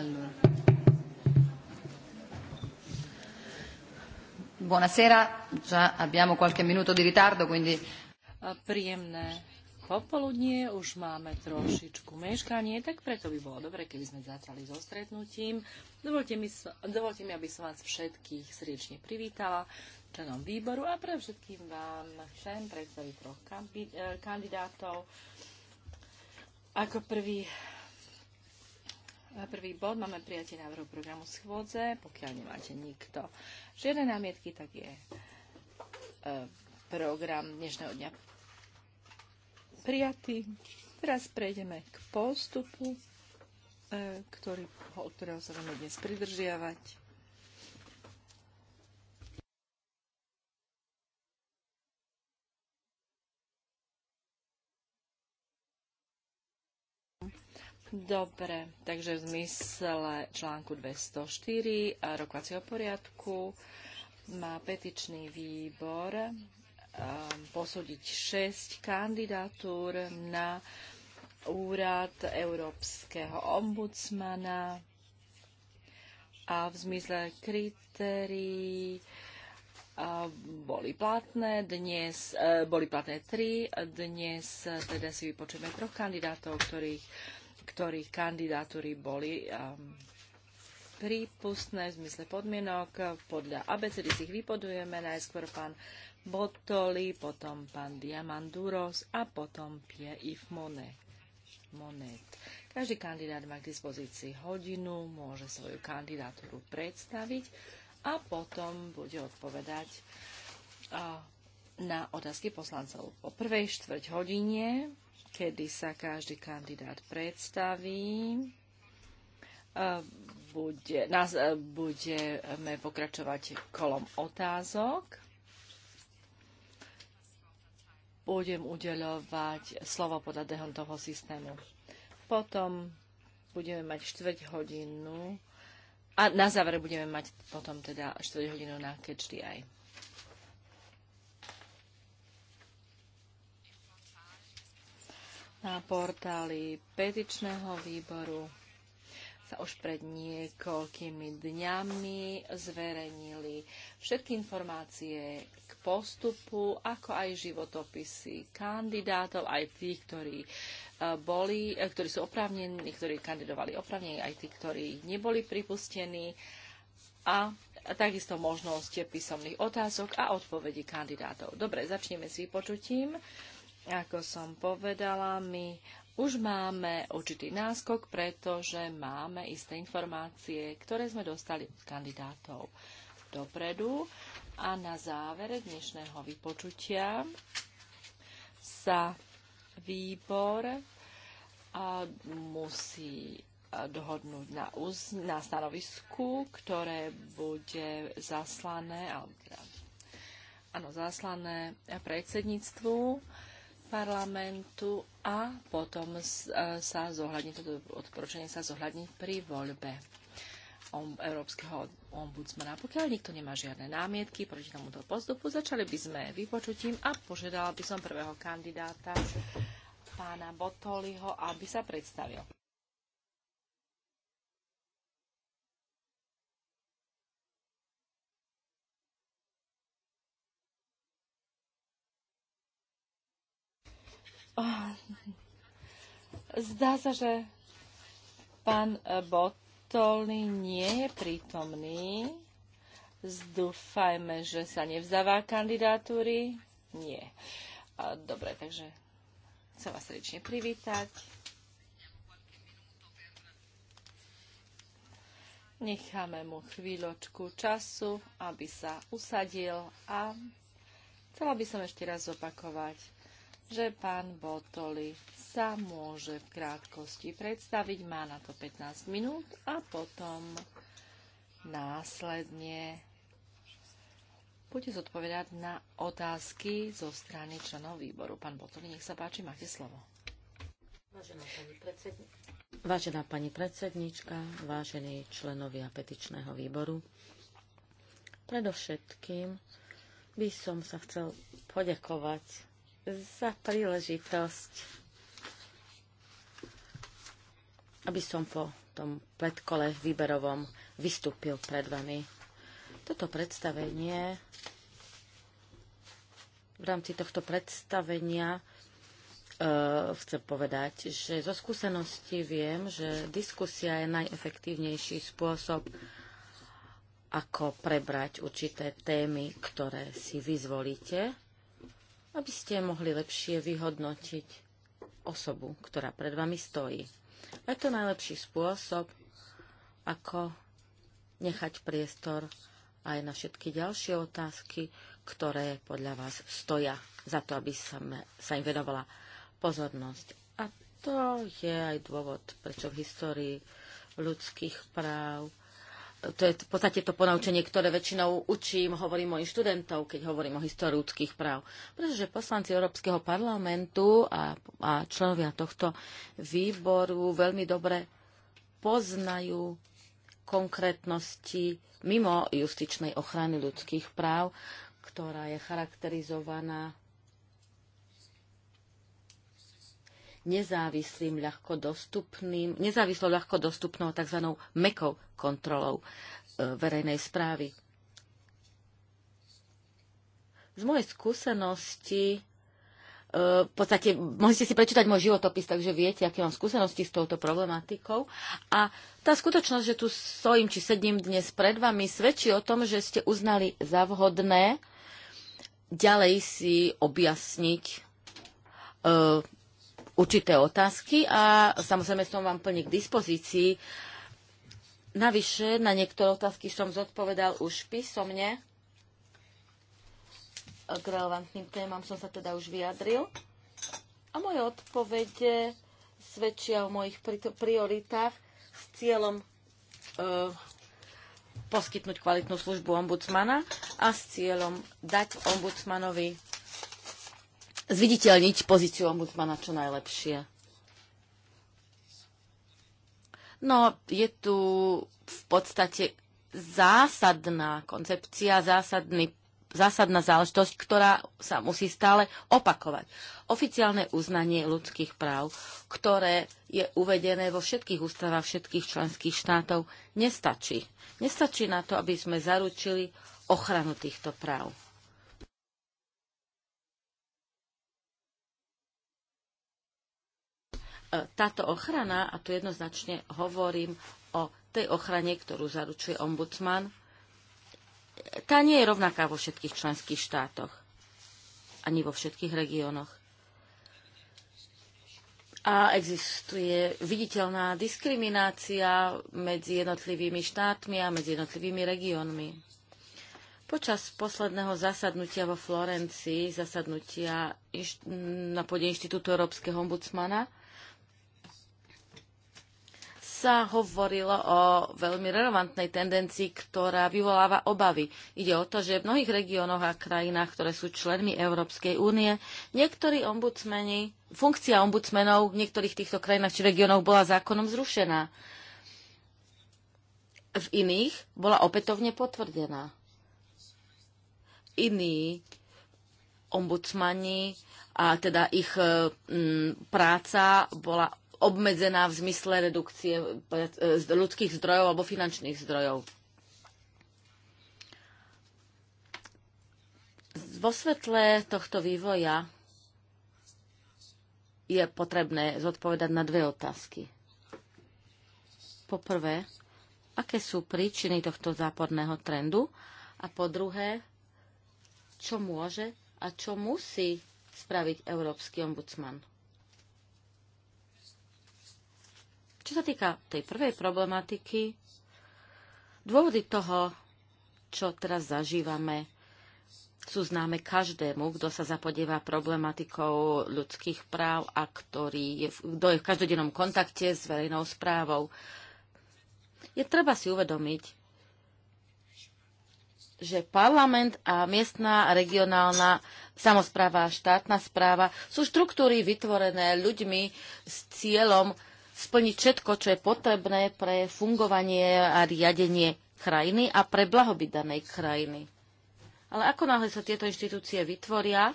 Allora. Buonasera, già abbiamo qualche minuto di ritardo, quindi... Príjemné popoludnie, už máme trošičku meškanie, tak preto by bolo dobre, keby sme začali so stretnutím. Dovolte mi, dovolte mi, aby som vás všetkých srdečne privítala členom výboru a pre všetkým vám chcem predstaviť troch eh, kandidátov. Ako prvý Prvý bod máme prijatie návrhu programu schôdze. Pokiaľ nemáte nikto žiadne námietky, tak je e, program dnešného dňa prijatý. Teraz prejdeme k postupu, e, ktorý, ktorého sa budeme dnes pridržiavať. Dobre, takže v zmysle článku 204 a rokovacieho poriadku má petičný výbor um, posúdiť 6 kandidatúr na úrad európskeho ombudsmana a v zmysle kritérií boli platné, dnes e, boli platné tri, dnes teda si vypočujeme troch kandidátov, ktorých ktorých kandidatúry boli um, prípustné v zmysle podmienok. Podľa ABCD si ich vypodujeme. Najskôr pán Botoli, potom pán Diamanduros a potom Pierre-Yves Monet. Monet. Každý kandidát má k dispozícii hodinu, môže svoju kandidatúru predstaviť a potom bude odpovedať uh, na otázky poslancov. Po prvej štvrť hodine kedy sa každý kandidát predstaví. E, bude, nás, e, budeme pokračovať kolom otázok. Budem udeľovať slovo podľa dehontovho systému. Potom budeme mať štvrť hodinu a na záver budeme mať potom teda štvrť hodinu na catch the eye. na portáli petičného výboru sa už pred niekoľkými dňami zverejnili všetky informácie k postupu, ako aj životopisy kandidátov, aj tých, ktorí e, boli, e, ktorí sú oprávnení, ktorí kandidovali oprávnení, aj tí, ktorí neboli pripustení a takisto možnosť písomných otázok a odpovedí kandidátov. Dobre, začneme s vypočutím. Ako som povedala, my už máme určitý náskok, pretože máme isté informácie, ktoré sme dostali od kandidátov dopredu. A na závere dnešného vypočutia sa výbor a musí dohodnúť na, uz- na stanovisku, ktoré bude zaslané, alebo teda, áno, zaslané predsedníctvu parlamentu a potom e, sa zohľadní, toto odporúčanie sa zohľadní pri voľbe európskeho ombudsmana. Pokiaľ nikto nemá žiadne námietky proti tomuto postupu, začali by sme vypočutím a požiadala by som prvého kandidáta, pána Botoliho, aby sa predstavil. Ah. Zdá sa, že pán eh, Botolny nie je prítomný. Zdúfajme, že sa nevzdáva kandidatúry. Nie. Dobre, takže chcem vás srdečne privítať. Necháme mu chvíľočku času, aby sa usadil a chcela by som ešte raz opakovať, že pán Botoli sa môže v krátkosti predstaviť. Má na to 15 minút a potom následne bude zodpovedať na otázky zo strany členov výboru. Pán Botoli, nech sa páči, máte slovo. Vážená pani, predsedni... Vážená pani predsednička, vážení členovia petičného výboru, predovšetkým by som sa chcel poďakovať za príležitosť, aby som po tom predkole výberovom vystúpil pred vami. Toto predstavenie, v rámci tohto predstavenia e, chcem povedať, že zo skúsenosti viem, že diskusia je najefektívnejší spôsob, ako prebrať určité témy, ktoré si vyzvolíte aby ste mohli lepšie vyhodnotiť osobu, ktorá pred vami stojí. A je to najlepší spôsob, ako nechať priestor aj na všetky ďalšie otázky, ktoré podľa vás stoja za to, aby sa, me, sa im venovala pozornosť. A to je aj dôvod, prečo v histórii ľudských práv to je v podstate to ponaučenie, ktoré väčšinou učím, hovorím mojim študentov, keď hovorím o histórii ľudských práv. Pretože poslanci Európskeho parlamentu a, a členovia tohto výboru veľmi dobre poznajú konkrétnosti mimo justičnej ochrany ľudských práv, ktorá je charakterizovaná nezávislým ľahko dostupným, nezávislo ľahko dostupnou tzv. mekou kontrolou e, verejnej správy. Z mojej skúsenosti e, v podstate môžete si prečítať môj životopis, takže viete, aké mám skúsenosti s touto problematikou. A tá skutočnosť, že tu stojím či sedím dnes pred vami, svedčí o tom, že ste uznali za vhodné ďalej si objasniť e, určité otázky a samozrejme som vám plne k dispozícii. Navyše, na niektoré otázky som zodpovedal už písomne. K relevantným témam som sa teda už vyjadril. A moje odpovede svedčia o mojich prioritách s cieľom e, poskytnúť kvalitnú službu ombudsmana a s cieľom dať ombudsmanovi zviditeľniť pozíciu ombudsmana čo najlepšie. No, je tu v podstate zásadná koncepcia, zásadný, zásadná záležitosť, ktorá sa musí stále opakovať. Oficiálne uznanie ľudských práv, ktoré je uvedené vo všetkých ústavách všetkých členských štátov, nestačí. Nestačí na to, aby sme zaručili ochranu týchto práv. E, táto ochrana, a tu jednoznačne hovorím o tej ochrane, ktorú zaručuje ombudsman, tá nie je rovnaká vo všetkých členských štátoch, ani vo všetkých regiónoch. A existuje viditeľná diskriminácia medzi jednotlivými štátmi a medzi jednotlivými regiónmi. Počas posledného zasadnutia vo Florencii, zasadnutia na pôde Inštitútu Európskeho ombudsmana, sa hovorilo o veľmi relevantnej tendencii, ktorá vyvoláva obavy. Ide o to, že v mnohých regiónoch a krajinách, ktoré sú členmi Európskej únie, niektorí ombudsmeni, funkcia ombudsmenov v niektorých týchto krajinách či regiónoch bola zákonom zrušená. V iných bola opätovne potvrdená. Iní ombudsmani a teda ich mm, práca bola obmedzená v zmysle redukcie e, ľudských zdrojov alebo finančných zdrojov. Vo svetle tohto vývoja je potrebné zodpovedať na dve otázky. Poprvé, aké sú príčiny tohto záporného trendu? A po druhé, čo môže a čo musí spraviť Európsky ombudsman? Čo sa týka tej prvej problematiky, dôvody toho, čo teraz zažívame, sú známe každému, kto sa zapodieva problematikou ľudských práv a ktorý je, kto je v každodennom kontakte s verejnou správou. Je treba si uvedomiť, že parlament a miestná, regionálna samozpráva a štátna správa sú štruktúry vytvorené ľuďmi s cieľom splniť všetko, čo je potrebné pre fungovanie a riadenie krajiny a pre blahobyt danej krajiny. Ale ako náhle sa tieto inštitúcie vytvoria,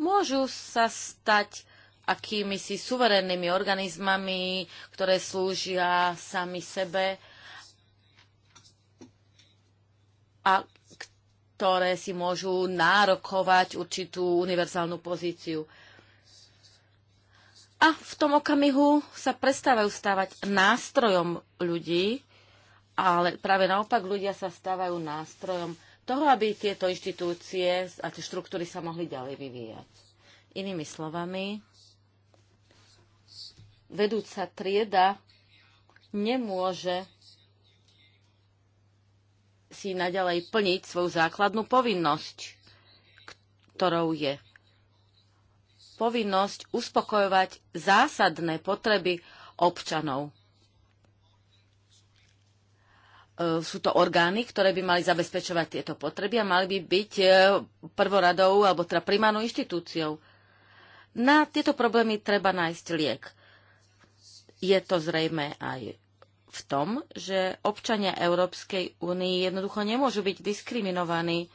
môžu sa stať akými si suverénnymi organizmami, ktoré slúžia sami sebe a ktoré si môžu nárokovať určitú univerzálnu pozíciu. A v tom okamihu sa prestávajú stávať nástrojom ľudí, ale práve naopak ľudia sa stávajú nástrojom toho, aby tieto inštitúcie a tie štruktúry sa mohli ďalej vyvíjať. Inými slovami, vedúca trieda nemôže si naďalej plniť svoju základnú povinnosť, ktorou je povinnosť uspokojovať zásadné potreby občanov. E, sú to orgány, ktoré by mali zabezpečovať tieto potreby a mali by byť e, prvoradou alebo teda primárnou inštitúciou. Na tieto problémy treba nájsť liek. Je to zrejme aj v tom, že občania Európskej únie jednoducho nemôžu byť diskriminovaní,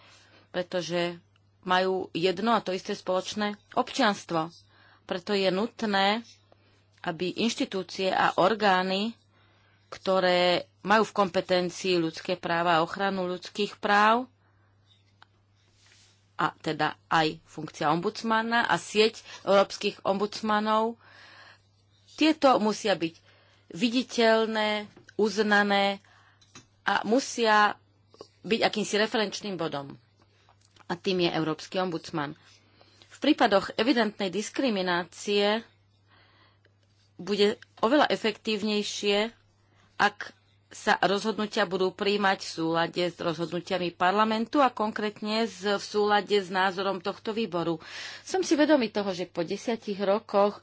pretože majú jedno a to isté spoločné občianstvo. Preto je nutné, aby inštitúcie a orgány, ktoré majú v kompetencii ľudské práva a ochranu ľudských práv, a teda aj funkcia ombudsmana a sieť európskych ombudsmanov, tieto musia byť viditeľné, uznané a musia byť akýmsi referenčným bodom a tým je Európsky ombudsman. V prípadoch evidentnej diskriminácie bude oveľa efektívnejšie, ak sa rozhodnutia budú príjmať v súlade s rozhodnutiami parlamentu a konkrétne v súlade s názorom tohto výboru. Som si vedomý toho, že po desiatich rokoch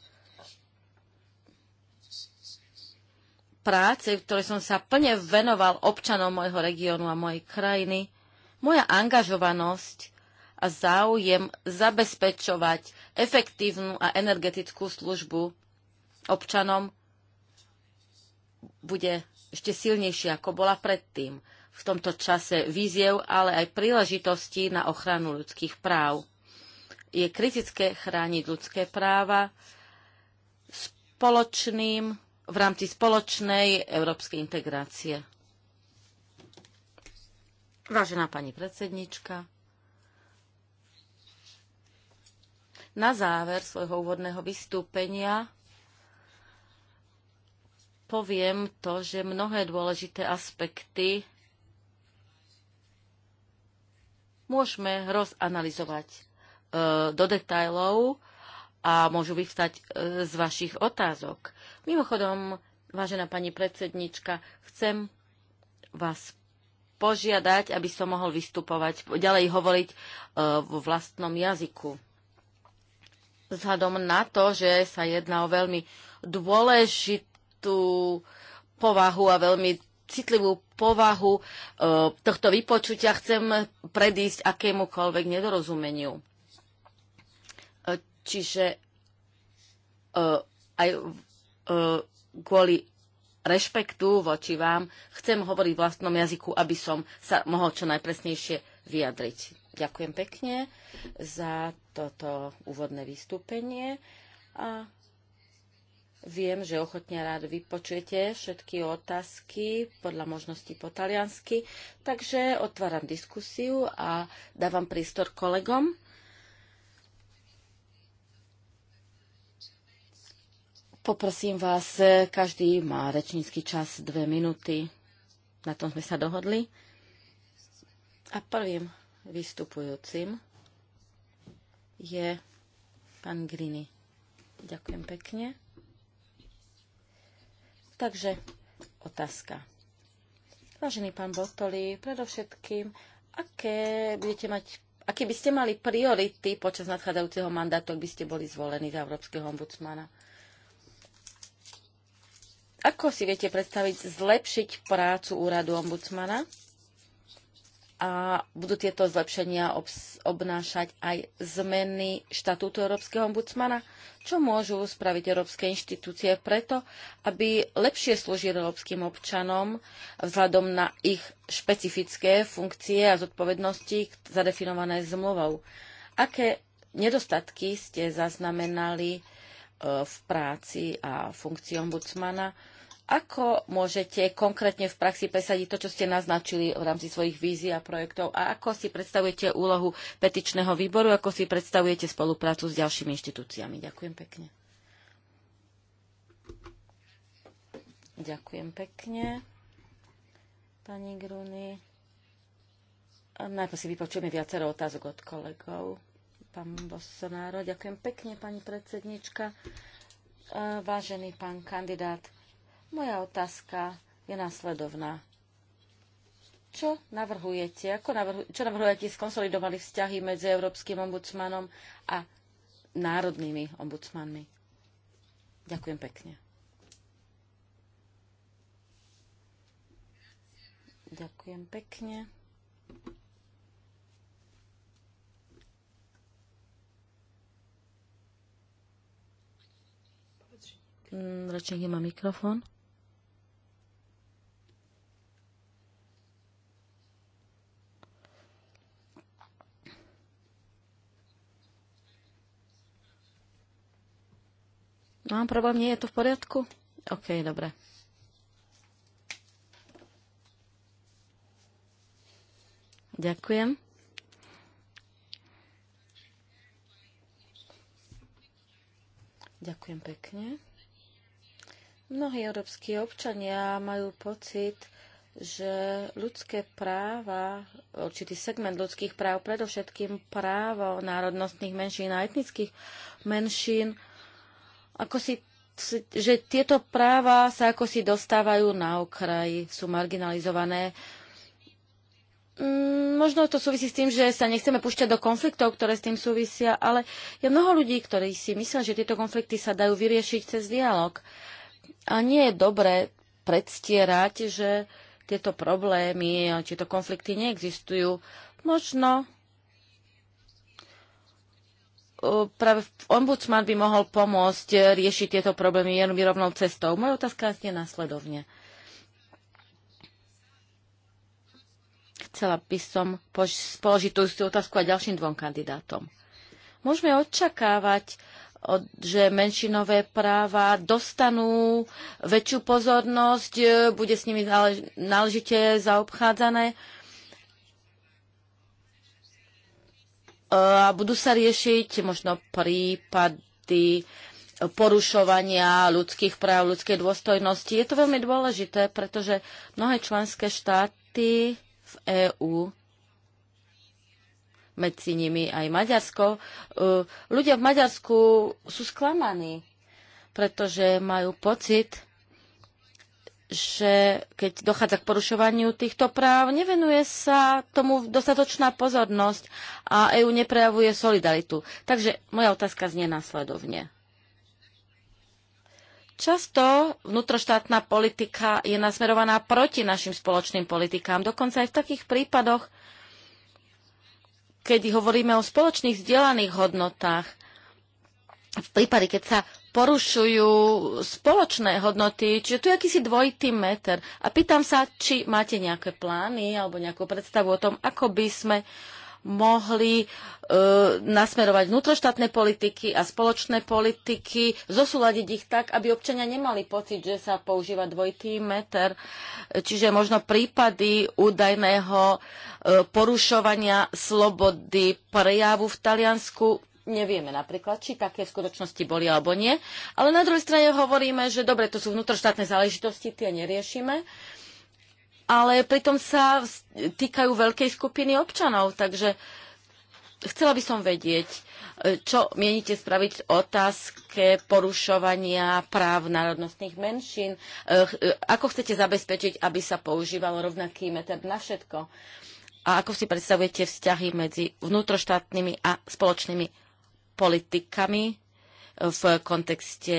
práce, v ktorej som sa plne venoval občanom môjho regiónu a mojej krajiny, moja angažovanosť a záujem zabezpečovať efektívnu a energetickú službu občanom bude ešte silnejšia, ako bola predtým v tomto čase víziev, ale aj príležitostí na ochranu ľudských práv. Je kritické chrániť ľudské práva spoločným, v rámci spoločnej európskej integrácie. Vážená pani predsednička, na záver svojho úvodného vystúpenia poviem to, že mnohé dôležité aspekty môžeme rozanalizovať e, do detajlov a môžu vyvstať e, z vašich otázok. Mimochodom, vážená pani predsednička, chcem vás požiadať, aby som mohol vystupovať, ďalej hovoriť e, vo vlastnom jazyku vzhľadom na to, že sa jedná o veľmi dôležitú povahu a veľmi citlivú povahu e, tohto vypočutia chcem predísť akémukoľvek nedorozumeniu. E, čiže e, aj e, kvôli rešpektu voči vám chcem hovoriť vlastnom jazyku, aby som sa mohol čo najpresnejšie vyjadriť. Ďakujem pekne za toto úvodné vystúpenie a viem, že ochotne rád vypočujete všetky otázky podľa možností po taliansky, takže otváram diskusiu a dávam prístor kolegom. Poprosím vás, každý má rečnícky čas dve minúty. Na tom sme sa dohodli. A prvým vystupujúcim je pán Griny. Ďakujem pekne. Takže otázka. Vážený pán Botoli, predovšetkým, aké budete mať aké by ste mali priority počas nadchádzajúceho mandátu, ak by ste boli zvolení za Európskeho ombudsmana? Ako si viete predstaviť zlepšiť prácu úradu ombudsmana? a budú tieto zlepšenia obnášať aj zmeny štatútu Európskeho ombudsmana, čo môžu spraviť európske inštitúcie preto, aby lepšie slúžili európskym občanom vzhľadom na ich špecifické funkcie a zodpovednosti zadefinované zmluvou. Aké nedostatky ste zaznamenali e, v práci a funkcii ombudsmana? Ako môžete konkrétne v praxi presadiť to, čo ste naznačili v rámci svojich vízií a projektov? A ako si predstavujete úlohu petičného výboru? Ako si predstavujete spoluprácu s ďalšími inštitúciami? Ďakujem pekne. Ďakujem pekne, pani Gruny. Najprv si vypočujeme viacero otázok od kolegov. Pán Bosonáro, ďakujem pekne, pani predsednička. Vážený pán kandidát, moja otázka je následovná. Čo navrhujete? Ako navrhu, čo navrhujete skonsolidovali vzťahy medzi Európskym ombudsmanom a národnými ombudsmanmi? Ďakujem pekne. Ďakujem pekne. Mm, rečník nemá mikrofón. Mám problém, nie je to v poriadku? OK, dobre. Ďakujem. Ďakujem pekne. Mnohí európsky občania majú pocit, že ľudské práva, určitý segment ľudských práv, predovšetkým právo národnostných menšín a etnických menšín, ako si že tieto práva sa ako si dostávajú na okraj, sú marginalizované. Mm, možno to súvisí s tým, že sa nechceme púšťať do konfliktov, ktoré s tým súvisia, ale je mnoho ľudí, ktorí si myslia, že tieto konflikty sa dajú vyriešiť cez dialog. A nie je dobré predstierať, že tieto problémy, tieto konflikty neexistujú. Možno práve ombudsman by mohol pomôcť e, riešiť tieto problémy jenom rovnou cestou. Moja otázka je následovne. Chcela by som položiť tú istú otázku aj ďalším dvom kandidátom. Môžeme očakávať, že menšinové práva dostanú väčšiu pozornosť, e, bude s nimi náležite zaobchádzané E, a budú sa riešiť možno prípady porušovania ľudských práv, ľudskej dôstojnosti. Je to veľmi dôležité, pretože mnohé členské štáty v EÚ medzi nimi aj Maďarsko. E, ľudia v Maďarsku sú sklamaní, pretože majú pocit, že keď dochádza k porušovaniu týchto práv, nevenuje sa tomu dostatočná pozornosť a EÚ neprejavuje solidaritu. Takže moja otázka znie následovne. Často vnútroštátna politika je nasmerovaná proti našim spoločným politikám, dokonca aj v takých prípadoch, keď hovoríme o spoločných vzdelaných hodnotách. V prípade, keď sa porušujú spoločné hodnoty, čiže tu je akýsi dvojitý meter. A pýtam sa, či máte nejaké plány alebo nejakú predstavu o tom, ako by sme mohli e, nasmerovať vnútroštátne politiky a spoločné politiky, zosúľadiť ich tak, aby občania nemali pocit, že sa používa dvojitý meter. Čiže možno prípady údajného e, porušovania slobody prejavu v Taliansku nevieme napríklad, či také v skutočnosti boli alebo nie. Ale na druhej strane hovoríme, že dobre, to sú vnútroštátne záležitosti, tie neriešime ale pritom sa týkajú veľkej skupiny občanov, takže chcela by som vedieť, e, čo mienite spraviť v otázke porušovania práv národnostných menšín, e, e, ako chcete zabezpečiť, aby sa používal rovnaký meter na všetko a ako si predstavujete vzťahy medzi vnútroštátnymi a spoločnými politikami v kontexte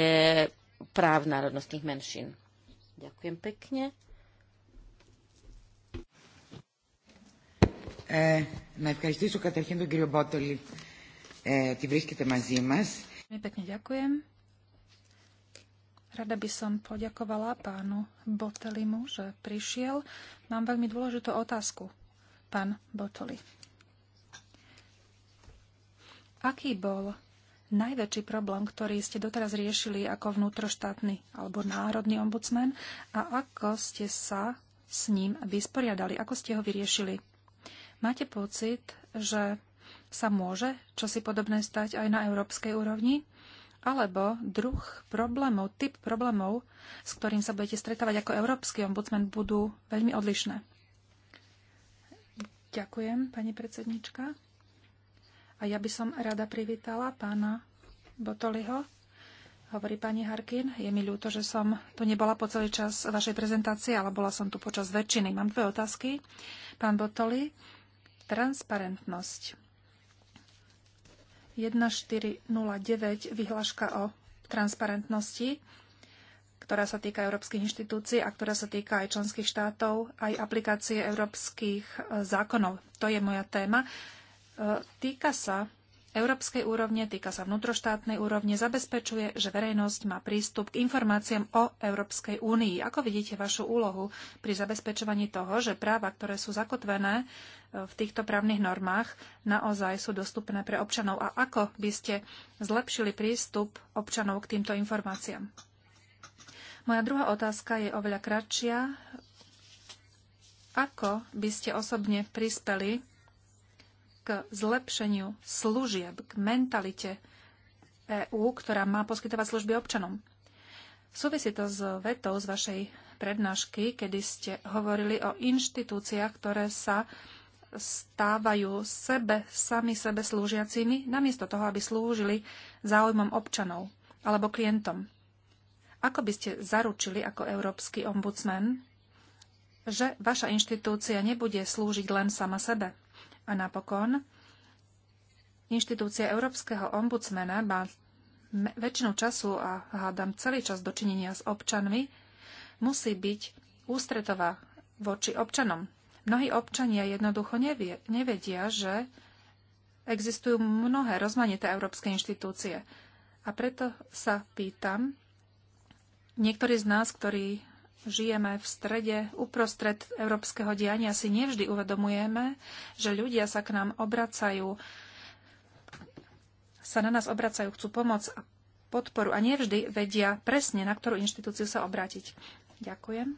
práv národnostných menšín. Ďakujem pekne. Ε, ευχαριστήσω καταρχήν τον κύριο Μπότολη ότι βρίσκεται μαζί μας. Pekne ďakujem. Rada by som poďakovala pánu Botelimu, že prišiel. Mám veľmi dôležitú otázku, pán Botoli. Aký bol najväčší problém, ktorý ste doteraz riešili ako vnútroštátny alebo národný ombudsman a ako ste sa s ním vysporiadali, ako ste ho vyriešili? Máte pocit, že sa môže čosi podobné stať aj na európskej úrovni? Alebo druh problémov, typ problémov, s ktorým sa budete stretávať ako európsky ombudsman, budú veľmi odlišné? Ďakujem, pani predsednička. A ja by som rada privítala pána Botoliho. Hovorí pani Harkin, je mi ľúto, že som tu nebola po celý čas vašej prezentácie, ale bola som tu počas väčšiny. Mám dve otázky. Pán Botoli, transparentnosť. 1409 vyhlaška o transparentnosti, ktorá sa týka európskych inštitúcií a ktorá sa týka aj členských štátov, aj aplikácie európskych eh, zákonov. To je moja téma týka sa európskej úrovne, týka sa vnútroštátnej úrovne, zabezpečuje, že verejnosť má prístup k informáciám o Európskej únii. Ako vidíte vašu úlohu pri zabezpečovaní toho, že práva, ktoré sú zakotvené e, v týchto právnych normách, naozaj sú dostupné pre občanov a ako by ste zlepšili prístup občanov k týmto informáciám? Moja druhá otázka je oveľa kratšia. Ako by ste osobne prispeli k zlepšeniu služieb, k mentalite EÚ, ktorá má poskytovať služby občanom. Súvisí to s vetou z vašej prednášky, kedy ste hovorili o inštitúciách, ktoré sa stávajú sebe, sami sebe slúžiacimi, namiesto toho, aby slúžili záujmom občanov alebo klientom. Ako by ste zaručili ako európsky ombudsman, že vaša inštitúcia nebude slúžiť len sama sebe? A napokon inštitúcia Európskeho ombudsmena má väčšinu času a hádam celý čas dočinenia s občanmi, musí byť ústretová voči občanom. Mnohí občania jednoducho nevie, nevedia, že existujú mnohé rozmanité európske inštitúcie. A preto sa pýtam, niektorí z nás, ktorí žijeme v strede, uprostred európskeho diania, si nevždy uvedomujeme, že ľudia sa k nám obracajú, sa na nás obracajú, chcú pomoc a podporu a nevždy vedia presne, na ktorú inštitúciu sa obrátiť. Ďakujem.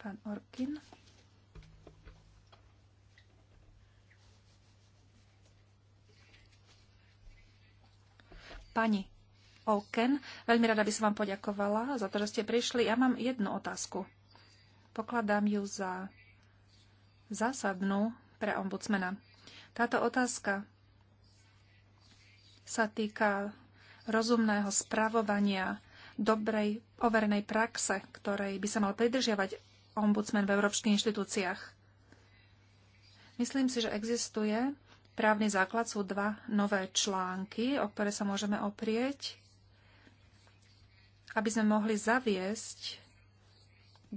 Pán Orkin. Pani Oken. Veľmi rada by som vám poďakovala za to, že ste prišli. Ja mám jednu otázku. Pokladám ju za zásadnú pre ombudsmena. Táto otázka sa týka rozumného spravovania dobrej overenej praxe, ktorej by sa mal pridržiavať ombudsman v európskych inštitúciách. Myslím si, že existuje právny základ sú dva nové články, o ktoré sa môžeme oprieť aby sme mohli zaviesť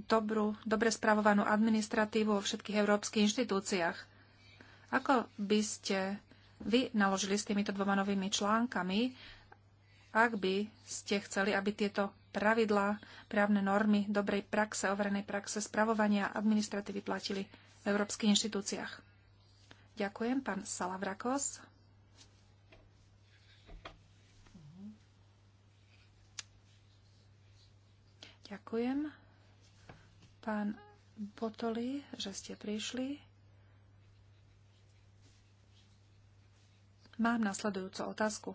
dobrú, dobre spravovanú administratívu vo všetkých európskych inštitúciách. Ako by ste vy naložili s týmito dvoma novými článkami, ak by ste chceli, aby tieto pravidlá, právne normy dobrej praxe, overenej praxe, spravovania administratívy platili v európskych inštitúciách? Ďakujem, pán Salavrakos. Ďakujem, pán Botoli, že ste prišli. Mám nasledujúcu otázku.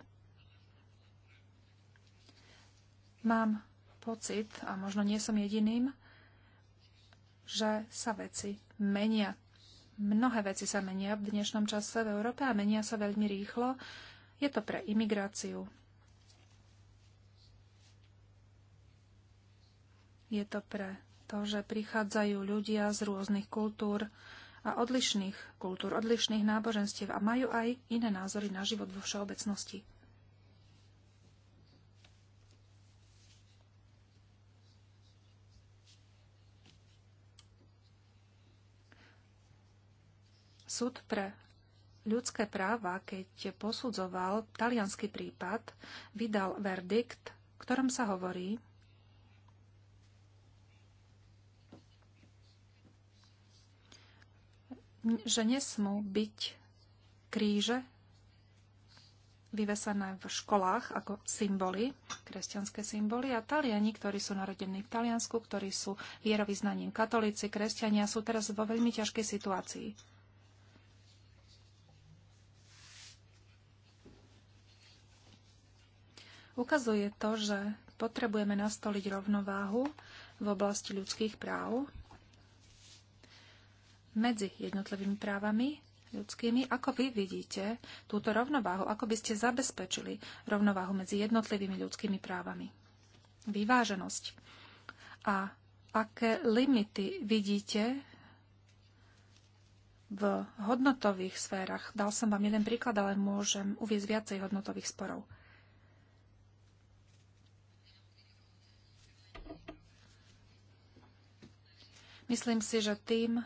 Mám pocit, a možno nie som jediným, že sa veci menia. Mnohé veci sa menia v dnešnom čase v Európe a menia sa veľmi rýchlo. Je to pre imigráciu, Je to pre to, že prichádzajú ľudia z rôznych kultúr a odlišných kultúr, odlišných náboženstiev a majú aj iné názory na život vo všeobecnosti. Súd pre ľudské práva, keď posudzoval talianský prípad, vydal verdikt, v ktorom sa hovorí, že nesmú byť kríže vyvesené v školách ako symboly, kresťanské symboly. A Taliani, ktorí sú narodení v Taliansku, ktorí sú vierovýznaním katolíci, kresťania, sú teraz vo veľmi ťažkej situácii. Ukazuje to, že potrebujeme nastoliť rovnováhu v oblasti ľudských práv medzi jednotlivými právami ľudskými. Ako vy vidíte túto rovnováhu? Ako by ste zabezpečili rovnováhu medzi jednotlivými ľudskými právami? Vyváženosť. A aké limity vidíte v hodnotových sférach? Dal som vám jeden príklad, ale môžem uvieť viacej hodnotových sporov. Myslím si, že tým,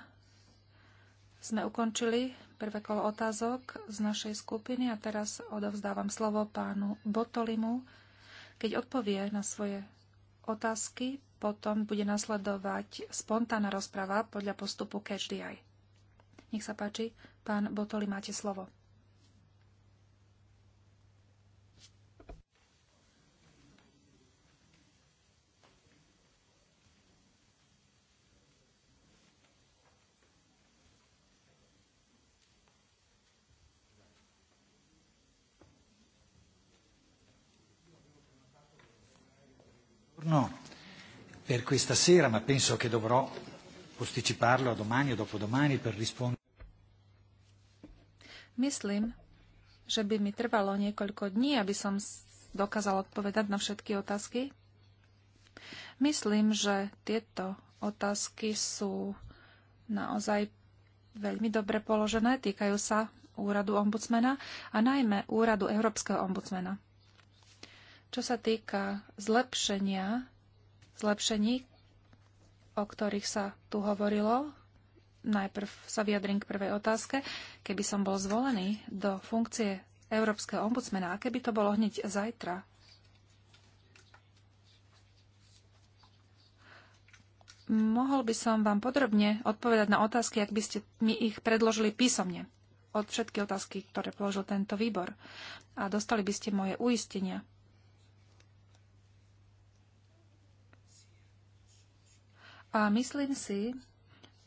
sme ukončili prvé kolo otázok z našej skupiny a teraz odovzdávam slovo pánu Botolimu. Keď odpovie na svoje otázky, potom bude nasledovať spontánna rozprava podľa postupu Catch the Eye. Nech sa páči, pán Botoli, máte slovo. per questa sera, ma penso che dovrò posticiparlo a domani o dopodomani per rispondere. Myslím, že by mi trvalo niekoľko dní, aby som dokázal odpovedať na všetky otázky. Myslím, že tieto otázky sú naozaj veľmi dobre položené, týkajú sa úradu ombudsmena a najmä úradu Európskeho ombudsmena. Čo sa týka zlepšenia zlepšení, o ktorých sa tu hovorilo. Najprv sa vyjadrím k prvej otázke. Keby som bol zvolený do funkcie Európskeho ombudsmena, a keby to bolo hneď zajtra, mohol by som vám podrobne odpovedať na otázky, ak by ste mi ich predložili písomne od všetky otázky, ktoré položil tento výbor. A dostali by ste moje uistenia. A myslím si,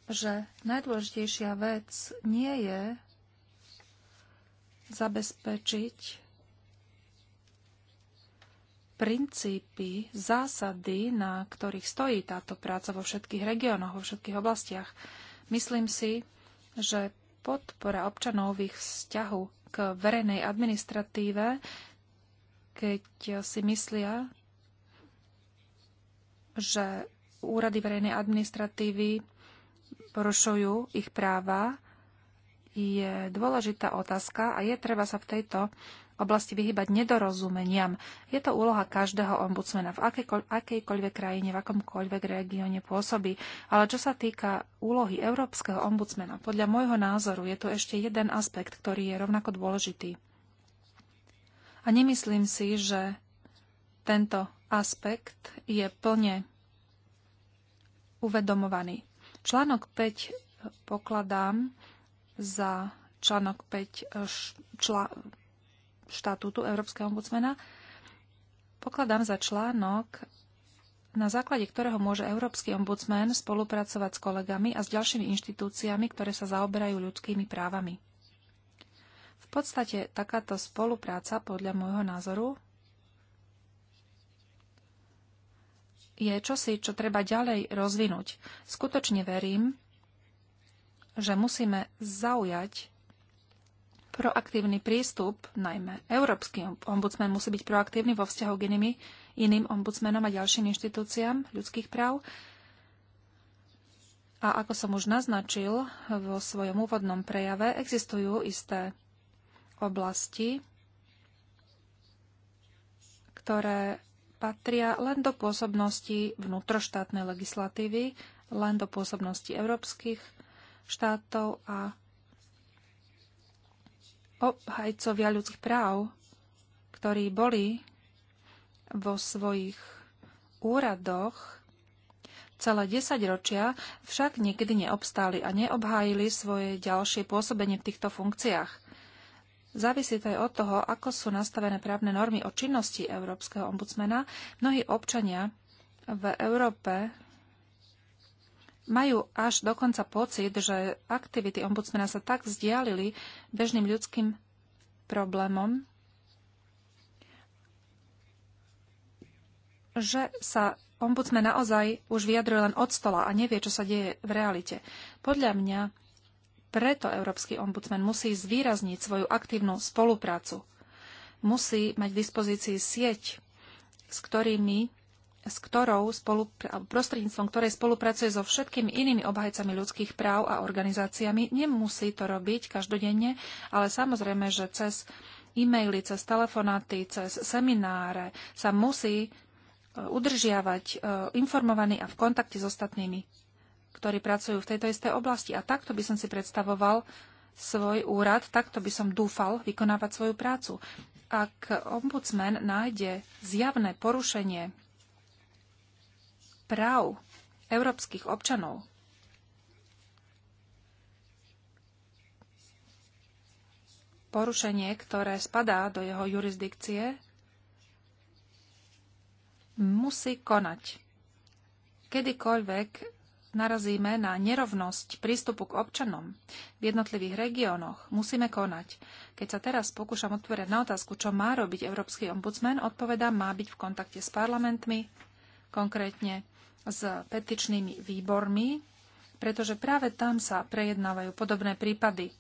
že najdôležitejšia vec nie je zabezpečiť princípy, zásady, na ktorých stojí táto práca vo všetkých regiónoch, vo všetkých oblastiach. Myslím si, že podpora občanov v ich vzťahu k verejnej administratíve, keď si myslia, že úrady verejnej administratívy porušujú ich práva, je dôležitá otázka a je treba sa v tejto oblasti vyhybať nedorozumeniam. Je to úloha každého ombudsmena v akejkoľ- akejkoľvek krajine, v akomkoľvek regióne pôsobí. Ale čo sa týka úlohy európskeho ombudsmena, podľa môjho názoru je tu ešte jeden aspekt, ktorý je rovnako dôležitý. A nemyslím si, že tento aspekt je plne uvedomovaní. Článok 5 e, pokladám za článok 5 e, čla, štatútu Európskeho ombudsmena. Pokladám za článok, na základe ktorého môže Európsky ombudsman spolupracovať s kolegami a s ďalšími inštitúciami, ktoré sa zaoberajú ľudskými právami. V podstate takáto spolupráca, podľa môjho názoru, je čosi, čo treba ďalej rozvinúť. Skutočne verím, že musíme zaujať proaktívny prístup, najmä Európsky ombudsman musí byť proaktívny vo vzťahu k inými, iným ombudsmenom a ďalším inštitúciám ľudských práv. A ako som už naznačil vo svojom úvodnom prejave, existujú isté oblasti, ktoré patria len do pôsobnosti vnútroštátnej legislatívy, len do pôsobnosti európskych štátov a obhajcovia ľudských práv, ktorí boli vo svojich úradoch celé desaťročia, však nikdy neobstáli a neobhájili svoje ďalšie pôsobenie v týchto funkciách. Závisí to aj od toho, ako sú nastavené právne normy o činnosti Európskeho ombudsmena. Mnohí občania v Európe majú až dokonca pocit, že aktivity ombudsmena sa tak vzdialili bežným ľudským problémom, že sa ombudsmen naozaj už vyjadruje len od stola a nevie, čo sa deje v realite. Podľa mňa preto Európsky ombudsman musí zvýrazniť svoju aktívnu spoluprácu. Musí mať v dispozícii sieť, s ktorými s ktorou prostredníctvom ktorej spolupracuje so všetkými inými obhajcami ľudských práv a organizáciami. Nemusí to robiť každodenne, ale samozrejme, že cez e-maily, cez telefonáty, cez semináre sa musí e, udržiavať e, informovaný a v kontakte s ostatnými ktorí pracujú v tejto istej oblasti. A takto by som si predstavoval svoj úrad, takto by som dúfal vykonávať svoju prácu. Ak ombudsman nájde zjavné porušenie práv európskych občanov, porušenie, ktoré spadá do jeho jurisdikcie, musí konať. Kedykoľvek narazíme na nerovnosť prístupu k občanom v jednotlivých regiónoch, musíme konať. Keď sa teraz pokúšam odpovedať na otázku, čo má robiť Európsky ombudsman, odpoveda má byť v kontakte s parlamentmi, konkrétne s petičnými výbormi, pretože práve tam sa prejednávajú podobné prípady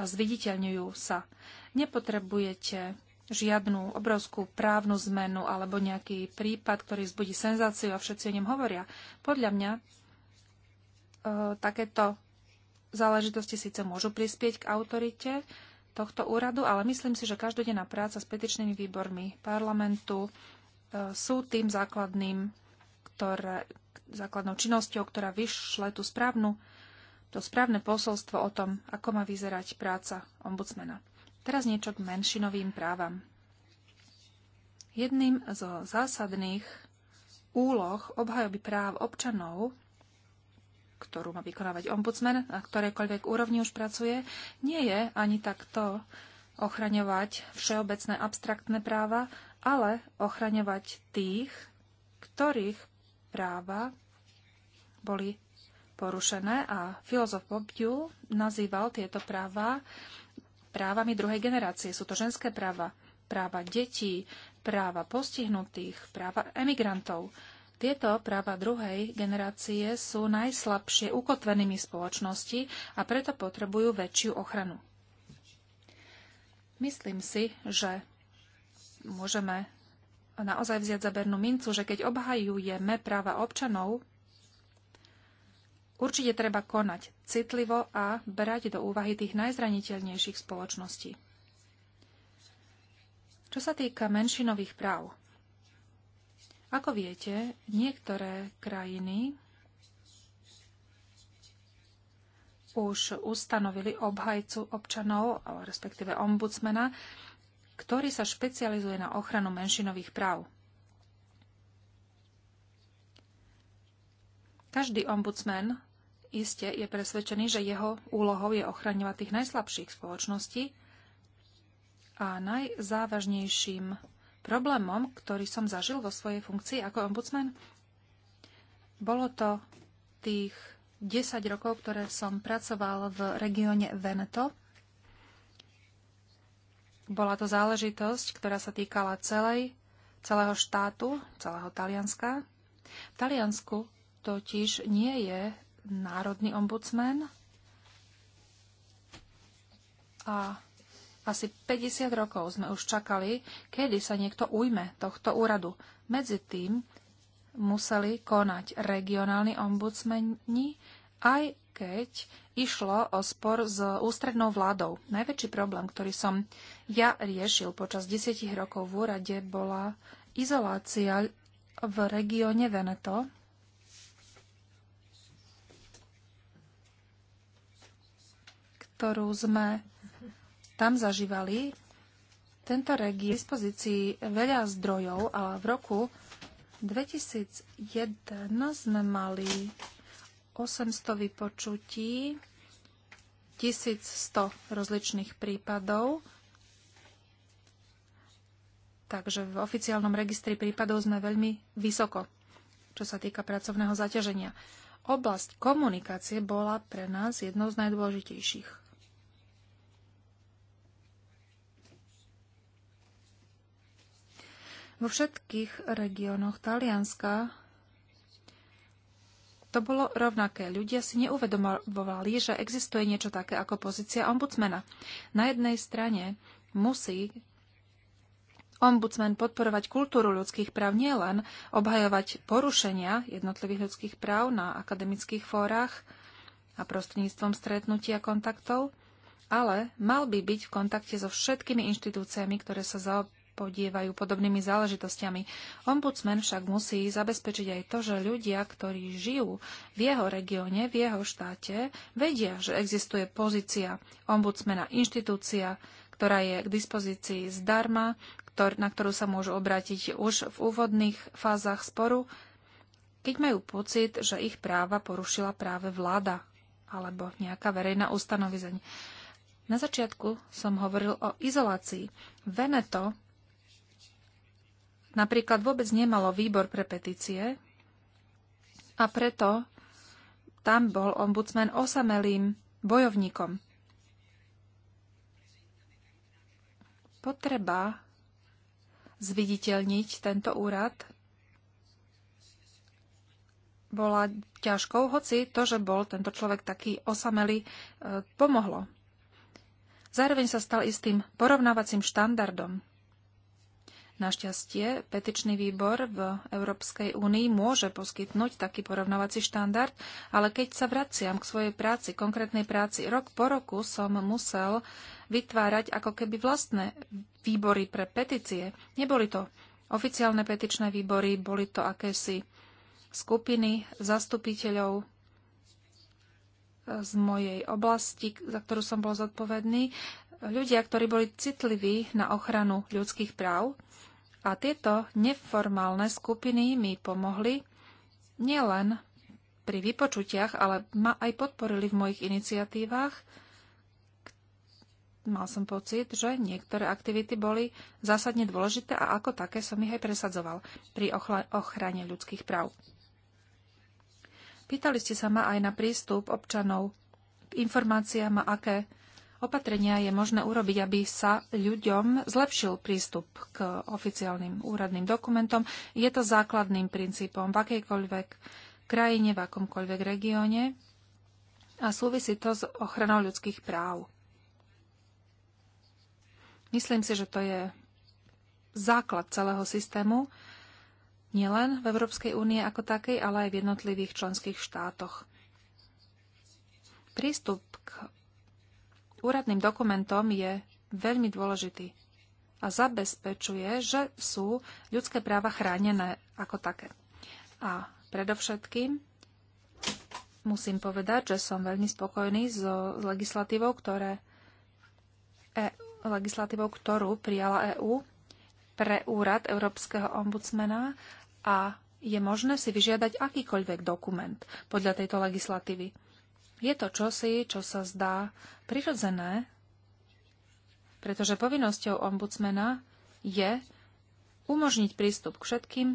a zviditeľňujú sa. Nepotrebujete žiadnu obrovskú právnu zmenu alebo nejaký prípad, ktorý zbudí senzáciu a všetci o ňom hovoria. Podľa mňa E, takéto záležitosti síce môžu prispieť k autorite tohto úradu, ale myslím si, že každodenná práca s petičnými výbormi parlamentu e, sú tým základným, ktoré, základnou činnosťou, ktorá vyšle tú správnu, to správne posolstvo o tom, ako má vyzerať práca ombudsmana. Teraz niečo k menšinovým právam. Jedným zo zásadných úloh obhajoby práv občanov ktorú má vykonávať ombudsman, na ktorejkoľvek úrovni už pracuje, nie je ani takto ochraňovať všeobecné abstraktné práva, ale ochraňovať tých, ktorých práva boli porušené a filozof Bobdiu nazýval tieto práva právami druhej generácie. Sú to ženské práva, práva detí, práva postihnutých, práva emigrantov. Tieto práva druhej generácie sú najslabšie ukotvenými spoločnosti a preto potrebujú väčšiu ochranu. Myslím si, že môžeme naozaj vziať za bernú mincu, že keď obhajujeme práva občanov, určite treba konať citlivo a brať do úvahy tých najzraniteľnejších spoločností. Čo sa týka menšinových práv, ako viete, niektoré krajiny už ustanovili obhajcu občanov, respektíve ombudsmana, ktorý sa špecializuje na ochranu menšinových práv. Každý ombudsman iste je presvedčený, že jeho úlohou je ochraňovať tých najslabších spoločností a najzávažnejším problémom, ktorý som zažil vo svojej funkcii ako ombudsman, bolo to tých 10 rokov, ktoré som pracoval v regióne Veneto. Bola to záležitosť, ktorá sa týkala celej, celého štátu, celého Talianska. V Taliansku totiž nie je národný ombudsman a asi 50 rokov sme už čakali, kedy sa niekto ujme tohto úradu. Medzi tým museli konať regionálni ombudsmeni, aj keď išlo o spor s ústrednou vládou. Najväčší problém, ktorý som ja riešil počas 10 rokov v úrade, bola izolácia v regióne Veneto, ktorú sme tam zažívali, tento región v dispozícii veľa zdrojov a v roku 2001 sme mali 800 vypočutí, 1100 rozličných prípadov. Takže v oficiálnom registri prípadov sme veľmi vysoko, čo sa týka pracovného zaťaženia. Oblasť komunikácie bola pre nás jednou z najdôležitejších. Vo všetkých regiónoch Talianska to bolo rovnaké. Ľudia si neuvedomovali, že existuje niečo také ako pozícia ombudsmana. Na jednej strane musí ombudsman podporovať kultúru ľudských práv, nielen obhajovať porušenia jednotlivých ľudských práv na akademických fórach a prostredníctvom stretnutí a kontaktov, ale mal by byť v kontakte so všetkými inštitúciami, ktoré sa zaoberajú podievajú podobnými záležitostiami. Ombudsman však musí zabezpečiť aj to, že ľudia, ktorí žijú v jeho regióne, v jeho štáte, vedia, že existuje pozícia ombudsmana, inštitúcia, ktorá je k dispozícii zdarma, na ktorú sa môžu obrátiť už v úvodných fázach sporu, keď majú pocit, že ich práva porušila práve vláda alebo nejaká verejná ustanovizeň. Na začiatku som hovoril o izolácii. Veneto napríklad vôbec nemalo výbor pre petície a preto tam bol ombudsman osamelým bojovníkom. Potreba zviditeľniť tento úrad bola ťažkou, hoci to, že bol tento človek taký osamelý, e, pomohlo. Zároveň sa stal istým porovnávacím štandardom Našťastie, petičný výbor v Európskej únii môže poskytnúť taký porovnávací štandard, ale keď sa vraciam k svojej práci, konkrétnej práci, rok po roku som musel vytvárať ako keby vlastné výbory pre petície. Neboli to oficiálne petičné výbory, boli to akési skupiny zastupiteľov e, z mojej oblasti, za ktorú som bol zodpovedný. Ľudia, ktorí boli citliví na ochranu ľudských práv, a tieto neformálne skupiny mi pomohli nielen pri vypočutiach, ale ma aj podporili v mojich iniciatívach. Mal som pocit, že niektoré aktivity boli zásadne dôležité a ako také som ich aj presadzoval pri ochrane ľudských práv. Pýtali ste sa ma aj na prístup občanov k informáciám aké opatrenia je možné urobiť, aby sa ľuďom zlepšil prístup k oficiálnym úradným dokumentom. Je to základným princípom v akejkoľvek krajine, v akomkoľvek regióne a súvisí to s ochranou ľudských práv. Myslím si, že to je základ celého systému, nielen v Európskej únie ako takej, ale aj v jednotlivých členských štátoch. Prístup k úradným dokumentom je veľmi dôležitý a zabezpečuje, že sú ľudské práva chránené ako také. A predovšetkým musím povedať, že som veľmi spokojný so legislatívou, ktoré, e, legislatívou ktorú prijala EÚ pre úrad Európskeho ombudsmena a je možné si vyžiadať akýkoľvek dokument podľa tejto legislatívy. Je to čosi, čo sa zdá prirodzené, pretože povinnosťou ombudsmena je umožniť prístup k všetkým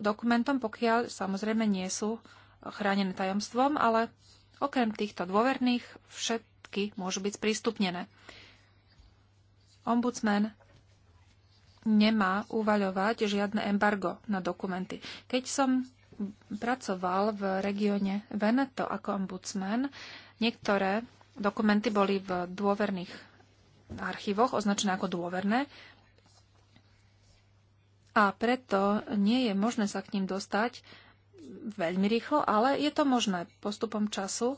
dokumentom, pokiaľ samozrejme nie sú chránené tajomstvom, ale okrem týchto dôverných všetky môžu byť sprístupnené. Ombudsman nemá uvaľovať žiadne embargo na dokumenty. Keď som pracoval v regióne Veneto ako ombudsman. Niektoré dokumenty boli v dôverných archívoch označené ako dôverné a preto nie je možné sa k ním dostať veľmi rýchlo, ale je to možné postupom času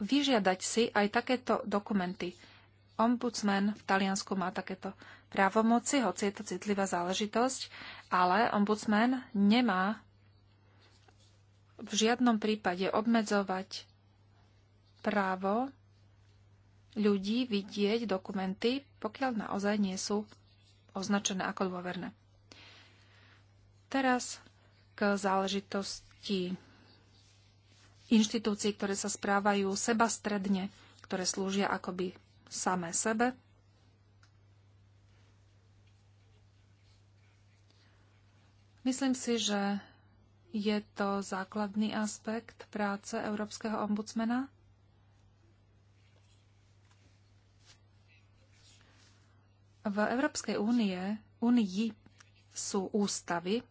vyžiadať si aj takéto dokumenty. Ombudsman v Taliansku má takéto právomoci, hoci je to citlivá záležitosť, ale ombudsman nemá v žiadnom prípade obmedzovať právo ľudí vidieť dokumenty, pokiaľ naozaj nie sú označené ako dôverné. Teraz k záležitosti inštitúcií, ktoré sa správajú sebastredne, ktoré slúžia akoby samé sebe. Myslím si, že je to základný aspekt práce Európskeho ombudsmena? V Európskej únie, Unii sú ústavy,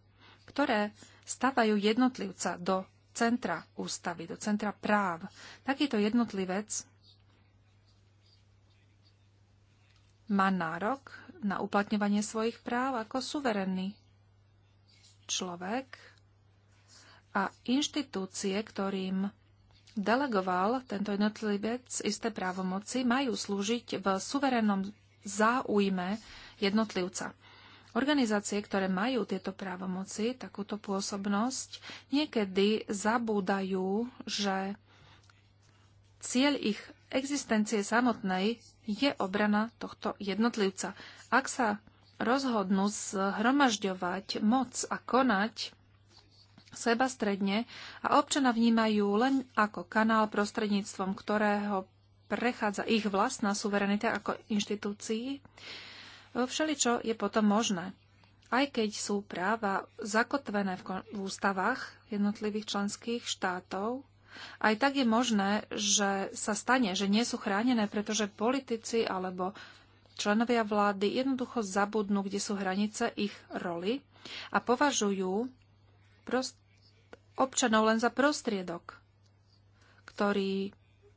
ktoré stavajú jednotlivca do centra ústavy, do centra práv. Takýto jednotlivec má nárok na uplatňovanie svojich práv ako suverenný človek, a inštitúcie, ktorým delegoval tento jednotlivec isté právomoci, majú slúžiť v suverénnom záujme jednotlivca. Organizácie, ktoré majú tieto právomoci, takúto pôsobnosť, niekedy zabúdajú, že cieľ ich existencie samotnej je obrana tohto jednotlivca. Ak sa rozhodnú zhromažďovať moc a konať seba stredne a občana vnímajú len ako kanál, prostredníctvom ktorého prechádza ich vlastná suverenita ako inštitúcií, všeličo je potom možné. Aj keď sú práva zakotvené v, v ústavách jednotlivých členských štátov, aj tak je možné, že sa stane, že nie sú chránené, pretože politici alebo členovia vlády jednoducho zabudnú, kde sú hranice ich roli a považujú prost, občanov len za prostriedok, ktorý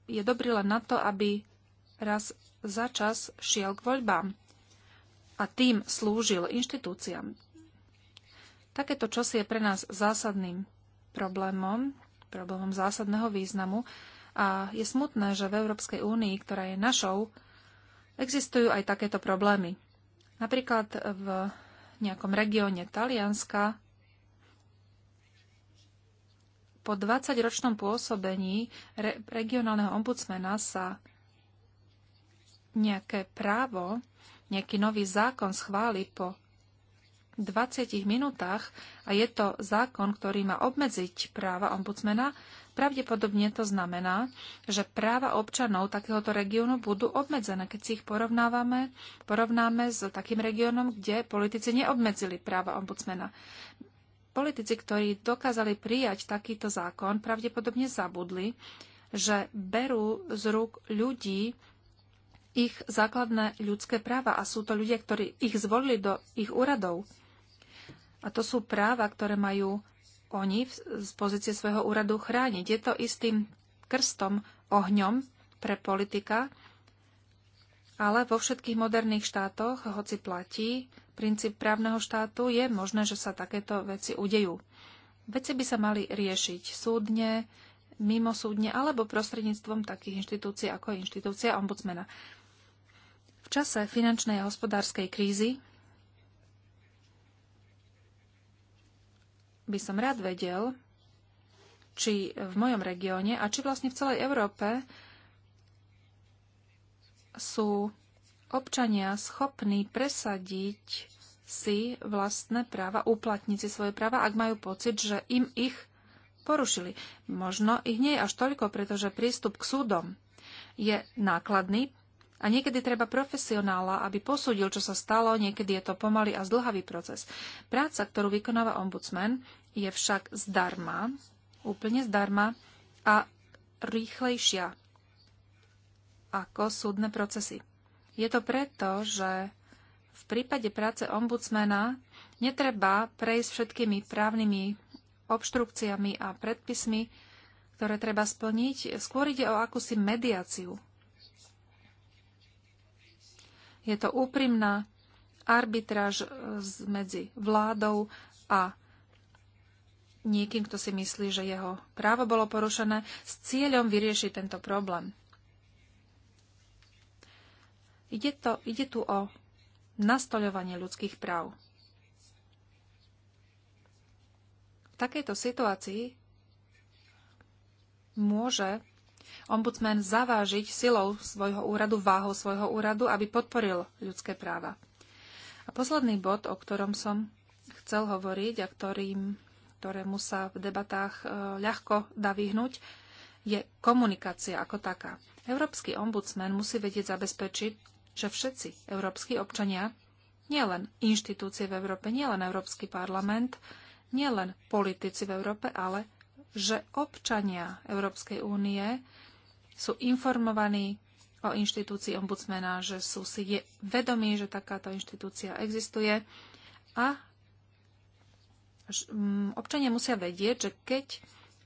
je dobrý len na to, aby raz za čas šiel k voľbám a tým slúžil inštitúciám. Takéto čosi je pre nás zásadným problémom, problémom zásadného významu a je smutné, že v Európskej únii, ktorá je našou, existujú aj takéto problémy. Napríklad v nejakom regióne Talianska po 20-ročnom pôsobení re- regionálneho ombudsmena sa nejaké právo, nejaký nový zákon schváli po 20 minútach a je to zákon, ktorý má obmedziť práva ombudsmena, pravdepodobne to znamená, že práva občanov takéhoto regiónu budú obmedzené, keď si ich porovnávame, porovnáme s takým regiónom, kde politici neobmedzili práva ombudsmena. Politici, ktorí dokázali prijať takýto zákon, pravdepodobne zabudli, že berú z rúk ľudí ich základné ľudské práva a sú to ľudia, ktorí ich zvolili do ich úradov. A to sú práva, ktoré majú oni z pozície svojho úradu chrániť. Je to istým krstom, ohňom pre politika, ale vo všetkých moderných štátoch, hoci platí princíp právneho štátu, je možné, že sa takéto veci udejú. Veci by sa mali riešiť súdne, mimosúdne alebo prostredníctvom takých inštitúcií ako je inštitúcia ombudsmena. V čase finančnej a hospodárskej krízy by som rád vedel, či v mojom regióne a či vlastne v celej Európe sú občania schopní presadiť si vlastné práva, uplatniť si svoje práva, ak majú pocit, že im ich porušili. Možno ich nie je až toľko, pretože prístup k súdom je nákladný a niekedy treba profesionála, aby posúdil, čo sa stalo, niekedy je to pomalý a zdlhavý proces. Práca, ktorú vykonáva ombudsman, je však zdarma, úplne zdarma a rýchlejšia ako súdne procesy. Je to preto, že v prípade práce ombudsmena netreba prejsť všetkými právnymi obštrukciami a predpismi, ktoré treba splniť. Skôr ide o akúsi mediáciu. Je to úprimná arbitráž e, medzi vládou a niekým, kto si myslí, že jeho právo bolo porušené, s cieľom vyriešiť tento problém. Ide, to, ide tu o nastoľovanie ľudských práv. V takejto situácii môže ombudsman zavážiť silou svojho úradu, váhou svojho úradu, aby podporil ľudské práva. A posledný bod, o ktorom som chcel hovoriť a ktorým, ktorému sa v debatách e, ľahko dá vyhnúť, je komunikácia ako taká. Európsky ombudsman musí vedieť zabezpečiť že všetci európsky občania, nielen inštitúcie v Európe, nielen Európsky parlament, nielen politici v Európe, ale že občania Európskej únie sú informovaní o inštitúcii ombudsmena, že sú si je vedomí, že takáto inštitúcia existuje a občania musia vedieť, že keď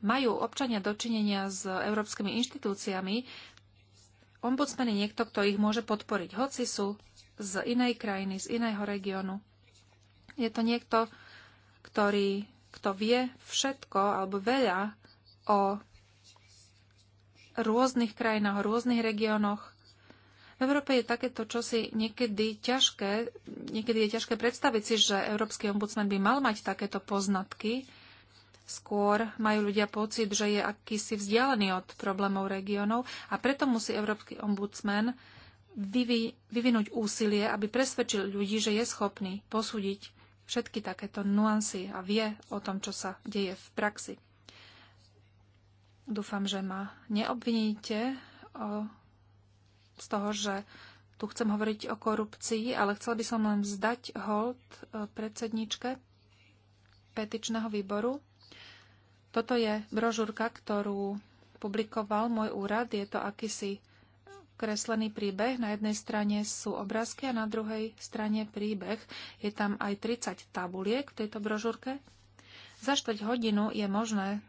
majú občania dočinenia s európskymi inštitúciami, ombudsman je niekto, kto ich môže podporiť, hoci sú z inej krajiny, z iného regiónu. Je to niekto, ktorý, kto vie všetko alebo veľa o rôznych krajinách, o rôznych regiónoch. V Európe je takéto čosi niekedy ťažké, niekedy je ťažké predstaviť si, že Európsky ombudsman by mal mať takéto poznatky, Skôr majú ľudia pocit, že je akýsi vzdialený od problémov regiónov a preto musí Európsky ombudsman vyvinúť úsilie, aby presvedčil ľudí, že je schopný posúdiť všetky takéto nuancy a vie o tom, čo sa deje v praxi. Dúfam, že ma neobviníte o, z toho, že tu chcem hovoriť o korupcii, ale chcela by som len vzdať hold predsedničke petičného výboru, toto je brožúrka, ktorú publikoval môj úrad. Je to akýsi kreslený príbeh. Na jednej strane sú obrázky a na druhej strane príbeh. Je tam aj 30 tabuliek v tejto brožúrke. Za 4 hodinu je možné,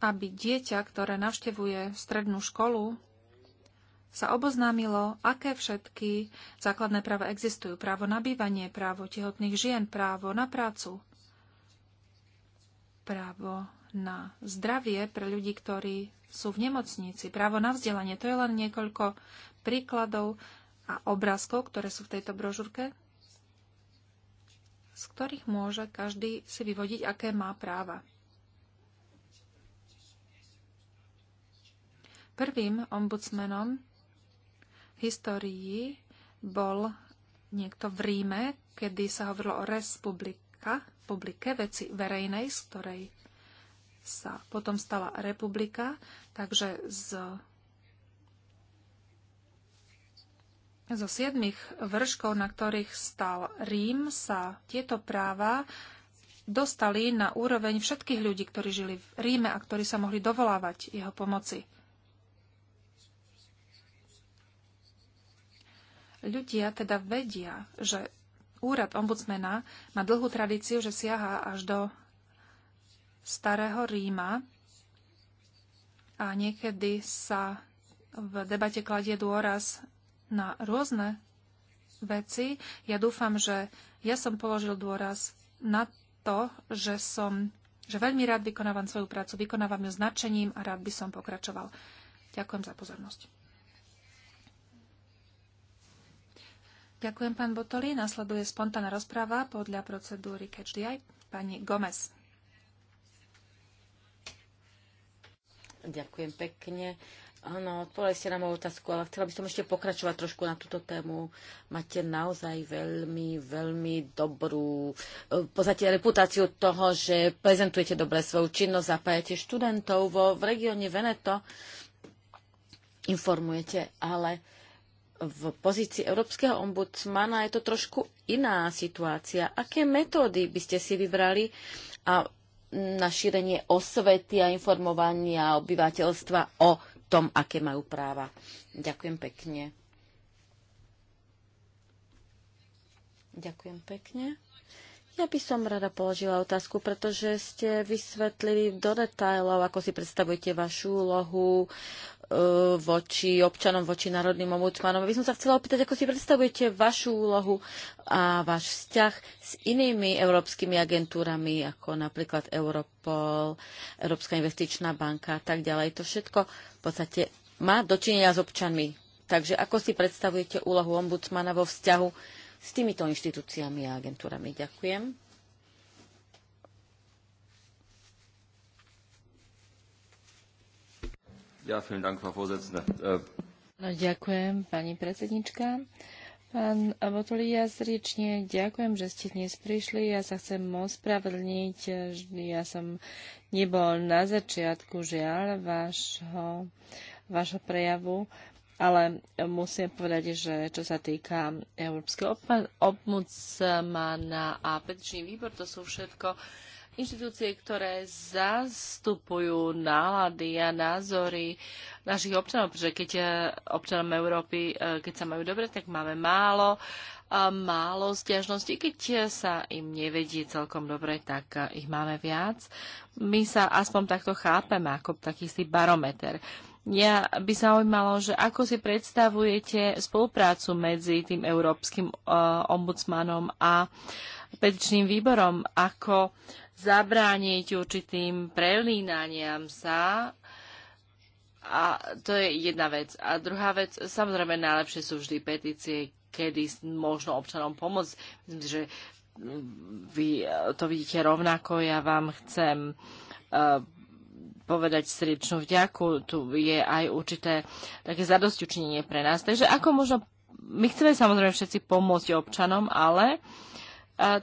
aby dieťa, ktoré navštevuje strednú školu, sa oboznámilo, aké všetky základné práva existujú. Právo na bývanie, právo tehotných žien, právo na prácu, právo na zdravie pre ľudí, ktorí sú v nemocnici, právo na vzdelanie. To je len niekoľko príkladov a obrázkov, ktoré sú v tejto brožúrke, z ktorých môže každý si vyvodiť, aké má práva. Prvým ombudsmenom histórii bol niekto v Ríme, kedy sa hovorilo o res publica, publike veci verejnej, z ktorej sa potom stala republika, takže z Zo siedmých vrškov, na ktorých stal Rím, sa tieto práva dostali na úroveň všetkých ľudí, ktorí žili v Ríme a ktorí sa mohli dovolávať jeho pomoci. Ľudia teda vedia, že úrad ombudsmena má dlhú tradíciu, že siaha až do starého Ríma a niekedy sa v debate kladie dôraz na rôzne veci. Ja dúfam, že ja som položil dôraz na to, že som že veľmi rád vykonávam svoju prácu, vykonávam ju značením a rád by som pokračoval. Ďakujem za pozornosť. Ďakujem, pán Botoli. Nasleduje spontánna rozpráva podľa procedúry Catch the Pani Gomez. Ďakujem pekne. Áno, odpovedali ste na moju otázku, ale chcela by som ešte pokračovať trošku na túto tému. Máte naozaj veľmi, veľmi dobrú e, v podstate reputáciu toho, že prezentujete dobre svoju činnosť, zapájate študentov vo, v regióne Veneto, informujete, ale v pozícii Európskeho ombudsmana je to trošku iná situácia. Aké metódy by ste si vybrali a na šírenie osvety a informovania obyvateľstva o tom, aké majú práva? Ďakujem pekne. Ďakujem pekne. Ja by som rada položila otázku, pretože ste vysvetlili do detajlov, ako si predstavujete vašu úlohu, Eh, voči občanom, voči národným ombudsmanom. By som sa chcela opýtať, ako si predstavujete vašu úlohu a váš vzťah s inými európskymi agentúrami, ako napríklad Europol, Európska investičná banka a tak ďalej. To všetko v podstate má dočinenia s občanmi. Takže ako si predstavujete úlohu ombudsmana vo vzťahu s týmito inštitúciami a agentúrami? Ďakujem. Äh, no, ďakujem, pani predsednička. Pán ja srdečne ďakujem, že ste dnes prišli. Ja sa chcem ospravedlniť. E, ja som nebol na začiatku, žiaľ, vášho, vášho prejavu, ale musím povedať, že čo sa týka Európskeho obmucmana e, a petičný výbor, to sú všetko uh, inštitúcie, ktoré zastupujú nálady a názory našich občanov, pretože keď eh, občanom Európy, eh, keď sa majú dobre, tak máme málo, málo stiažností. Keď eh, sa im nevedie celkom dobre, tak ich máme viac. My sa aspoň takto chápeme ako taký si barometer. ja by zaujímalo, že ako si predstavujete spoluprácu medzi tým Európskym uh, ombudsmanom a petičným výborom, ako zabrániť určitým prelínaniam sa. A to je jedna vec. A druhá vec, samozrejme najlepšie sú vždy petície, kedy možno občanom pomôcť. Myslím, že mm, vy e, to vidíte rovnako. Ja vám chcem e, povedať srdečnú vďaku. Tu je aj určité také zadosťučinenie pre nás. Takže ako možno, my chceme samozrejme všetci pomôcť občanom, ale uh,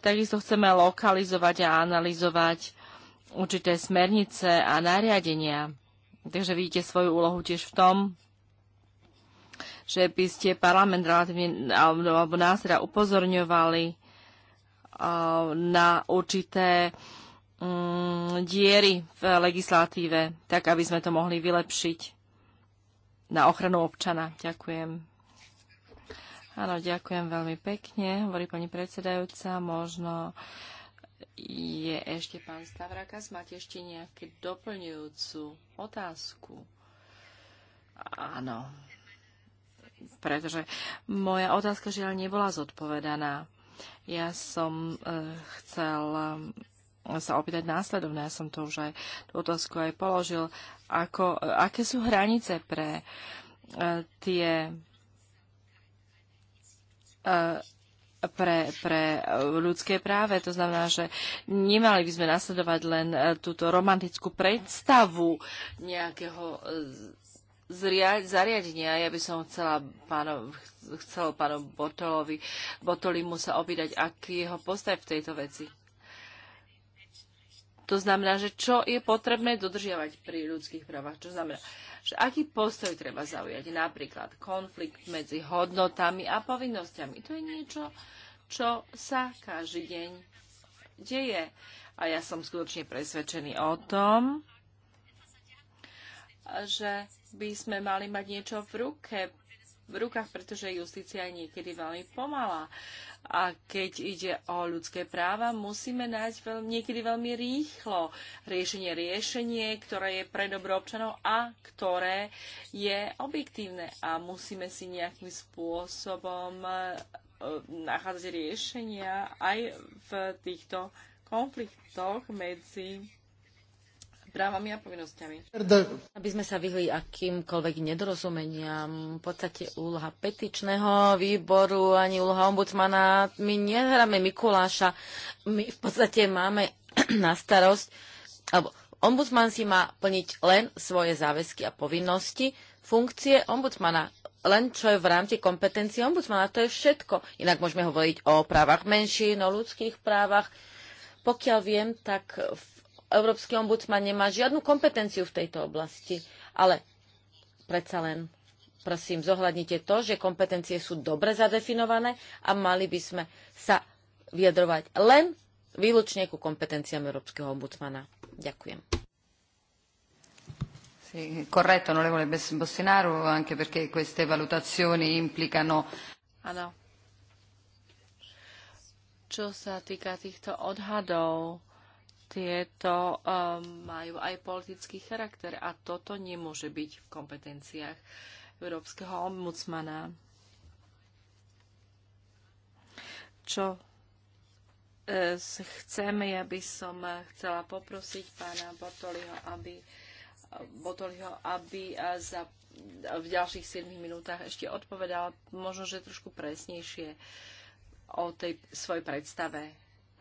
takisto chceme lokalizovať a analyzovať určité smernice a nariadenia. Takže vidíte svoju úlohu tiež v tom, že by ste parlament relatívne, alebo nás teda upozorňovali na určité mm, diery v legislatíve, tak aby sme to mohli vylepšiť na ochranu občana. Ďakujem. Áno, ďakujem veľmi pekne, hovorí pani predsedajúca. Možno je ešte pán Stavrakas, máte ešte nejakú doplňujúcu otázku? Áno, pretože moja otázka žiaľ nebola zodpovedaná. Ja som e, chcel e, sa opýtať následovne, ja som to už aj tú otázku aj položil, ako, e, aké sú hranice pre e, tie E, pre, pre ľudské práve. To znamená, že nemali by sme nasledovať len e, túto romantickú predstavu nejakého e, zariadenia. Ja by som chcela páno, chcel pánu Botolovi, Botolimu sa opýtať, aký jeho postav v tejto veci. To znamená, že čo je potrebné dodržiavať pri ľudských právach. Čo znamená, že aký postoj treba zaujať. Napríklad konflikt medzi hodnotami a povinnosťami. To je niečo, čo sa každý deň deje. A ja som skutočne presvedčený o tom, že by sme mali mať niečo v ruke v rukách, pretože justícia je niekedy veľmi pomalá. A keď ide o ľudské práva, musíme nájsť veľ, niekedy veľmi rýchlo riešenie, riešenie, ktoré je pre dobro občanov a ktoré je objektívne. A musíme si nejakým spôsobom e, nachádzať riešenia aj v týchto konfliktoch medzi právami a povinnosťami. Aby sme sa vyhli akýmkoľvek nedorozumeniam, v podstate úloha petičného výboru ani úloha ombudsmana, my nehráme Mikuláša, my v podstate máme na starosť, alebo ombudsman si má plniť len svoje záväzky a povinnosti, funkcie ombudsmana len čo je v rámci kompetencie ombudsmana. To je všetko. Inak môžeme hovoriť o právach menšín, o ľudských právach. Pokiaľ viem, tak v Európsky ombudsman nemá žiadnu kompetenciu v tejto oblasti, ale predsa len prosím, zohľadnite to, že kompetencie sú dobre zadefinované a mali by sme sa vyjadrovať len výlučne ku kompetenciám Európskeho ombudsmana. Ďakujem. Sì, corretto, onorevole Bossinaro, anche perché queste valutazioni implicano... Áno. Čo sa týka týchto odhadov, tieto eh, majú aj politický charakter a toto nemôže byť v kompetenciách Európskeho ombudsmana. Čo eh, chceme, ja by som chcela poprosiť pána Botoliho, aby, Botoliho, aby eh, za, v ďalších 7 minútach ešte odpovedal možno, že trošku presnejšie o tej svojej predstave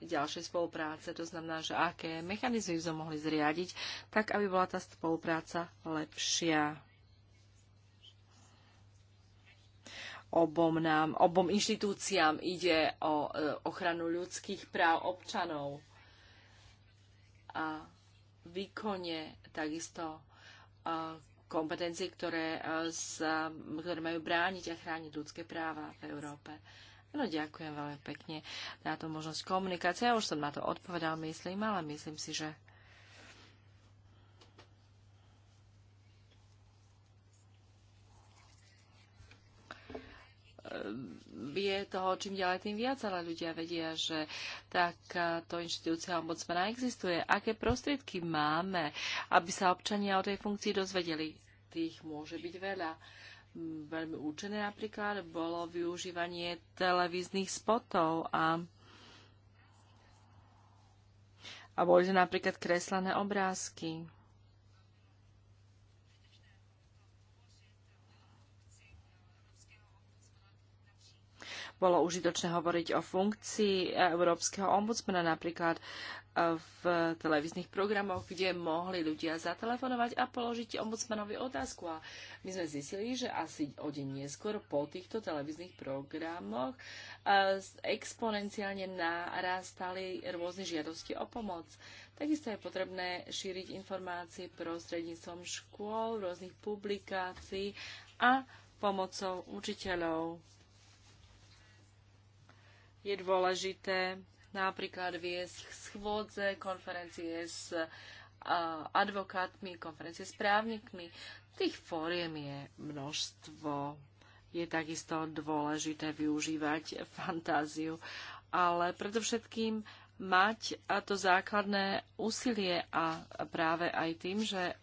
ďalšej spolupráce. To znamená, že aké mechanizmy sme mohli zriadiť, tak aby bola tá spolupráca lepšia. Obom, nám, obom inštitúciám ide o e, ochranu ľudských práv občanov a výkone takisto e, kompetencie, ktoré, e, sa, ktoré majú brániť a chrániť ľudské práva v Európe. No ďakujem veľmi pekne na tú možnosť komunikácie. Ja už som na to odpovedal, myslím, ale myslím si, že je toho čím ďalej tým viac, ale ľudia vedia, že takáto inštitúcia ombudsmana existuje. Aké prostriedky máme, aby sa občania o tej funkcii dozvedeli? Tých môže byť veľa. Uh, veľmi účené napríklad bolo využívanie televíznych spotov a a boli to napríklad kreslené obrázky. bolo užitočné hovoriť o funkcii Európskeho ombudsmana napríklad e, v televíznych programoch, kde mohli ľudia zatelefonovať a položiť ombudsmanovi otázku. A my sme zistili, že asi o deň neskôr po týchto televíznych programoch e, exponenciálne narastali rôzne žiadosti o pomoc. Takisto je potrebné šíriť informácie prostredníctvom škôl, rôznych publikácií a pomocou učiteľov je dôležité napríklad viesť schôdze, konferencie s advokátmi, konferencie s právnikmi. Tých fóriem je množstvo. Je takisto dôležité využívať fantáziu, ale predovšetkým mať to základné úsilie a práve aj tým, že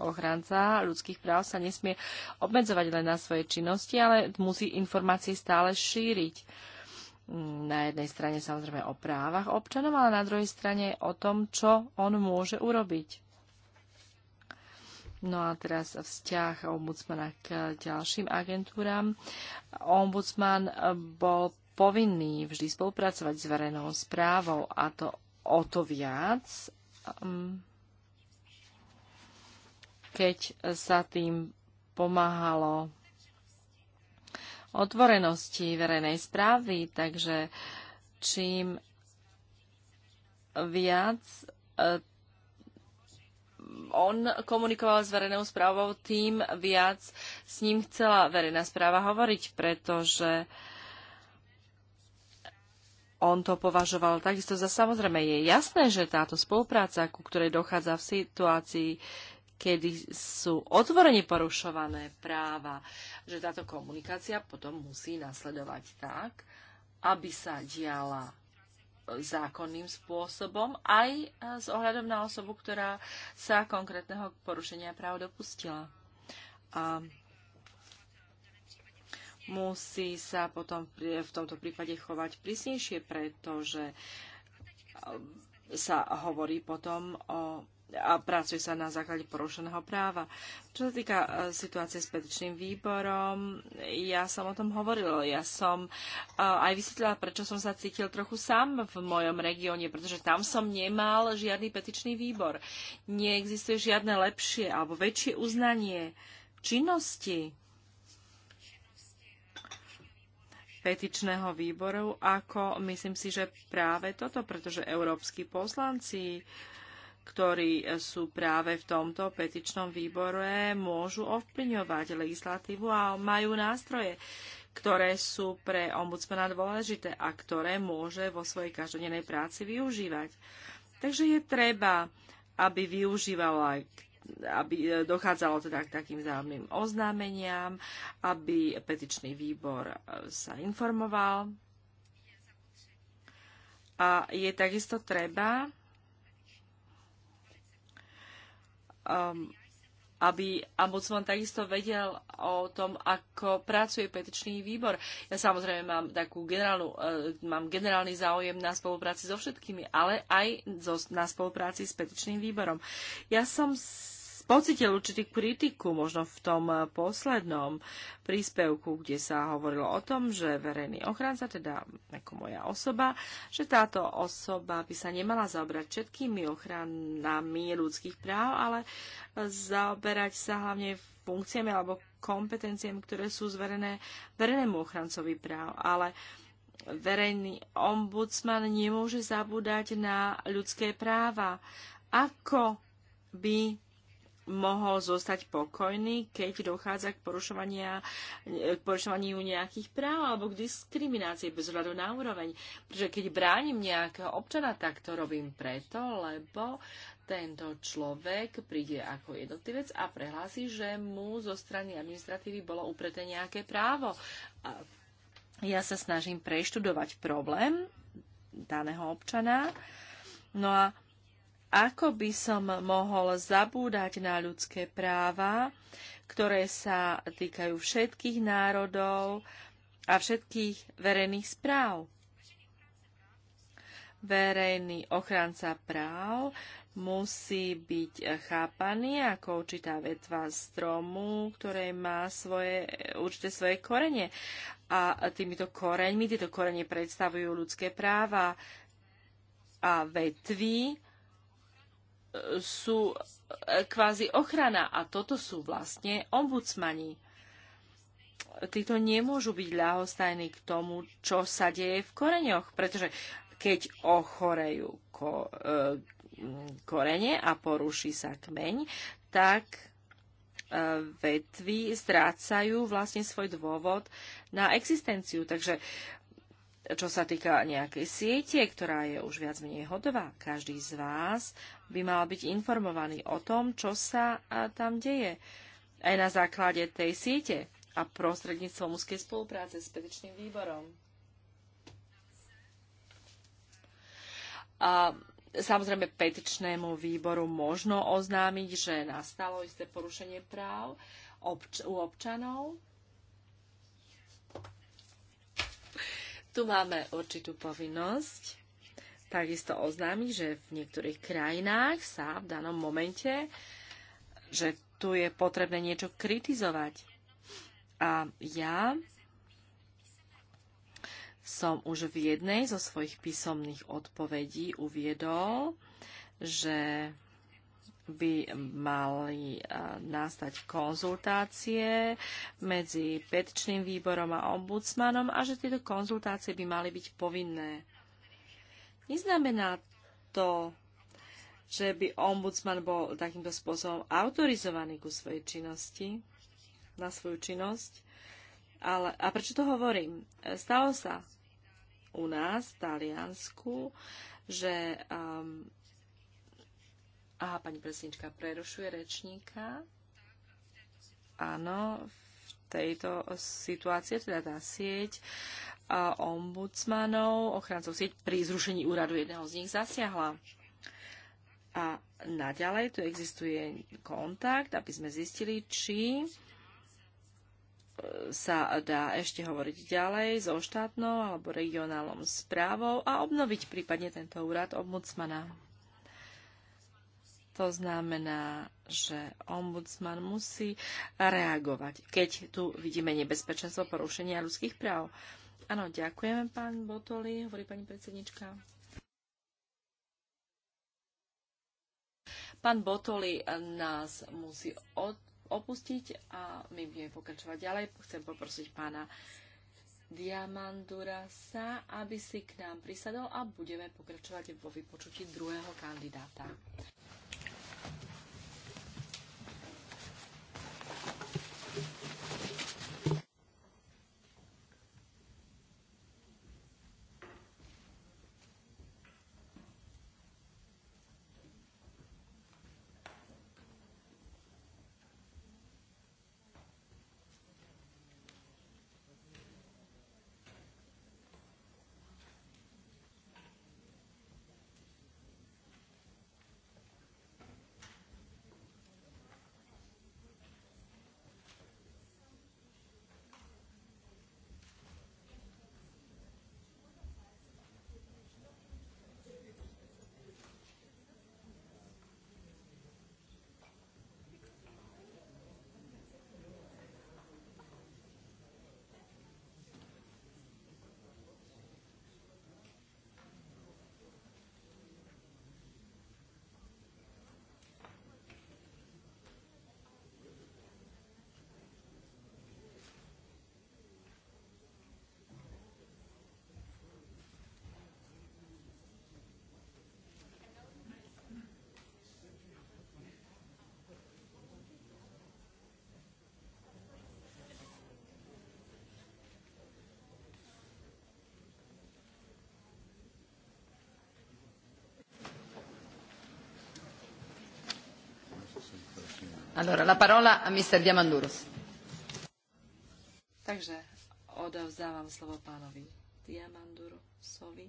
ochranca ľudských práv sa nesmie obmedzovať len na svoje činnosti, ale musí informácie stále šíriť na jednej strane samozrejme o právach občanov, ale na druhej strane o tom, čo on môže urobiť. No a teraz vzťah ombudsmana k ďalším agentúram. Ombudsman bol povinný vždy spolupracovať s verejnou správou a to o to viac, um, keď sa tým pomáhalo otvorenosti verejnej správy, takže čím viac eh, on komunikoval s verejnou správou, tým viac s ním chcela verejná správa hovoriť, pretože on to považoval takisto za samozrejme. Je jasné, že táto spolupráca, ku ktorej dochádza v situácii, kedy sú otvorene porušované práva, že táto komunikácia potom musí nasledovať tak, aby sa diala zákonným spôsobom aj e, s ohľadom na osobu, ktorá sa konkrétneho porušenia práv dopustila. A musí sa potom v tomto prípade chovať prísnejšie, pretože e, sa hovorí potom o a pracuje sa na základe porušeného práva. Čo sa týka e, situácie s petičným výborom, ja som o tom hovorila. Ja som e, aj vysvetlila, prečo som sa cítil trochu sám v mojom regióne, pretože tam som nemal žiadny petičný výbor. Neexistuje žiadne lepšie alebo väčšie uznanie činnosti petičného výboru, ako myslím si, že práve toto, pretože európsky poslanci uh, ktorí e, sú práve v tomto petičnom výbore, môžu ovplyvňovať legislatívu a majú nástroje, ktoré sú pre ombudsmana dôležité a ktoré môže vo svojej každodennej práci využívať. Takže je treba, aby využívala aby e, dochádzalo teda k takým zájomným oznámeniam, aby petičný výbor e, sa informoval. A je takisto treba, um, aby ombudsman takisto vedel o tom, ako pracuje petičný výbor. Ja samozrejme mám, takú generálnu, eh, mám generálny záujem na spolupráci so všetkými, ale aj na spolupráci s petičným výborom. Ja som pocitil určitý kritiku, možno v tom eh, poslednom príspevku, kde sa hovorilo o tom, že verejný ochranca, teda ako moja osoba, že táto osoba by sa nemala zaobrať všetkými ochranami ľudských práv, ale zaoberať sa hlavne funkciami alebo kompetenciami, ktoré sú zverené verejnému ochrancovi práv. Ale verejný ombudsman nemôže zabúdať na ľudské práva. Ako by mohol zostať pokojný, keď dochádza k, k porušovaniu nejakých práv alebo k diskriminácii bez hľadu na úroveň. Pretože keď bránim nejakého občana, tak to robím preto, lebo tento človek príde ako jednotlivec a prehlási, že mu zo strany administratívy bolo upreté nejaké právo. ja sa snažím preštudovať problém daného občana. No a ako by som mohol zabúdať na ľudské práva, ktoré sa týkajú všetkých národov a všetkých verejných správ? Verejný ochranca práv musí byť chápaný ako určitá vetva stromu, ktoré má svoje, určité svoje korene. A týmito koreňmi, tieto korene predstavujú ľudské práva a vetvy sú e, kvázi ochrana a toto sú vlastne ombudsmani. Títo nemôžu byť ľahostajní k tomu, čo sa deje v koreňoch, pretože keď ochorejú ko, e, korene a poruší sa kmeň, tak e, vetvy strácajú vlastne svoj dôvod na existenciu. Takže e, čo sa týka nejakej siete, ktorá je už viac menej hodová, každý z vás by mal byť informovaný o tom, čo sa tam deje. Aj na základe tej siete a prostredníctvom úzkej spolupráce s petičným výborom. A samozrejme petičnému výboru možno oznámiť, že nastalo isté porušenie práv obč- u občanov Tu máme určitú povinnosť takisto oznámiť, že v niektorých krajinách sa v danom momente, že tu je potrebné niečo kritizovať. A ja som už v jednej zo svojich písomných odpovedí uviedol, že by mali nastať konzultácie medzi petičným výborom a ombudsmanom a že tieto konzultácie by mali byť povinné. Neznamená to, že by ombudsman bol takýmto spôsobom autorizovaný ku svojej činnosti, na svoju činnosť. Ale, a prečo to hovorím? Stalo sa u nás v Taliansku, že um, Aha, pani presnička prerušuje rečníka. Áno, v tejto situácii, teda tá sieť ombudsmanov, ochrancov sieť pri zrušení úradu jedného z nich zasiahla. A naďalej tu existuje kontakt, aby sme zistili, či e, sa dá ešte hovoriť ďalej so štátnou alebo regionálnou správou a obnoviť prípadne tento úrad ombudsmana. To znamená, že ombudsman musí reagovať, keď tu vidíme nebezpečenstvo porušenia ľudských práv. Áno, ďakujeme, pán Botoli, hovorí pani predsednička. Pán Botoli nás musí opustiť a my budeme pokračovať ďalej. Chcem poprosiť pána Diamandura sa, aby si k nám prisadol a budeme pokračovať vo vypočutí druhého kandidáta. Takže odovzdávam slovo pánovi Diamandurosovi.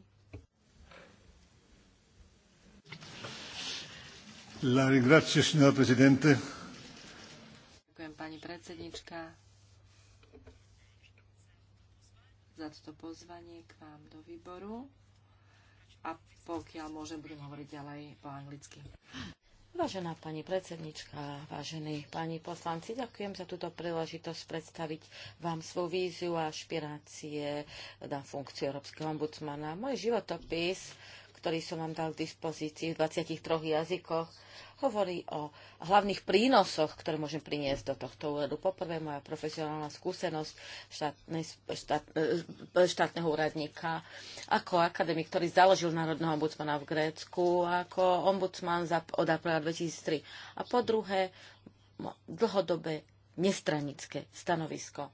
La ringrazio, signora Presidente. Ďakujem, pani predsednička, za toto pozvanie k vám do výboru a pokiaľ môžem, budem hovoriť ďalej po anglicky. Vážená pani predsednička, vážení pani poslanci, ďakujem za túto príležitosť predstaviť vám svoju víziu a špirácie na funkciu Európskeho ombudsmana. Môj životopis ktorý som vám dal k dispozícii v 23 jazykoch, hovorí o hlavných prínosoch, ktoré môžem priniesť do tohto úradu. Poprvé, moja profesionálna skúsenosť štátne, štát, e, štátneho úradníka ako akadémik, ktorý založil Národného ombudsmana v Grécku, ako ombudsman za, od apríla 2003. A po druhé, dlhodobé nestranické stanovisko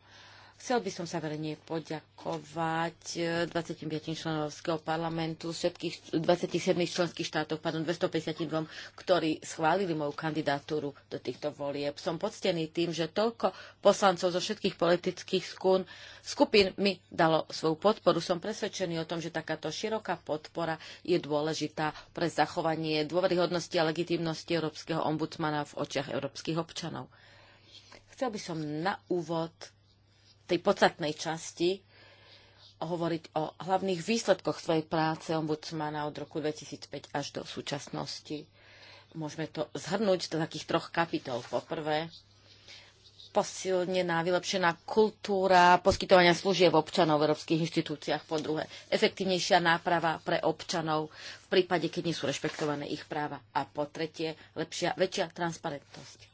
Chcel by som sa verejne poďakovať 25 e, členovského parlamentu z všetkých 27 členských štátov, pardon, 252, ktorí schválili moju kandidatúru do týchto volieb. Som poctený tým, že toľko poslancov zo všetkých politických skún, skupín mi dalo svoju podporu. Som presvedčený o tom, že takáto široká podpora je dôležitá pre zachovanie dôveryhodnosti a legitimnosti európskeho ombudsmana v očiach európskych občanov. Chcel by som na úvod tej podstatnej časti hovoriť o hlavných výsledkoch svojej práce ombudsmana od roku 2005 až do súčasnosti. Môžeme to zhrnúť do takých troch kapitol. Po prvé, posilnená, vylepšená kultúra poskytovania služieb občanov v európskych inštitúciách. Po druhé, efektívnejšia náprava pre občanov v prípade, keď nie sú rešpektované ich práva. A po tretie, lepšia, väčšia transparentnosť.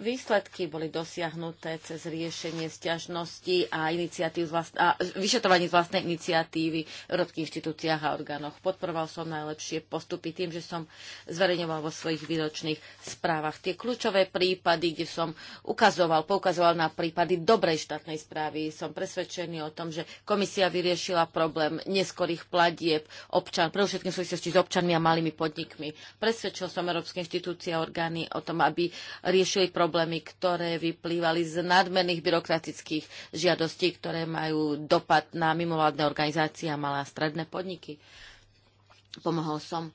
Výsledky boli dosiahnuté cez riešenie sťažnosti a, vlast- a z vlastnej iniciatívy v európskych inštitúciách a orgánoch. Podporoval som najlepšie postupy tým, že som zverejňoval vo svojich výročných správach tie kľúčové prípady, kde som ukazoval, poukazoval na prípady dobrej štátnej správy. Som presvedčený o tom, že komisia vyriešila problém neskorých platieb občan, pre všetkým v súvislosti s občanmi a malými podnikmi. Presvedčil som európske inštitúcie a orgány o tom, aby riešili problém problémy, ktoré vyplývali z nadmerných byrokratických žiadostí, ktoré majú dopad na mimovládne organizácie a malé a stredné podniky. Pomohol som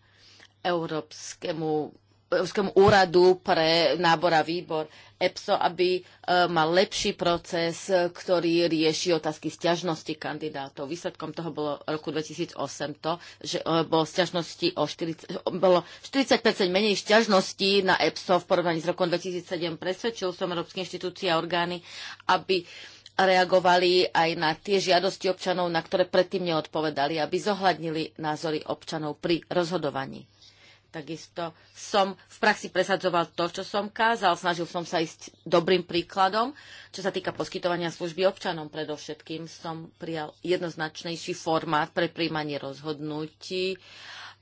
Európskemu Európskemu úradu pre nábor a výbor EPSO, aby e, mal lepší proces, ktorý rieši otázky sťažnosti kandidátov. Výsledkom toho bolo roku 2008 to, že e, bolo, sťažnosti o 40, bolo 40% menej sťažností na EPSO v porovnaní s rokom 2007. Presvedčil som Európske inštitúcie a orgány, aby reagovali aj na tie žiadosti občanov, na ktoré predtým neodpovedali, aby zohľadnili názory občanov pri rozhodovaní. Takisto som v praxi presadzoval to, čo som kázal. Snažil som sa ísť dobrým príkladom. Čo sa týka poskytovania služby občanom, predovšetkým som prijal jednoznačnejší formát pre príjmanie rozhodnutí.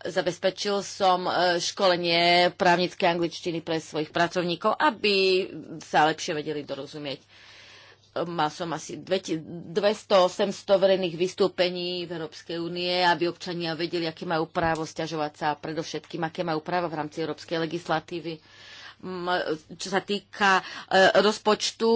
Zabezpečil som e, školenie právnickej angličtiny pre svojich pracovníkov, aby sa lepšie vedeli dorozumieť mal som asi 200-800 verejných vystúpení v Európskej únie, aby občania vedeli, aké majú právo stiažovať sa a predovšetkým, aké majú práva v rámci európskej legislatívy. Čo sa týka e, rozpočtu,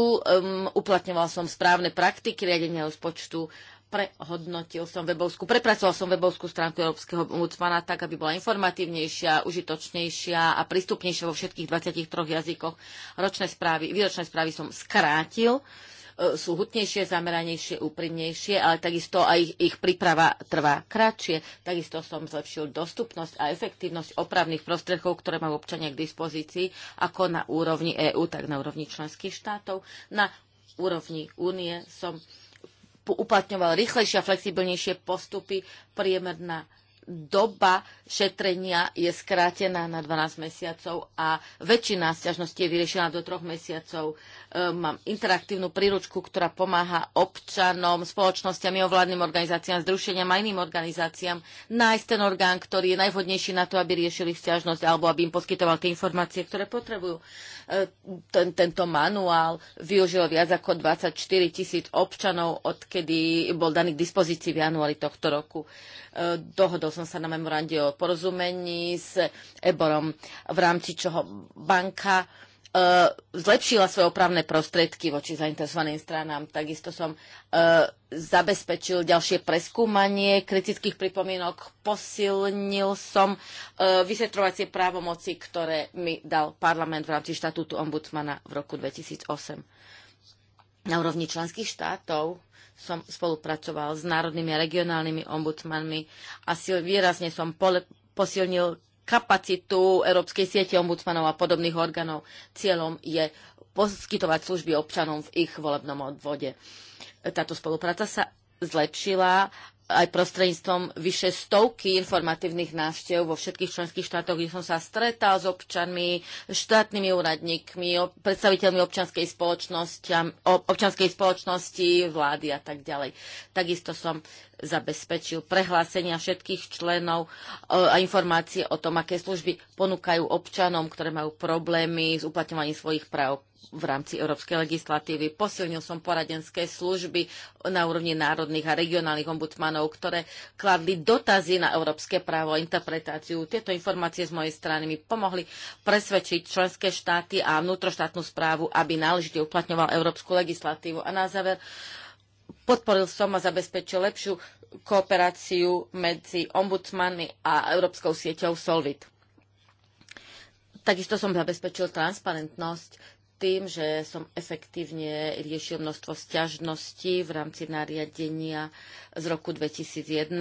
uplatňoval som správne praktiky riadenia rozpočtu, prehodnotil som webovskú, prepracoval som webovskú stránku Európskeho ombudsmana tak, aby bola informatívnejšia, užitočnejšia a prístupnejšia vo všetkých 23 jazykoch. Ročné správy, výročné správy som skrátil. Uh, E, sú hutnejšie, zameranejšie, úprimnejšie, ale takisto aj ich, ich príprava trvá kratšie. Takisto som zlepšil dostupnosť a efektívnosť opravných prostriedkov, ktoré majú občania k dispozícii, ako na úrovni EÚ, tak na úrovni členských štátov. Na úrovni únie som uplatňoval rýchlejšie a flexibilnejšie postupy. Priemerná doba šetrenia je skrátená na 12 mesiacov a väčšina sťažností je vyriešená do 3 mesiacov. E, mám interaktívnu príručku, ktorá pomáha občanom, spoločnosťam, ovládnym organizáciám, združeniam a iným organizáciám nájsť ten orgán, ktorý je najvhodnejší na to, aby riešili sťažnosť alebo aby im poskytoval tie informácie, ktoré potrebujú. E, ten, tento manuál využilo viac ako 24 tisíc občanov, odkedy bol daný k dispozícii v januári tohto roku. E, dohodol som sa na memorande o porozumení s Eborom, v rámci čoho banka e, zlepšila svoje opravné prostriedky voči zainteresovaným stranám. Takisto som e, zabezpečil ďalšie preskúmanie kritických pripomienok, posilnil som e, vyšetrovacie právomoci, ktoré mi dal parlament v rámci štatútu ombudsmana v roku 2008. Na úrovni členských štátov som spolupracoval s národnými a regionálnymi ombudsmanmi a výrazne som posilnil kapacitu Európskej siete ombudsmanov a podobných orgánov. Cieľom je poskytovať služby občanom v ich volebnom odvode. Táto spolupráca sa zlepšila aj prostredníctvom vyše stovky informatívnych návštev vo všetkých členských štátoch, kde som sa stretal s občanmi, štátnymi úradníkmi, predstaviteľmi občanskej spoločnosti, občanskej spoločnosti, vlády a tak ďalej. Takisto som zabezpečil prehlásenia všetkých členov e, a informácie o tom, aké služby ponúkajú občanom, ktoré majú problémy s uplatňovaním svojich práv v rámci európskej legislatívy. Posilnil som poradenské služby na úrovni národných a regionálnych ombudsmanov, ktoré kladli dotazy na európske právo a interpretáciu. Tieto informácie z mojej strany mi pomohli presvedčiť členské štáty a vnútroštátnu správu, aby náležite uplatňoval európsku legislatívu. A na záver podporil som a zabezpečil lepšiu kooperáciu medzi ombudsmanmi a Európskou sieťou Solvit. Takisto som zabezpečil transparentnosť tým, že som efektívne riešil množstvo sťažností v rámci nariadenia z roku 2001,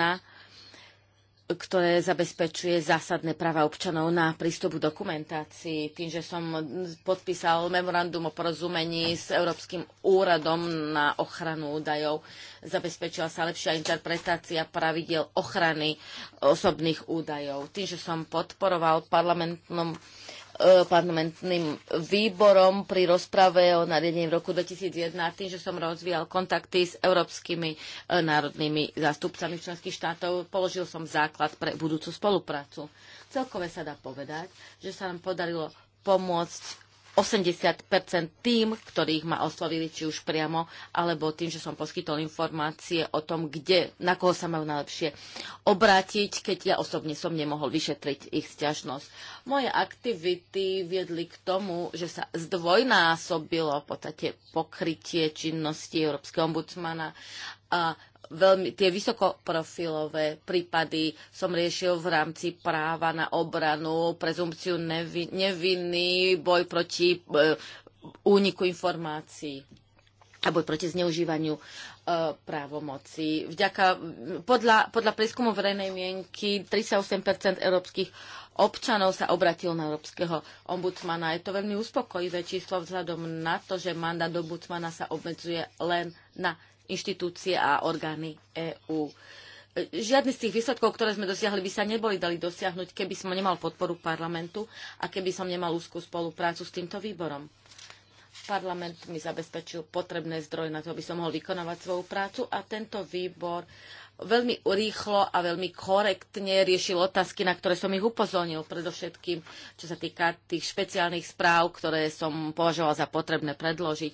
ktoré zabezpečuje zásadné práva občanov na prístup k dokumentácii. Tým, že som podpísal memorandum o porozumení s Európskym úradom na ochranu údajov, zabezpečila sa lepšia interpretácia pravidel ochrany osobných údajov. Tým, že som podporoval parlamentnom parlamentným výborom pri rozprave o nariadení v roku 2001 tým, že som rozvíjal kontakty s európskymi e, národnými zástupcami členských štátov, položil som základ pre budúcu spoluprácu. Celkové sa dá povedať, že sa nám podarilo pomôcť 80 tým, ktorých ma oslovili, či už priamo, alebo tým, že som poskytol informácie o tom, kde, na koho sa majú najlepšie obrátiť, keď ja osobne som nemohol vyšetriť ich stiažnosť. Moje aktivity viedli k tomu, že sa zdvojnásobilo v podstate pokrytie činnosti Európskeho ombudsmana a veľmi, tie vysokoprofilové prípady som riešil v rámci práva na obranu, prezumciu nevin, nevinný, boj proti e, úniku informácií a boj proti zneužívaniu e, právomoci. Vďaka, podľa, podľa prieskumu verejnej mienky 38 európskych občanov sa obratil na európskeho ombudsmana. Je to veľmi uspokojivé číslo vzhľadom na to, že mandát ombudsmana sa obmedzuje len na inštitúcie a orgány EÚ. Žiadny z tých výsledkov, ktoré sme dosiahli, by sa neboli dali dosiahnuť, keby som nemal podporu parlamentu a keby som nemal úzkú spoluprácu s týmto výborom. Parlament mi zabezpečil potrebné zdroje na to, aby som mohol vykonávať svoju prácu a tento výbor veľmi rýchlo a veľmi korektne riešil otázky, na ktoré som ich upozornil, predovšetkým čo sa týka tých špeciálnych správ, ktoré som považoval za potrebné predložiť.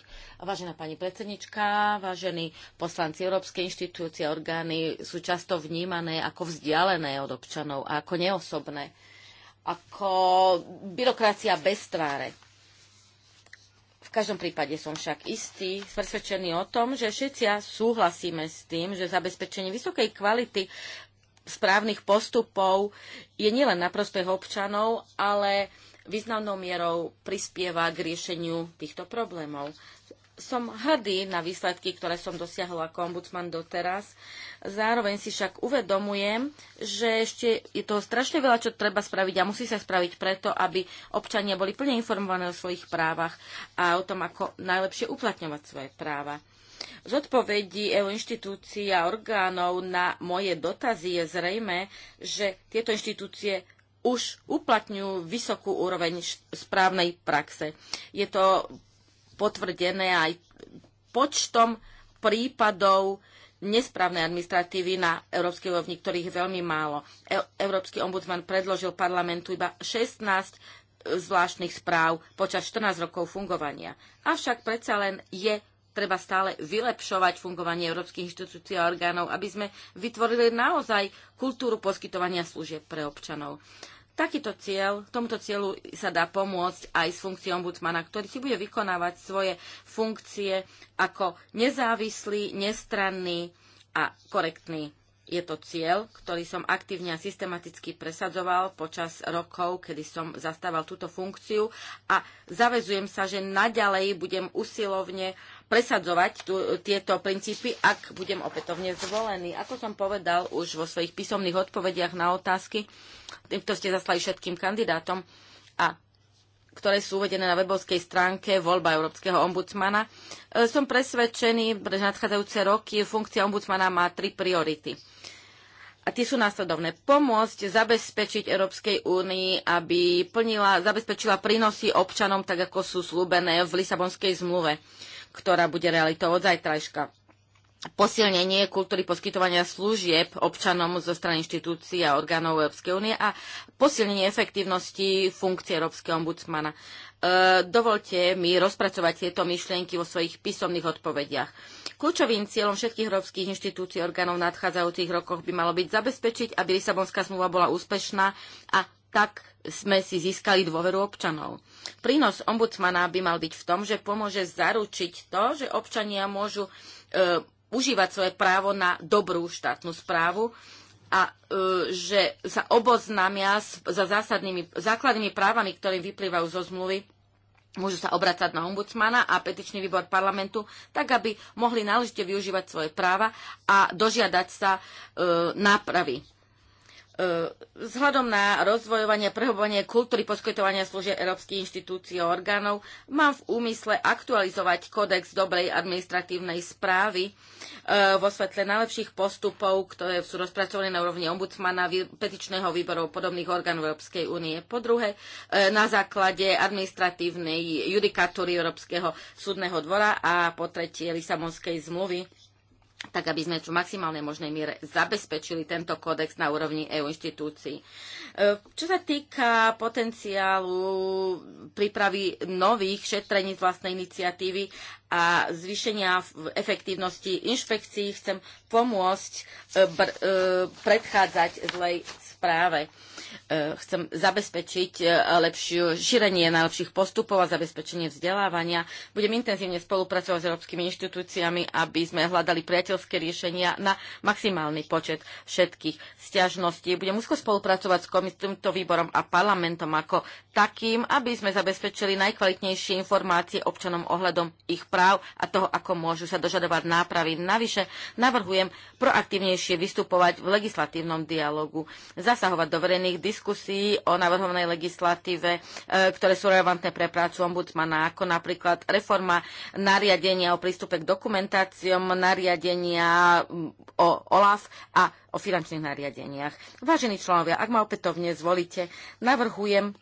Vážená pani predsednička, vážení poslanci Európskej inštitúcie a orgány sú často vnímané ako vzdialené od občanov a ako neosobné, ako byrokracia bez tváre v každom prípade som však istý, presvedčený o tom, že všetci súhlasíme s tým, že zabezpečenie vysokej kvality správnych postupov je nielen na prospech občanov, ale významnou mierou prispieva k riešeniu týchto problémov som hrdý na výsledky, ktoré som dosiahol ako ombudsman doteraz. Zároveň si však uvedomujem, že ešte je toho strašne veľa, čo treba spraviť a musí sa spraviť preto, aby občania boli plne informovaní o svojich právach a o tom, ako najlepšie uplatňovať svoje práva. Z odpovedí EU inštitúcií a orgánov na moje dotazy je zrejme, že tieto inštitúcie už uplatňujú vysokú úroveň správnej praxe. Je to potvrdené aj počtom prípadov nesprávnej administratívy na európskej úrovni, ktorých je veľmi málo. E, Európsky ombudsman predložil parlamentu iba 16 zvláštnych správ počas 14 rokov fungovania. Avšak predsa len je treba stále vylepšovať fungovanie európskych inštitúcií a orgánov, aby sme vytvorili naozaj kultúru poskytovania služieb pre občanov. Takýto cieľ, tomuto cieľu sa dá pomôcť aj s funkciou ombudsmana, ktorý si bude vykonávať svoje funkcie ako nezávislý, nestranný a korektný. Je to cieľ, ktorý som aktívne a systematicky presadzoval počas rokov, kedy som zastával túto funkciu a zavezujem sa, že naďalej budem usilovne presadzovať tu, tieto princípy, ak budem opätovne zvolený. Ako som povedal už vo svojich písomných odpovediach na otázky, týmto ste zaslali všetkým kandidátom a ktoré sú uvedené na webovskej stránke voľba Európskeho ombudsmana. E, som presvedčený, že nadchádzajúce roky funkcia ombudsmana má tri priority. A tie sú následovné. Pomôcť zabezpečiť Európskej únii, aby plnila, zabezpečila prínosy občanom, tak ako sú slúbené v Lisabonskej zmluve ktorá bude realitou od zajtrajška. Posilnenie kultúry poskytovania služieb občanom zo strany inštitúcií a orgánov Európskej únie a posilnenie efektívnosti funkcie Európskeho ombudsmana. E, dovolte mi rozpracovať tieto myšlienky vo svojich písomných odpovediach. Kľúčovým cieľom všetkých európskych inštitúcií a orgánov v nadchádzajúcich rokoch by malo byť zabezpečiť, aby Lisabonská zmluva bola úspešná a tak sme si získali dôveru občanov. Prínos ombudsmana by mal byť v tom, že pomôže zaručiť to, že občania môžu e, užívať svoje právo na dobrú štátnu správu a e, že sa oboznámia s, za zásadnými, základnými právami, ktoré vyplývajú zo zmluvy, môžu sa obracať na ombudsmana a petičný výbor parlamentu, tak aby mohli náležite využívať svoje práva a dožiadať sa e, nápravy E, vzhľadom na rozvojovanie, prehobovanie kultúry poskytovania služieb európskych inštitúcií a orgánov mám v úmysle aktualizovať kódex dobrej administratívnej správy e, vo svetle najlepších postupov, ktoré sú rozpracované na úrovni ombudsmana, petičného výboru podobných orgánov Európskej únie. Po druhé, e, na základe administratívnej judikatúry Európskeho súdneho dvora a po tretie Lisabonskej zmluvy tak aby sme v maximálnej možnej miere zabezpečili tento kódex na úrovni EU inštitúcií. E, čo sa týka potenciálu prípravy nových šetrení z vlastnej iniciatívy, a zvýšenia efektívnosti inšpekcií chcem pomôcť e, e, predchádzať zlej správe. E, chcem zabezpečiť lepšiu šírenie najlepších postupov a zabezpečenie vzdelávania. Budem intenzívne spolupracovať s európskymi inštitúciami, aby sme hľadali priateľské riešenia na maximálny počet všetkých stiažností. Budem úzko spolupracovať s týmto výborom a parlamentom ako takým, aby sme zabezpečili najkvalitnejšie informácie občanom ohľadom ich práv práv a toho, ako môžu sa dožadovať nápravy. Navyše navrhujem proaktívnejšie vystupovať v legislatívnom dialogu, zasahovať do verejných diskusí o navrhovanej legislatíve, e, ktoré sú relevantné pre prácu ombudsmana, ako napríklad reforma nariadenia o prístupe k dokumentáciom, nariadenia o OLAF a o finančných nariadeniach. Vážení členovia, ak ma opätovne zvolíte, navrhujem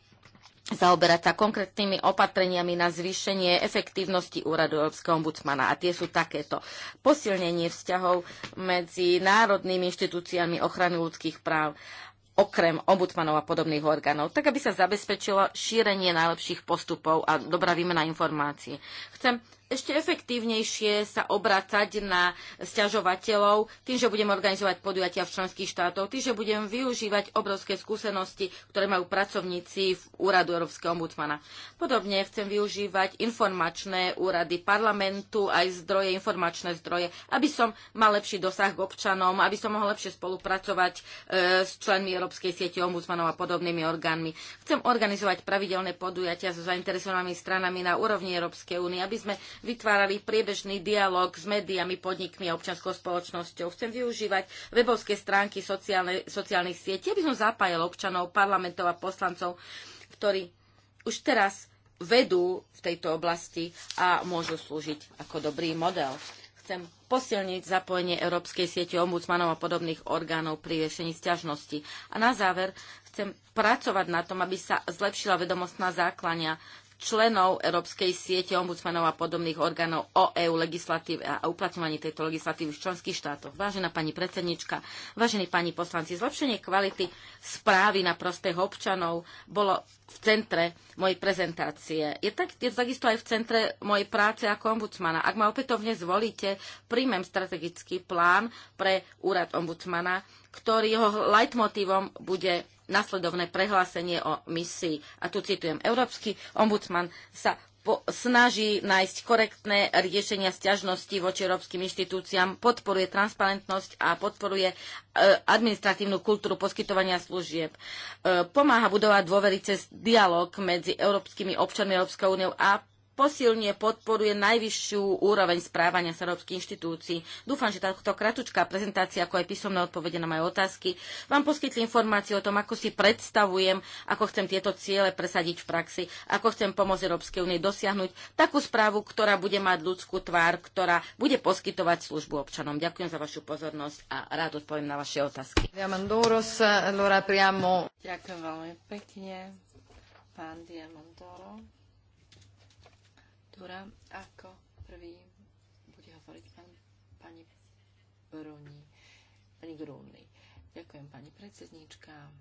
zaoberať sa konkrétnymi opatreniami na zvýšenie efektívnosti úradu Európskeho ombudsmana. A tie sú takéto. Posilnenie vzťahov medzi národnými inštitúciami ochrany ľudských práv okrem ombudsmanov a podobných orgánov, tak aby sa zabezpečilo šírenie najlepších postupov a dobrá výmena informácií. Chcem ešte efektívnejšie sa obracať na sťažovateľov tým, že budem organizovať podujatia v členských štátoch, tým, že budem využívať obrovské skúsenosti, ktoré majú pracovníci v úradu Európskeho ombudsmana. Podobne chcem využívať informačné úrady parlamentu, aj zdroje, informačné zdroje, aby som mal lepší dosah k občanom, aby som mohol lepšie spolupracovať e, s členmi Európskej siete ombudsmanov a podobnými orgánmi. Chcem organizovať pravidelné podujatia so zainteresovanými stranami na úrovni Európskej únie, aby sme vytvárali priebežný dialog s médiami, podnikmi a občianskou spoločnosťou. Chcem využívať webovské stránky sociálne, sociálnych sietí, aby som zapájal občanov, parlamentov a poslancov, ktorí už teraz vedú v tejto oblasti a môžu slúžiť ako dobrý model. Chcem posilniť zapojenie Európskej siete ombudsmanov a podobných orgánov pri riešení sťažnosti. A na záver chcem pracovať na tom, aby sa zlepšila vedomostná základňa členov Európskej siete ombudsmanov a podobných orgánov o EU legislatív a uplatňovaní tejto legislatívy v členských štátoch. Vážená pani predsednička, vážení pani poslanci, zlepšenie kvality správy na prospech občanov bolo v centre mojej prezentácie. Je, tak, je takisto aj v centre mojej práce ako ombudsmana. Ak ma opätovne zvolíte, príjmem strategický plán pre úrad ombudsmana, ktorý jeho leitmotívom bude nasledovné prehlásenie o misii. A tu citujem, Európsky ombudsman sa po, snaží nájsť korektné riešenia sťažnosti voči európskym inštitúciám, podporuje transparentnosť a podporuje e, administratívnu kultúru poskytovania služieb. E, pomáha budovať dôvery cez dialog medzi európskymi občanmi Európskej úniou a posilne podporuje najvyššiu úroveň správania sa európskych inštitúcií. Dúfam, že táto kratučká prezentácia, ako aj písomné odpovede na moje otázky, vám poskytli informáciu o tom, ako si predstavujem, ako chcem tieto ciele presadiť v praxi, ako chcem pomôcť Európskej únii dosiahnuť takú správu, ktorá bude mať ľudskú tvár, ktorá bude poskytovať službu občanom. Ďakujem za vašu pozornosť a rád odpoviem na vaše otázky. Ďakujem veľmi pekne, pán Diamandoro procedúra. Ako prvý bude hovoriť pán, pani Bruni, pani Grúny. Ďakujem, pani predsednička.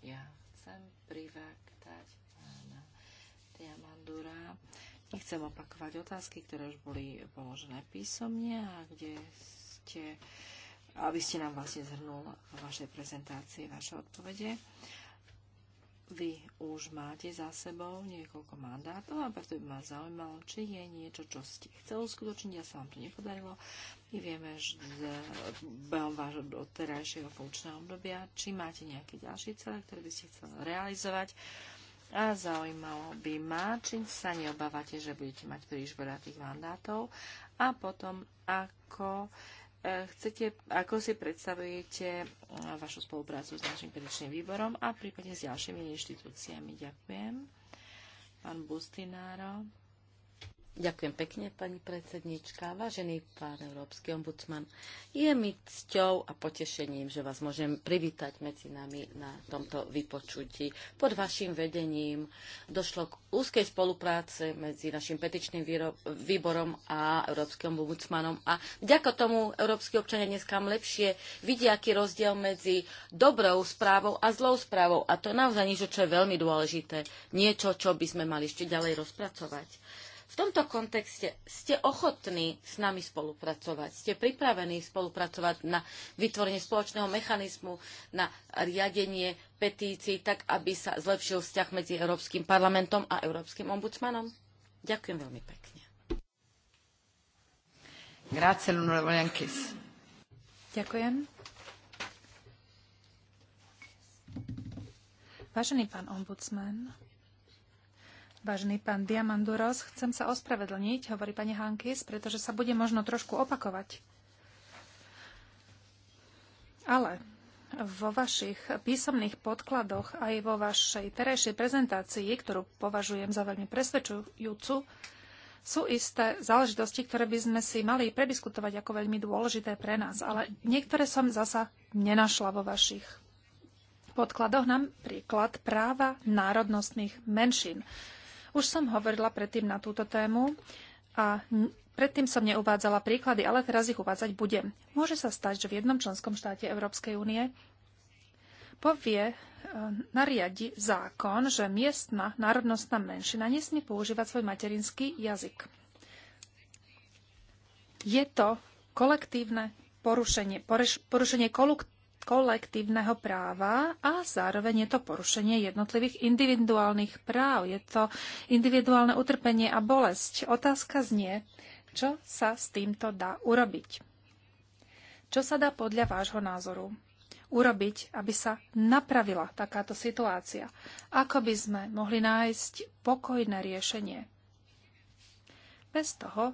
Ja chcem privaktať pána Diamandura. Nechcem opakovať otázky, ktoré už boli položené písomne a kde ste, aby ste nám vlastne zhrnul vaše prezentácie, vaše odpovede. Vy už máte za sebou niekoľko mandátov a preto by ma zaujímalo, či je niečo, čo ste chceli uskutočniť a sa vám to nepodarilo. My vieme, že behom vášho doterajšieho funkčného obdobia, či máte nejaké ďalšie cele, ktoré by ste chceli realizovať. A zaujímalo by ma, či sa neobávate, že budete mať príliš veľa tých mandátov a potom ako E, chcete, ako si predstavujete e, vašu spoluprácu s našim petičným výborom a prípadne s ďalšími inštitúciami. Ďakujem. Pán Bustináro. Ďakujem pekne, pani predsednička. Vážený pán Európsky ombudsman, je mi cťou a potešením, že vás môžem privítať medzi nami na tomto vypočutí. Pod vašim vedením došlo k úzkej spolupráce medzi našim petičným výborom a Európskym ombudsmanom a vďaka tomu európsky občania dneska lepšie vidia, aký rozdiel medzi dobrou správou a zlou správou. A to je naozaj niečo, čo je veľmi dôležité. Niečo, čo by sme mali ešte ďalej rozpracovať. V tomto kontexte ste ochotní s nami spolupracovať, ste pripravení spolupracovať na vytvorenie spoločného mechanizmu, na riadenie petícií, tak aby sa zlepšil vzťah medzi Európskym parlamentom a Európskym ombudsmanom? Ďakujem veľmi pekne. Grazie, Ďakujem. Vážený pán ombudsman, Vážený pán Diamanduros, chcem sa ospravedlniť, hovorí pani Hankis, pretože sa bude možno trošku opakovať. Ale vo vašich písomných podkladoch aj vo vašej terejšej prezentácii, ktorú považujem za veľmi presvedčujúcu, sú isté záležitosti, ktoré by sme si mali prediskutovať ako veľmi dôležité pre nás, ale niektoré som zasa nenašla vo vašich podkladoch, napríklad práva národnostných menšín. Už som hovorila predtým na túto tému a predtým som neuvádzala príklady, ale teraz ich uvádzať budem. Môže sa stať, že v jednom členskom štáte Európskej únie povie, e, nariadi zákon, že miestna národnostná menšina nesmie používať svoj materinský jazyk. Je to kolektívne porušenie, porušenie kolektívneho práva a zároveň je to porušenie jednotlivých individuálnych práv. Je to individuálne utrpenie a bolesť. Otázka znie, čo sa s týmto dá urobiť. Čo sa dá podľa vášho názoru urobiť, aby sa napravila takáto situácia? Ako by sme mohli nájsť pokojné riešenie? Bez toho,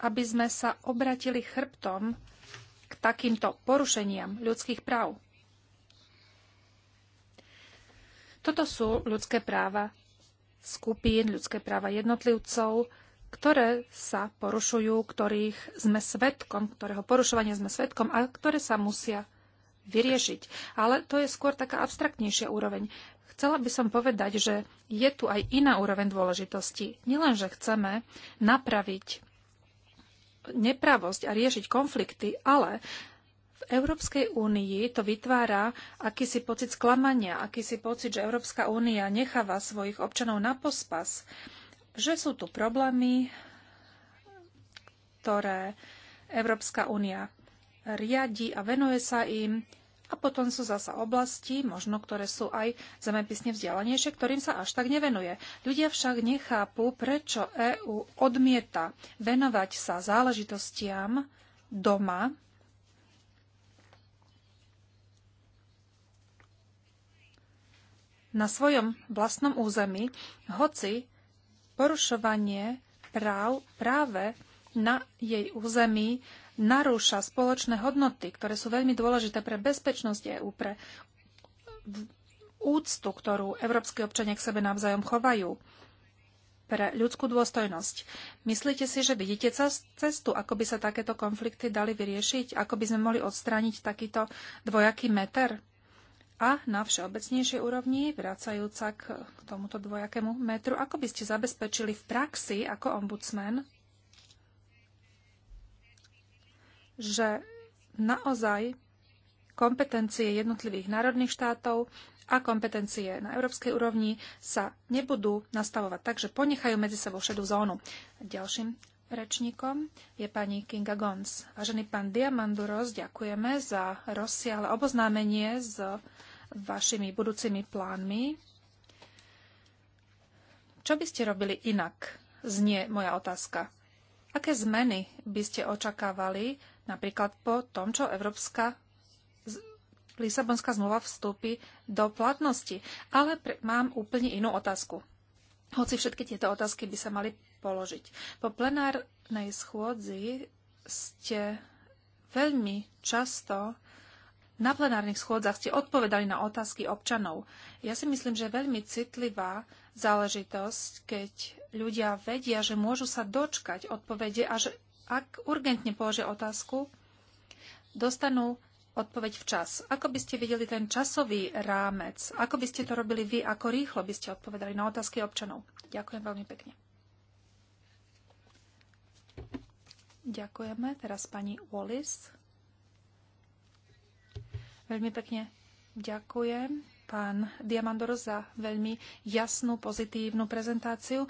aby sme sa obratili chrbtom k takýmto porušeniam ľudských práv. Toto sú ľudské práva skupín, ľudské práva jednotlivcov, ktoré sa porušujú, ktorých sme svetkom, ktorého porušovania sme svetkom a ktoré sa musia vyriešiť. Ale to je skôr taká abstraktnejšia úroveň. Chcela by som povedať, že je tu aj iná úroveň dôležitosti. Nielen, že chceme napraviť nepravosť a riešiť konflikty, ale v Európskej únii to vytvára akýsi pocit sklamania, akýsi pocit, že Európska únia necháva svojich občanov na pospas, že sú tu problémy, ktoré Európska únia riadi a venuje sa im, a potom sú zasa oblasti, možno ktoré sú aj zemepisne vzdialenejšie, ktorým sa až tak nevenuje. Ľudia však nechápu, prečo EÚ odmieta venovať sa záležitostiam doma, na svojom vlastnom území, hoci porušovanie práv práve na jej území narúša spoločné hodnoty, ktoré sú veľmi dôležité pre bezpečnosť EÚ, pre úctu, ktorú európsky občania k sebe navzájom chovajú, pre ľudskú dôstojnosť. Myslíte si, že vidíte cestu, ako by sa takéto konflikty dali vyriešiť? Ako by sme mohli odstrániť takýto dvojaký meter? A na všeobecnejšej úrovni, vracajúca k tomuto dvojakému metru, ako by ste zabezpečili v praxi ako ombudsman že naozaj kompetencie jednotlivých národných štátov a kompetencie na európskej úrovni sa nebudú nastavovať tak, že ponechajú medzi sebou šedú zónu. Ďalším rečníkom je pani Kinga Gons. Vážený pán Diamanduros, ďakujeme za rozsiahle oboznámenie s vašimi budúcimi plánmi. Čo by ste robili inak? Znie moja otázka. Aké zmeny by ste očakávali Napríklad po tom, čo Európska Lisabonská zmluva vstúpi do platnosti. Ale pre, mám úplne inú otázku. Hoci všetky tieto otázky by sa mali položiť. Po plenárnej schôdzi ste veľmi často na plenárnych schôdzach ste odpovedali na otázky občanov. Ja si myslím, že je veľmi citlivá záležitosť, keď ľudia vedia, že môžu sa dočkať odpovede a že ak urgentne položia otázku, dostanú odpoveď včas. Ako by ste videli ten časový rámec? Ako by ste to robili vy? Ako rýchlo by ste odpovedali na otázky občanov? Ďakujem veľmi pekne. Ďakujeme. Teraz pani Wallis. Veľmi pekne ďakujem pán Diamandoro za veľmi jasnú, pozitívnu prezentáciu.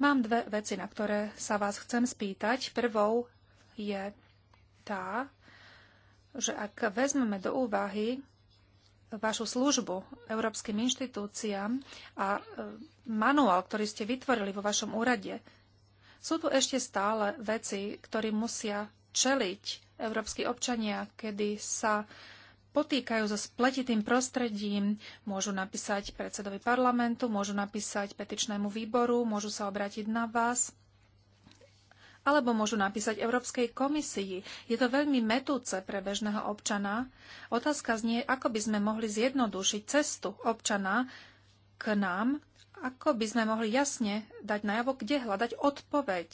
Mám dve veci, na ktoré sa vás chcem spýtať. Prvou je tá, že ak vezmeme do úvahy vašu službu európskym inštitúciám a e, manuál, ktorý ste vytvorili vo vašom úrade, sú tu ešte stále veci, ktorým musia čeliť európsky občania, kedy sa potýkajú so spletitým prostredím, môžu napísať predsedovi parlamentu, môžu napísať petičnému výboru, môžu sa obrátiť na vás, alebo môžu napísať Európskej komisii. Je to veľmi metúce pre bežného občana. Otázka znie, ako by sme mohli zjednodušiť cestu občana k nám, ako by sme mohli jasne dať najavo, kde hľadať odpoveď,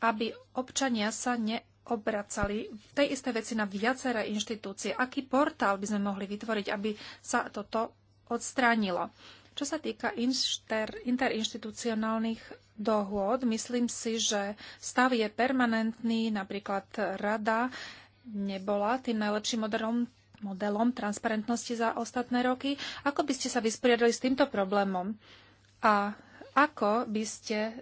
aby občania sa ne obracali v tej istej veci na viaceré inštitúcie. Aký portál by sme mohli vytvoriť, aby sa toto odstránilo? Čo sa týka interinstitucionálnych dohôd, myslím si, že stav je permanentný, napríklad rada nebola tým najlepším modelom, modelom transparentnosti za ostatné roky. Ako by ste sa vysporiadali s týmto problémom? A ako by ste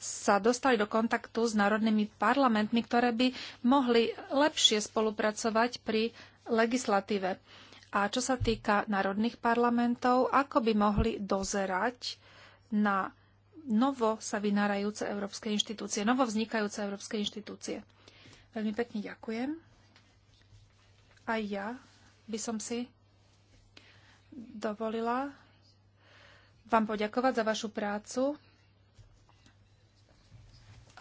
sa dostali do kontaktu s národnými parlamentmi, ktoré by mohli lepšie spolupracovať pri legislatíve. A čo sa týka národných parlamentov, ako by mohli dozerať na novo sa vynárajúce európske inštitúcie, novo vznikajúce európske inštitúcie. Veľmi pekne ďakujem. Aj ja by som si dovolila vám poďakovať za vašu prácu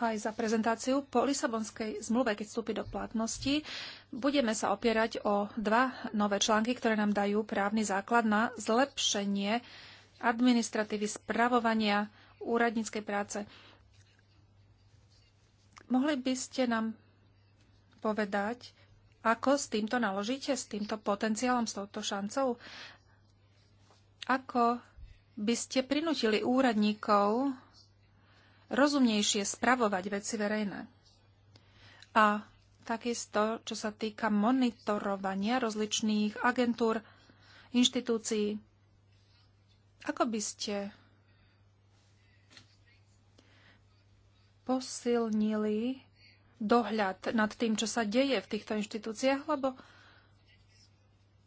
aj za prezentáciu. Po Lisabonskej zmluve, keď vstúpi do platnosti, budeme sa opierať o dva nové články, ktoré nám dajú právny základ na zlepšenie administratívy spravovania úradníckej práce. Mohli by ste nám povedať, ako s týmto naložíte, s týmto potenciálom, s touto šancou? Ako by ste prinútili úradníkov rozumnejšie spravovať veci verejné. A takisto, čo sa týka monitorovania rozličných agentúr, inštitúcií, ako by ste posilnili dohľad nad tým, čo sa deje v týchto inštitúciách, lebo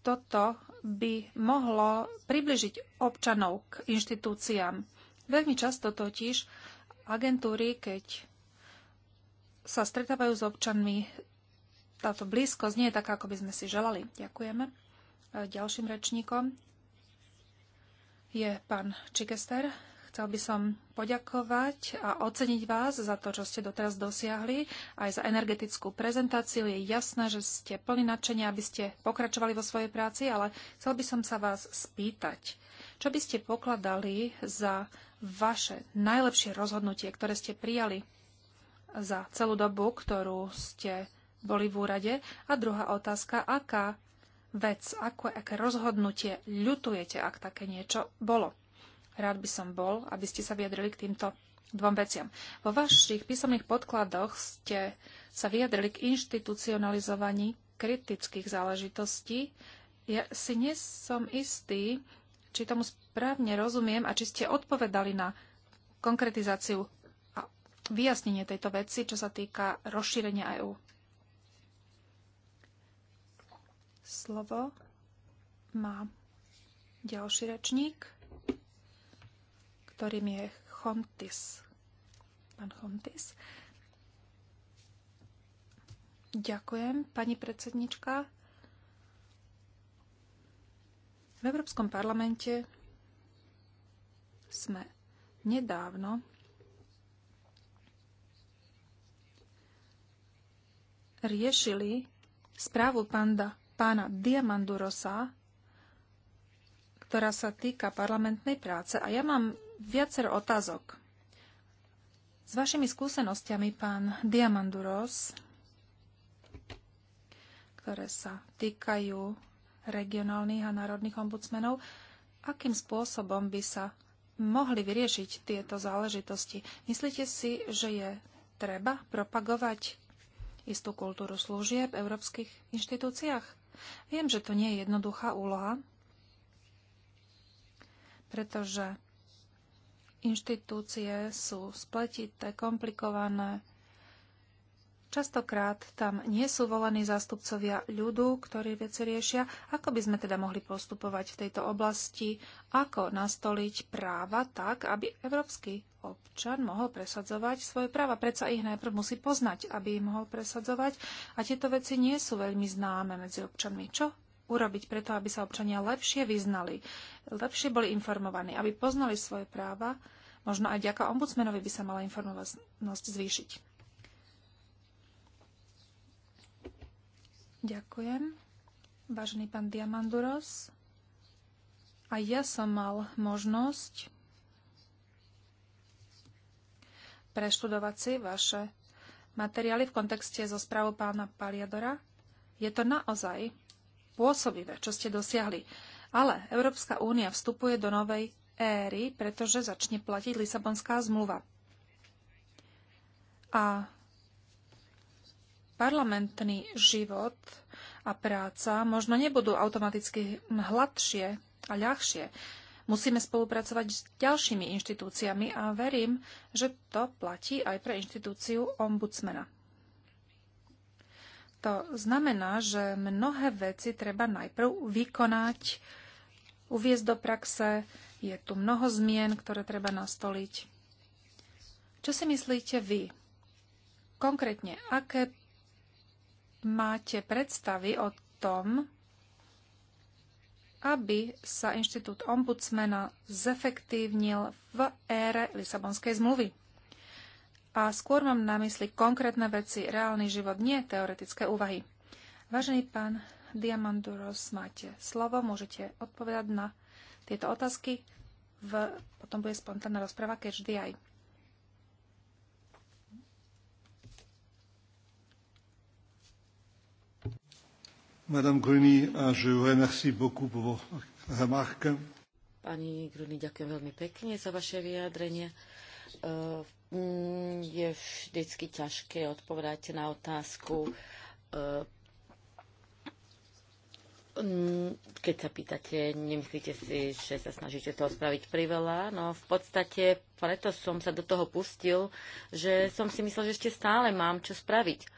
toto by mohlo približiť občanov k inštitúciám. Veľmi často totiž agentúry, keď sa stretávajú s občanmi, táto blízkosť nie je taká, ako by sme si želali. Ďakujeme. Ďalším rečníkom je pán Čikester. Chcel by som poďakovať a oceniť vás za to, čo ste doteraz dosiahli, aj za energetickú prezentáciu. Je jasné, že ste plní nadšenia, aby ste pokračovali vo svojej práci, ale chcel by som sa vás spýtať, čo by ste pokladali za vaše najlepšie rozhodnutie, ktoré ste prijali za celú dobu, ktorú ste boli v úrade? A druhá otázka, aká vec, ako, aké rozhodnutie ľutujete, ak také niečo bolo? Rád by som bol, aby ste sa vyjadrili k týmto dvom veciam. Vo vašich písomných podkladoch ste sa vyjadrili k inštitucionalizovaní kritických záležitostí. Ja si nie som istý, či tomu správne rozumiem a či ste odpovedali na konkretizáciu a vyjasnenie tejto veci, čo sa týka rozšírenia EÚ. Slovo má ďalší rečník, ktorým je Chontis. Pán Chontis. Ďakujem, pani predsednička. V Európskom parlamente sme nedávno riešili správu panda, pána Diamandurosa, ktorá sa týka parlamentnej práce. A ja mám viacero otázok. S vašimi skúsenostiami, pán Diamanduros, ktoré sa týkajú regionálnych a národných ombudsmenov, akým spôsobom by sa mohli vyriešiť tieto záležitosti. Myslíte si, že je treba propagovať istú kultúru služieb v európskych inštitúciách? Viem, že to nie je jednoduchá úloha, pretože inštitúcie sú spletité, komplikované, Častokrát tam nie sú volení zástupcovia ľudu, ktorí veci riešia. Ako by sme teda mohli postupovať v tejto oblasti? Ako nastoliť práva tak, aby európsky občan mohol presadzovať svoje práva? Predsa ich najprv musí poznať, aby ich mohol presadzovať. A tieto veci nie sú veľmi známe medzi občanmi. Čo urobiť preto, aby sa občania lepšie vyznali, lepšie boli informovaní, aby poznali svoje práva? Možno aj ďaká ombudsmenovi by sa mala informovanosť zvýšiť. Ďakujem. Vážený pán Diamanduros, aj ja som mal možnosť preštudovať si vaše materiály v kontexte zo správou pána Paliadora. Je to naozaj pôsobivé, čo ste dosiahli. Ale Európska únia vstupuje do novej éry, pretože začne platiť Lisabonská zmluva. A parlamentný život a práca možno nebudú automaticky hladšie a ľahšie. Musíme spolupracovať s ďalšími inštitúciami a verím, že to platí aj pre inštitúciu ombudsmana. To znamená, že mnohé veci treba najprv vykonať, uviezť do praxe, je tu mnoho zmien, ktoré treba nastoliť. Čo si myslíte vy? Konkrétne, aké máte predstavy o tom, aby sa inštitút ombudsmena zefektívnil v ére Lisabonskej zmluvy. A skôr mám na mysli konkrétne veci, reálny život, nie teoretické úvahy. Vážený pán Diamanduros, máte slovo, môžete odpovedať na tieto otázky. V, potom bude spontánna rozpráva keď vždy aj. Madame Gruny, je vous remercie beaucoup pour vos remarques. Pani Gruny, ďakujem veľmi pekne za vaše vyjadrenie. E, mm, je vždycky ťažké odpovedať na otázku, e, mm, keď sa pýtate, nemyslíte si, že sa snažíte toho spraviť priveľa? No v podstate preto som sa do toho pustil, že som si myslel, že ešte stále mám čo spraviť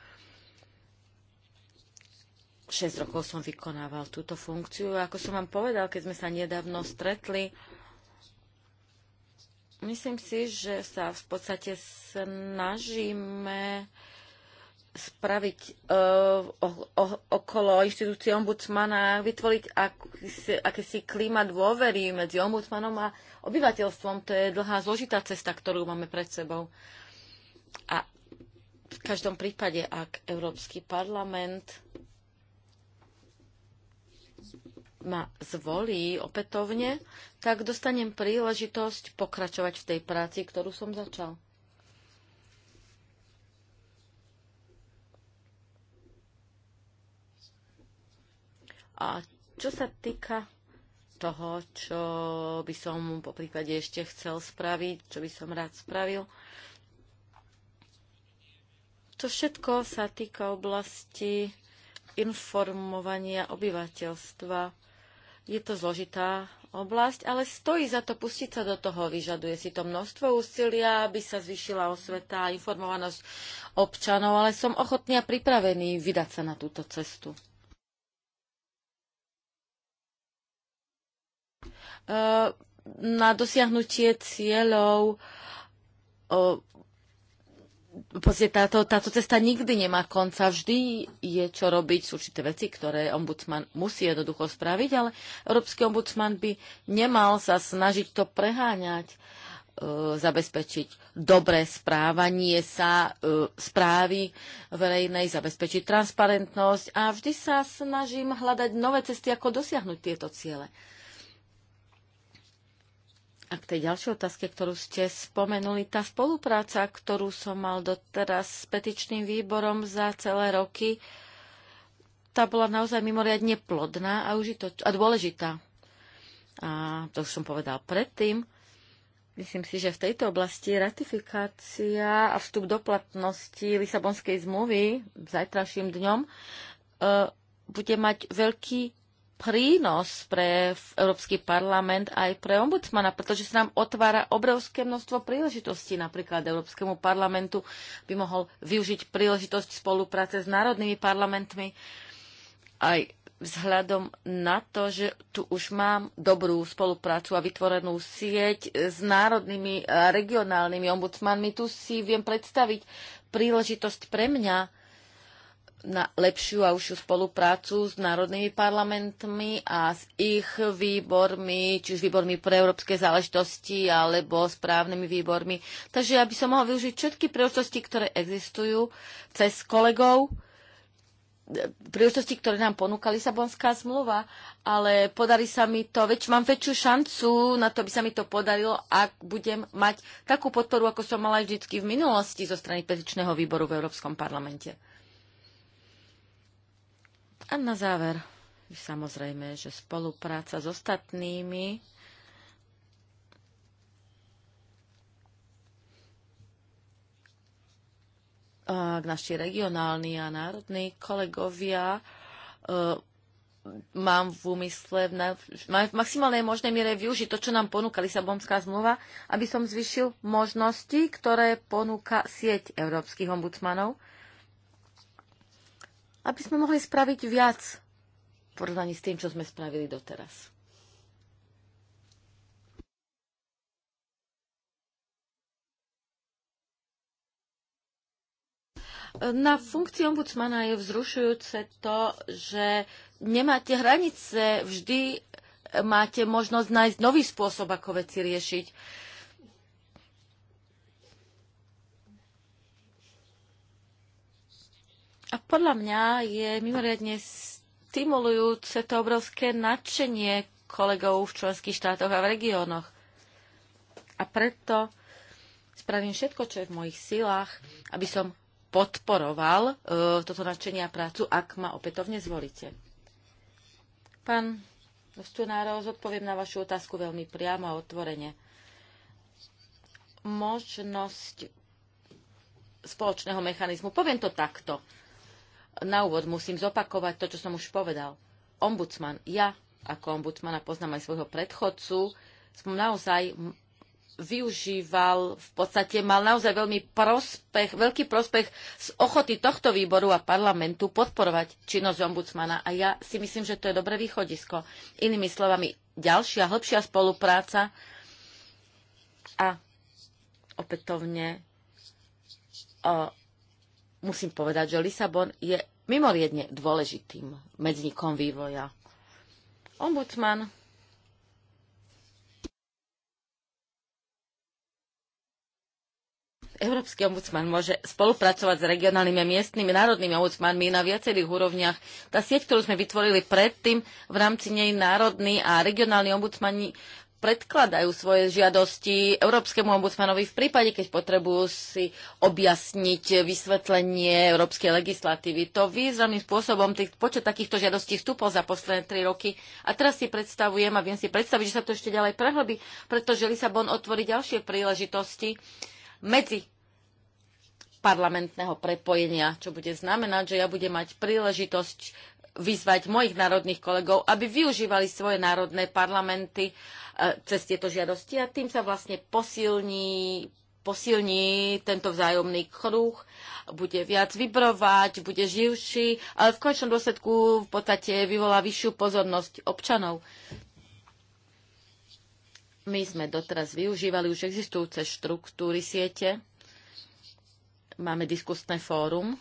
6 rokov som vykonával túto funkciu. A ako som vám povedal, keď sme sa nedávno stretli, myslím si, že sa v podstate snažíme spraviť uh, o, o, okolo inštitúcie ombudsmana, vytvoriť akýsi akési klíma dôvery medzi ombudsmanom a obyvateľstvom. To je dlhá, zložitá cesta, ktorú máme pred sebou. A v každom prípade, ak Európsky parlament ma zvolí opätovne, tak dostanem príležitosť pokračovať v tej práci, ktorú som začal. A čo sa týka toho, čo by som po prípade ešte chcel spraviť, čo by som rád spravil, to všetko sa týka oblasti informovania obyvateľstva je to zložitá oblasť, ale stojí za to pustiť sa do toho. Vyžaduje si to množstvo úsilia, aby sa zvýšila osveta a informovanosť občanov, ale som ochotný a pripravený vydať sa na túto cestu. Ehm, na dosiahnutie cieľov Proste táto, táto cesta nikdy nemá konca, vždy je čo robiť, sú určité veci, ktoré ombudsman musí jednoducho spraviť, ale Európsky ombudsman by nemal sa snažiť to preháňať e, zabezpečiť dobré správanie sa e, správy verejnej, zabezpečiť transparentnosť a vždy sa snažím hľadať nové cesty, ako dosiahnuť tieto ciele. A k tej ďalšej otázke, ktorú ste spomenuli, tá spolupráca, ktorú som mal doteraz s petičným výborom za celé roky, tá bola naozaj mimoriadne plodná a, užitoč- a dôležitá. A to už som povedal predtým. Myslím si, že v tejto oblasti ratifikácia a vstup do platnosti Lisabonskej zmluvy zajtraším dňom e, bude mať veľký prínos pre Európsky parlament aj pre ombudsmana, pretože sa nám otvára obrovské množstvo príležitostí. Napríklad Európskemu parlamentu by mohol využiť príležitosť spolupráce s národnými parlamentmi aj vzhľadom na to, že tu už mám dobrú spoluprácu a vytvorenú sieť s národnými a regionálnymi ombudsmanmi. Tu si viem predstaviť príležitosť pre mňa na lepšiu a užšiu spoluprácu s národnými parlamentmi a s ich výbormi, či už výbormi pre európske záležitosti alebo správnymi výbormi. Takže ja by som mohol využiť všetky príležitosti, ktoré existujú cez kolegov, príležitosti, ktoré nám ponúka Lisabonská zmluva, ale podarí sa mi to, veď mám väčšiu šancu na to, aby sa mi to podarilo, ak budem mať takú podporu, ako som mala vždy v minulosti zo strany petičného výboru v Európskom parlamente. A na záver, samozrejme, že spolupráca s ostatnými ak naši regionálni a národní kolegovia e, mám v úmysle v, na, v maximálnej možnej miere využiť to, čo nám ponúka Lisabonská zmluva, aby som zvyšil možnosti, ktoré ponúka sieť európskych ombudsmanov aby sme mohli spraviť viac v porovnaní s tým, čo sme spravili doteraz. Na funkcii ombudsmana je vzrušujúce to, že nemáte hranice, vždy máte možnosť nájsť nový spôsob, ako veci riešiť A podľa mňa je mimoriadne stimulujúce to obrovské nadšenie kolegov v členských štátoch a v regiónoch. A preto spravím všetko, čo je v mojich silách, aby som podporoval uh, toto nadšenie a prácu, ak ma opätovne zvolíte. Pán Stunárov, zodpoviem na vašu otázku veľmi priamo a otvorene. Možnosť spoločného mechanizmu. Poviem to takto na úvod musím zopakovať to, čo som už povedal. Ombudsman, ja ako ombudsmana poznám aj svojho predchodcu, som naozaj využíval, v podstate mal naozaj veľmi prospech, veľký prospech z ochoty tohto výboru a parlamentu podporovať činnosť ombudsmana. A ja si myslím, že to je dobré východisko. Inými slovami, ďalšia, hĺbšia spolupráca a opätovne musím povedať, že Lisabon je mimoriadne dôležitým medzníkom vývoja. Ombudsman Európsky ombudsman môže spolupracovať s regionálnymi a miestnymi národnými ombudsmanmi na viacerých úrovniach. Tá sieť, ktorú sme vytvorili predtým, v rámci nej národní a regionálni ombudsmani predkladajú svoje žiadosti Európskemu ombudsmanovi v prípade, keď potrebujú si objasniť vysvetlenie európskej legislatívy. To významným spôsobom tých, počet takýchto žiadostí vstúpol za posledné tri roky a teraz si predstavujem a viem si predstaviť, že sa to ešte ďalej prehlbí, pretože Lisabon otvorí ďalšie príležitosti medzi parlamentného prepojenia, čo bude znamenať, že ja budem mať príležitosť vyzvať mojich národných kolegov, aby využívali svoje národné parlamenty e, cez tieto žiadosti a tým sa vlastne posilní, posilní tento vzájomný kruh, bude viac vybrovať, bude živší, ale v končnom dôsledku v podstate vyvolá vyššiu pozornosť občanov. My sme doteraz využívali už existujúce štruktúry siete, máme diskusné fórum,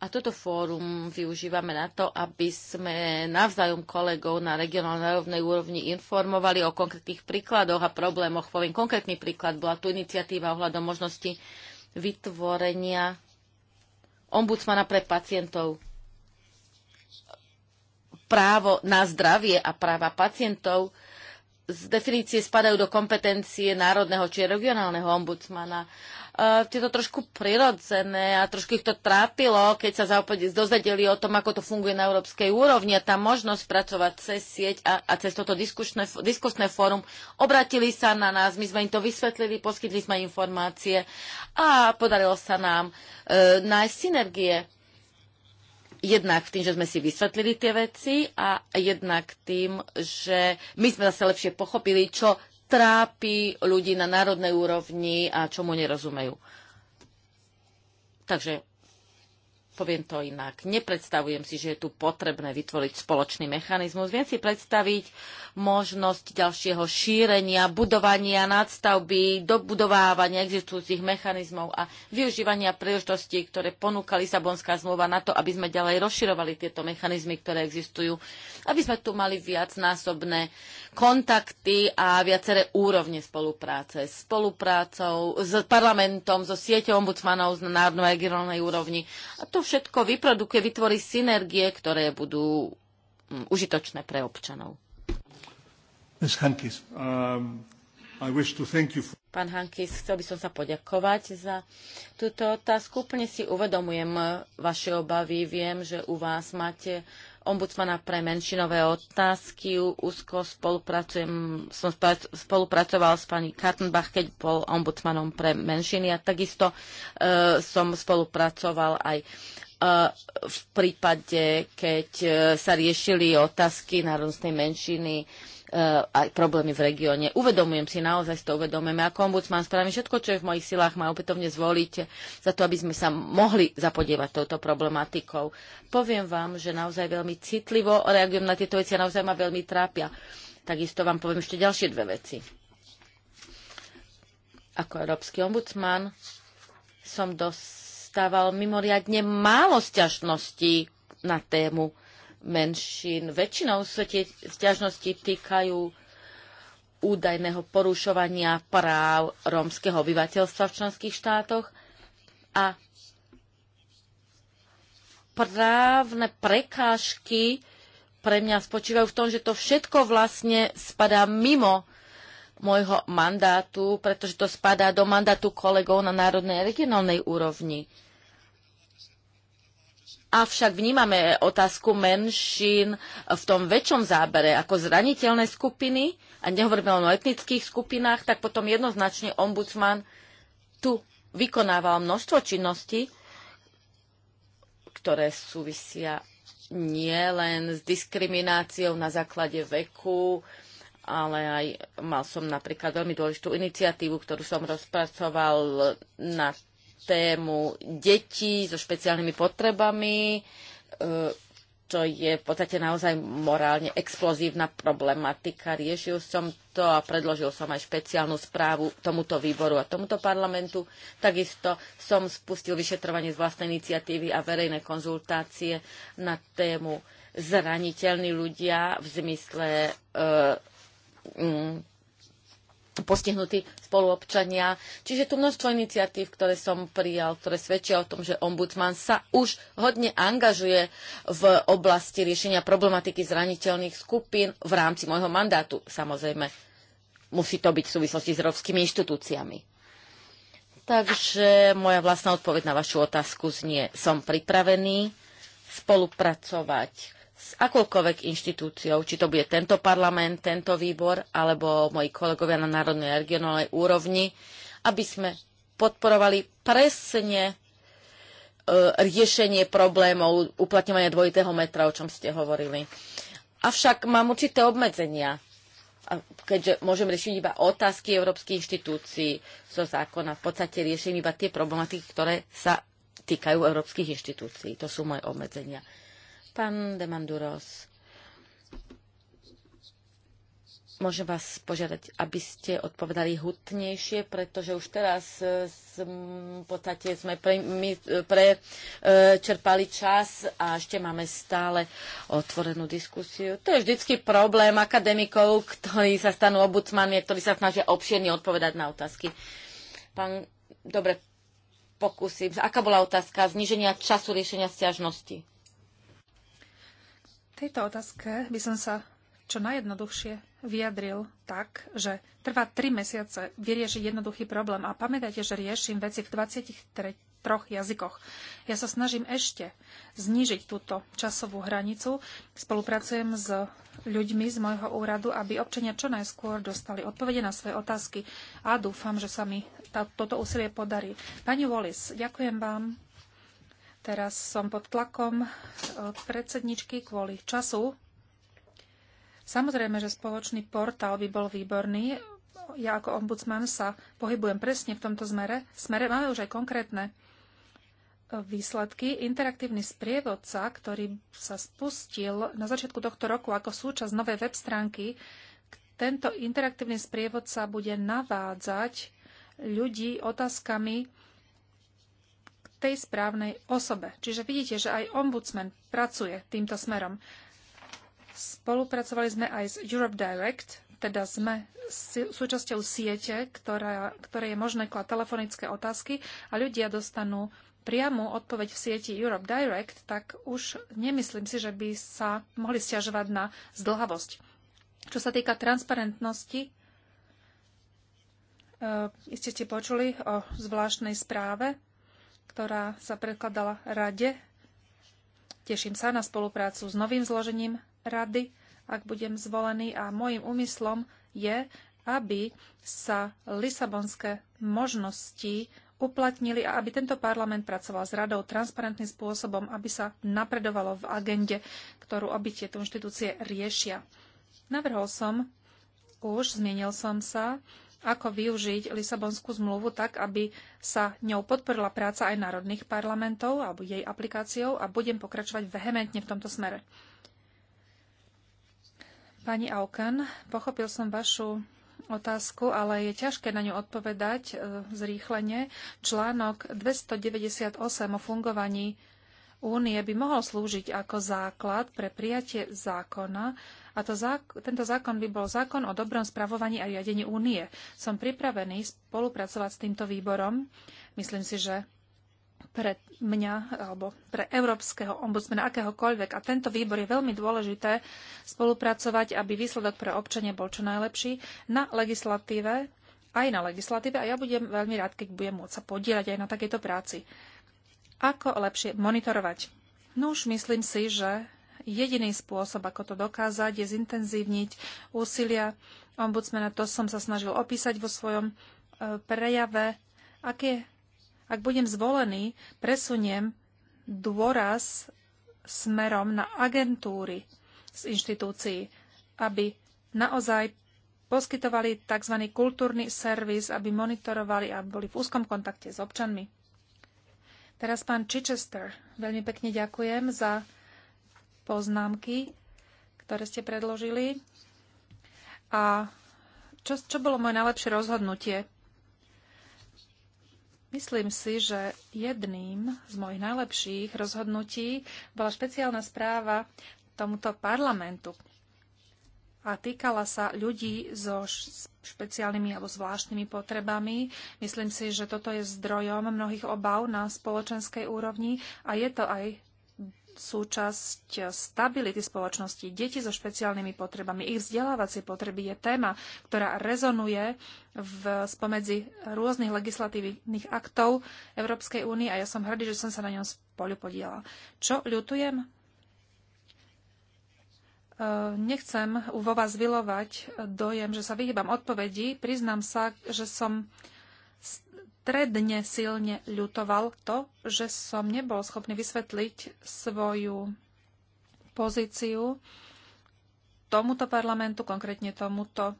a toto fórum využívame na to, aby sme navzájom kolegov na regionálnej rovnej úrovni informovali o konkrétnych príkladoch a problémoch. Poviem konkrétny príklad. Bola tu iniciatíva ohľadom možnosti vytvorenia ombudsmana pre pacientov. Právo na zdravie a práva pacientov z definície spadajú do kompetencie národného či regionálneho ombudsmana tieto eh, trošku prirodzené a trošku ich to trápilo, keď sa zaopäť dozvedeli o tom, ako to funguje na európskej úrovni a tá možnosť pracovať cez sieť a, a cez toto diskusné, diskusné fórum. Obratili sa na nás, my sme im to vysvetlili, poskytli sme informácie a podarilo sa nám uh, nájsť synergie. Jednak tým, že sme si vysvetlili tie veci a jednak tým, že my sme zase lepšie pochopili, čo trápi ľudí na národnej úrovni a čomu nerozumejú. Takže poviem to inak, nepredstavujem si, že je tu potrebné vytvoriť spoločný mechanizmus. Viem si predstaviť možnosť ďalšieho šírenia, budovania nadstavby, dobudovávania existujúcich mechanizmov a využívania príležitostí, ktoré ponúka Lisabonská zmluva na to, aby sme ďalej rozširovali tieto mechanizmy, ktoré existujú, aby sme tu mali viacnásobné kontakty a viaceré úrovne spolupráce. Spoluprácou s parlamentom, so sieťou ombudsmanov na národnej regionálnej úrovni. A to všetko vyprodukuje, vytvorí synergie, ktoré budú mm, užitočné pre občanov. Um, Pán Hankis, chcel by som sa poďakovať za túto otázku. Úplne si uvedomujem vaše obavy. Viem, že u vás máte ombudsmana pre menšinové otázky. Úzko spolupracujem, som spolupracoval s pani Kartenbach, keď bol ombudsmanom pre menšiny a takisto uh, som spolupracoval aj uh, v prípade, keď uh, sa riešili otázky národnostnej menšiny uh, Eh, aj problémy v regióne. Uvedomujem si, naozaj si to uvedomujeme ako ombudsman, spravím všetko, čo je v mojich silách, ma opätovne zvoliť za to, aby sme sa mohli zapodievať touto problematikou. Poviem vám, že naozaj veľmi citlivo reagujem na tieto veci a naozaj ma veľmi trápia. Takisto vám poviem ešte ďalšie dve veci. Ako európsky ombudsman som dostával mimoriadne málo sťažností na tému menšín. Väčšinou sa tie stiažnosti týkajú údajného porušovania práv rómskeho obyvateľstva v členských štátoch a právne prekážky pre mňa spočívajú v tom, že to všetko vlastne spadá mimo môjho mandátu, pretože to spadá do mandátu kolegov na národnej a regionálnej úrovni. Avšak vnímame otázku menšín v tom väčšom zábere ako zraniteľné skupiny, a nehovoríme len o etnických skupinách, tak potom jednoznačne ombudsman tu vykonával množstvo činností, ktoré súvisia nie len s diskrimináciou na základe veku, ale aj mal som napríklad veľmi dôležitú iniciatívu, ktorú som rozpracoval na tému detí so špeciálnymi potrebami, eh, čo je v podstate naozaj morálne explozívna problematika. Riešil som to a predložil som aj špeciálnu správu tomuto výboru a tomuto parlamentu. Takisto som spustil vyšetrovanie z vlastnej iniciatívy a verejné konzultácie na tému zraniteľní ľudia v zmysle e, postihnutí spoluobčania. Čiže tu množstvo iniciatív, ktoré som prijal, ktoré svedčia o tom, že ombudsman sa už hodne angažuje v oblasti riešenia problematiky zraniteľných skupín v rámci môjho mandátu. Samozrejme, musí to byť v súvislosti s európskymi inštitúciami. Takže moja vlastná odpoveď na vašu otázku znie, som pripravený spolupracovať s akoukoľvek inštitúciou, či to bude tento parlament, tento výbor, alebo moji kolegovia na národnej a regionálnej úrovni, aby sme podporovali presne e, riešenie problémov uplatňovania dvojitého metra, o čom ste hovorili. Avšak mám určité obmedzenia, keďže môžem riešiť iba otázky európskych inštitúcií zo zákona. V podstate riešim iba tie problematiky, ktoré sa týkajú európskych inštitúcií. To sú moje obmedzenia. Pán Demanduros, môžem vás požiadať, aby ste odpovedali hutnejšie, pretože už teraz e, v podstate sme prečerpali pre, e, e, čas a ešte máme stále otvorenú diskusiu. To je vždycky problém akademikov, ktorí sa stanú a ktorí sa snažia obširne odpovedať na otázky. Pán, dobre, pokúsim. Aká bola otázka? Zníženia času riešenia stiažnosti tejto otázke by som sa čo najjednoduchšie vyjadril tak, že trvá 3 mesiace vyriešiť jednoduchý problém. A pamätajte, že riešim veci v 23 troch jazykoch. Ja sa snažím ešte znížiť túto časovú hranicu. Spolupracujem s ľuďmi z môjho úradu, aby občania čo najskôr dostali odpovede na svoje otázky a dúfam, že sa mi tá, toto úsilie podarí. Pani Wallis, ďakujem vám Teraz som pod tlakom eh, predsedničky kvôli času. Samozrejme, že spoločný portál by bol výborný. Ja ako ombudsman sa pohybujem presne v tomto smere. smere. Máme už aj konkrétne eh, výsledky. Interaktívny sprievodca, ktorý sa spustil na začiatku tohto roku ako súčasť novej web stránky, tento interaktívny sprievodca bude navádzať ľudí otázkami, tej správnej osobe. Čiže vidíte, že aj ombudsman pracuje týmto smerom. Spolupracovali sme aj s Europe Direct, teda sme súčasťou siete, ktorá, ktoré je možné klať telefonické otázky a ľudia dostanú priamu odpoveď v sieti Europe Direct, tak už nemyslím si, že by sa mohli stiažovať na zdlhavosť. Čo sa týka transparentnosti, e, iste ste počuli o zvláštnej správe ktorá sa predkladala rade. Teším sa na spoluprácu s novým zložením rady, ak budem zvolený a môjim úmyslom je, aby sa lisabonské možnosti uplatnili a aby tento parlament pracoval s radou transparentným spôsobom, aby sa napredovalo v agende, ktorú aby tieto inštitúcie riešia. Navrhol som, už zmienil som sa ako využiť Lisabonskú zmluvu tak, aby sa ňou podporila práca aj národných parlamentov alebo jej aplikáciou a budem pokračovať vehementne v tomto smere. Pani Auken, pochopil som vašu otázku, ale je ťažké na ňu odpovedať e, zrýchlene. Článok 298 o fungovaní únie by mohol slúžiť ako základ pre prijatie zákona, a to zák- tento zákon by bol zákon o dobrom spravovaní a riadení únie. Som pripravený spolupracovať s týmto výborom. Myslím si, že pre mňa alebo pre európskeho ombudsmana akéhokoľvek. A tento výbor je veľmi dôležité spolupracovať, aby výsledok pre občania bol čo najlepší na legislatíve, aj na legislatíve. A ja budem veľmi rád, keď budem môcť sa podielať aj na takejto práci. Ako lepšie monitorovať? No už myslím si, že jediný spôsob, ako to dokázať, je zintenzívniť úsilia ombudsmana. To som sa snažil opísať vo svojom e, prejave. Ak, je, ak budem zvolený, presuniem dôraz smerom na agentúry z inštitúcií, aby naozaj poskytovali tzv. kultúrny servis, aby monitorovali a boli v úzkom kontakte s občanmi. Teraz pán Chichester, veľmi pekne ďakujem za poznámky, ktoré ste predložili. A čo, čo bolo moje najlepšie rozhodnutie? Myslím si, že jedným z mojich najlepších rozhodnutí bola špeciálna správa tomuto parlamentu a týkala sa ľudí so špeciálnymi alebo zvláštnymi potrebami. Myslím si, že toto je zdrojom mnohých obav na spoločenskej úrovni a je to aj súčasť stability spoločnosti. Deti so špeciálnymi potrebami, ich vzdelávacie potreby je téma, ktorá rezonuje v, spomedzi rôznych legislatívnych aktov Európskej únie a ja som hrdý, že som sa na ňom spolu podiela. Čo ľutujem? E, nechcem vo vás vylovať dojem, že sa vyhýbam odpovedi. Priznám sa, že som stredne silne ľutoval to, že som nebol schopný vysvetliť svoju pozíciu tomuto parlamentu, konkrétne tomuto e,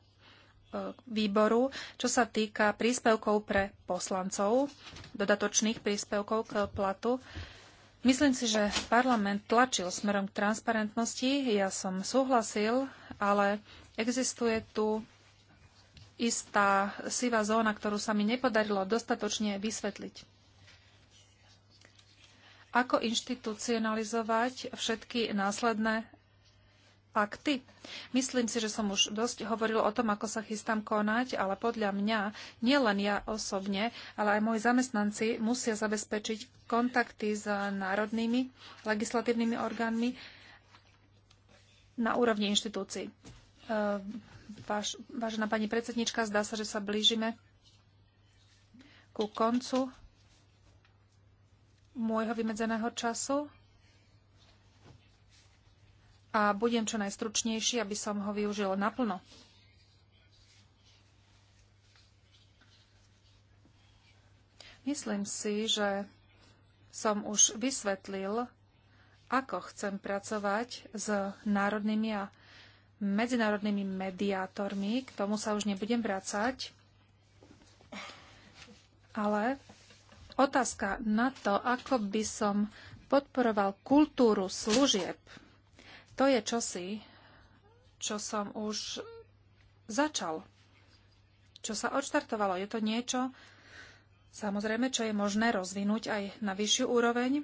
výboru, čo sa týka príspevkov pre poslancov, dodatočných príspevkov k platu. Myslím si, že parlament tlačil smerom k transparentnosti. Ja som súhlasil, ale existuje tu istá sivá zóna, ktorú sa mi nepodarilo dostatočne vysvetliť. Ako inštitucionalizovať všetky následné akty? Myslím si, že som už dosť hovoril o tom, ako sa chystám konať, ale podľa mňa, nielen ja osobne, ale aj moji zamestnanci musia zabezpečiť kontakty s národnými legislatívnymi orgánmi na úrovni inštitúcií ehm, Váž, vážená pani predsednička, zdá sa, že sa blížime ku koncu môjho vymedzeného času a budem čo najstručnejší, aby som ho využil naplno. Myslím si, že som už vysvetlil, ako chcem pracovať s národnými a medzinárodnými mediátormi. K tomu sa už nebudem vracať. Ale otázka na to, ako by som podporoval kultúru služieb, to je čosi, čo som už začal, čo sa odštartovalo. Je to niečo, samozrejme, čo je možné rozvinúť aj na vyššiu úroveň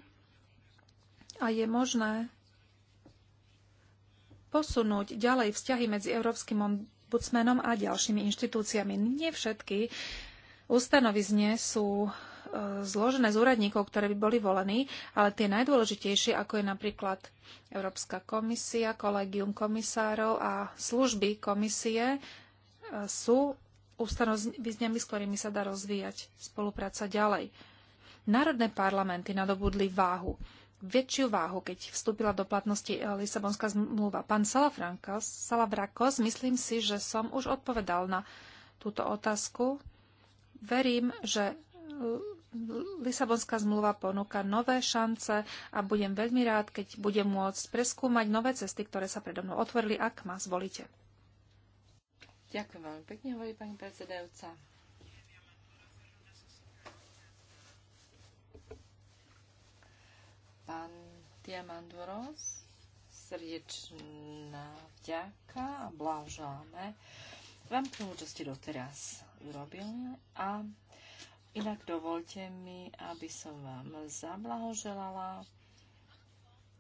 a je možné posunúť ďalej vzťahy medzi Európskym ombudsmenom a ďalšími inštitúciami. Nie všetky ustanovizne sú e, zložené z úradníkov, ktoré by boli volení, ale tie najdôležitejšie, ako je napríklad Európska komisia, kolegium komisárov a služby komisie, e, sú ustanovizňami, s ktorými sa dá rozvíjať spolupráca ďalej. Národné parlamenty nadobudli váhu väčšiu váhu, keď vstúpila do platnosti Lisabonská zmluva. Pán Salavrakos, myslím si, že som už odpovedal na túto otázku. Verím, že Lisabonská zmluva ponúka nové šance a budem veľmi rád, keď budem môcť preskúmať nové cesty, ktoré sa predo mnou otvorili, ak ma zvolíte. Ďakujem veľmi pekne, hovorí pani predsedajúca. Pán Diamanduros, srdečná vďaka a blahoželáme vám k tomu, čo ste doteraz urobili. A inak dovolte mi, aby som vám zablahoželala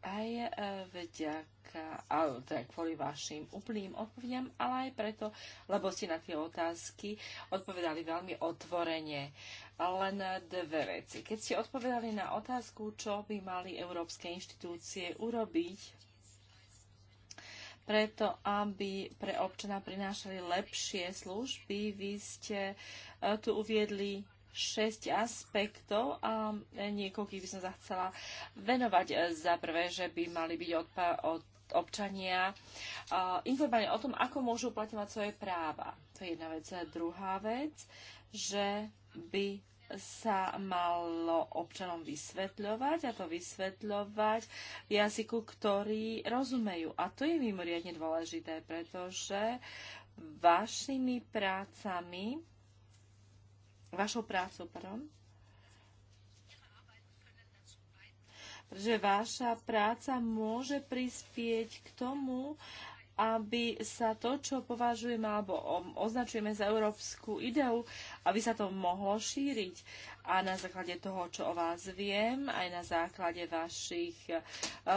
aj e, vďaka, ale teda kvôli vašim úplným odpovediam, ale aj preto, lebo ste na tie otázky odpovedali veľmi otvorene. Len dve veci. Keď ste odpovedali na otázku, čo by mali európske inštitúcie urobiť preto, aby pre občana prinášali lepšie služby, vy ste e, tu uviedli šesť aspektov a niekoľkých by som zachcela venovať. Za prvé, že by mali byť odpa- od občania informovaní o tom, ako môžu uplatňovať svoje práva. To je jedna vec. A druhá vec, že by sa malo občanom vysvetľovať a to vysvetľovať v jazyku, ktorý rozumejú. A to je mimoriadne dôležité, pretože vašimi prácami vašou prácou, pardon. Pretože vaša práca môže prispieť k tomu, aby sa to, čo považujeme alebo označujeme za európsku ideu, aby sa to mohlo šíriť. A na základe toho, čo o vás viem, aj na základe vašich eh,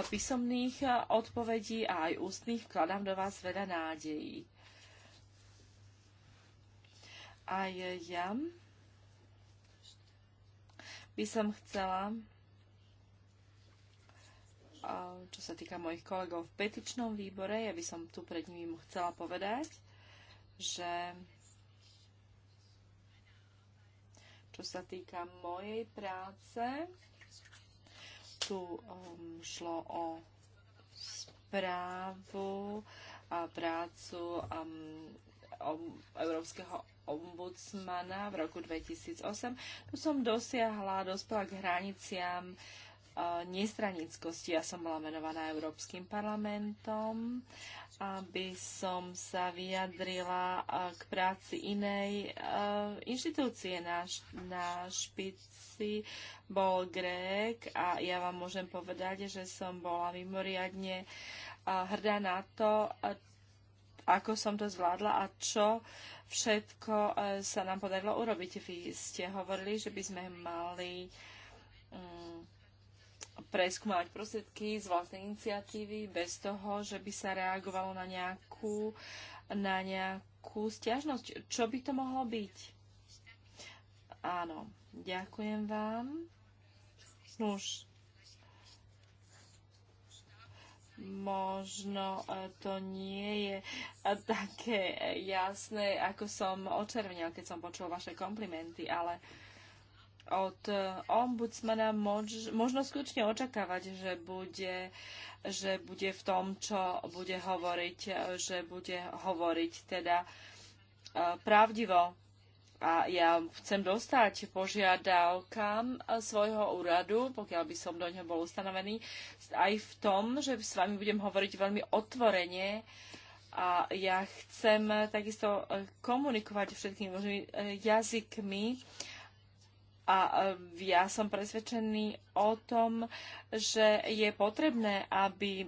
písomných eh, odpovedí a aj ústnych, vkladám do vás veľa nádejí. Aj ja by som chcela, čo sa týka mojich kolegov v petičnom výbore, ja by som tu pred nimi chcela povedať, že čo sa týka mojej práce, tu um, šlo o správu a prácu um, Európskeho ombudsmana v roku 2008. Tu som dosiahla, dospela k hraniciam e, nestranickosti. Ja som bola menovaná Európskym parlamentom, aby som sa vyjadrila e, k práci inej e, inštitúcie. Na, na špici bol Grék a ja vám môžem povedať, že som bola mimoriadne hrdá na to, ako som to zvládla a čo všetko e, sa nám podarilo urobiť. Vy ste hovorili, že by sme mali um, preskúmať prostriedky z vlastnej iniciatívy bez toho, že by sa reagovalo na nejakú, na nejakú stiažnosť. Čo by to mohlo byť? Áno, ďakujem vám. Nuž, možno e, to nie je e, také jasné, ako som očervenil, keď som počul vaše komplimenty, ale od e, ombudsmana mož, možno skutočne očakávať, že bude, že bude v tom, čo bude hovoriť, že bude hovoriť teda pravdivo a ja chcem dostať požiadavkám svojho úradu, pokiaľ by som do neho bol ustanovený, aj v tom, že s vami budem hovoriť veľmi otvorene a ja chcem takisto komunikovať všetkými možnými eh, jazykmi a eh, ja som presvedčený o tom, že je potrebné, aby eh,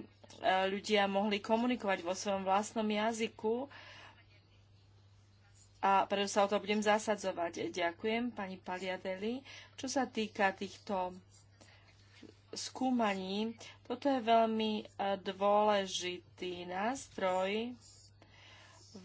ľudia mohli komunikovať vo svojom vlastnom jazyku, a preto sa o to budem zasadzovať. Ďakujem pani Paliadeli. Čo sa týka týchto skúmaní, toto je veľmi e, dôležitý nástroj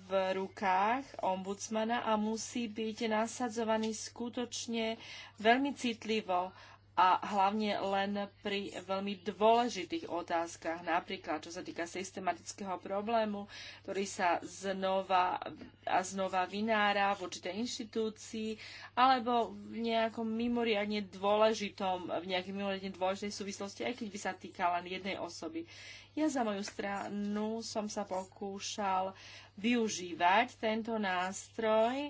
v rukách ombudsmana a musí byť nasadzovaný skutočne veľmi citlivo a hlavne len pri veľmi dôležitých otázkach, napríklad čo sa týka systematického problému, ktorý sa znova a znova vynára v určitej inštitúcii alebo v nejakom mimoriadne dôležitom, v nejakej mimoriadne dôležitej súvislosti, aj keď by sa týka len jednej osoby. Ja za moju stranu som sa pokúšal využívať tento nástroj,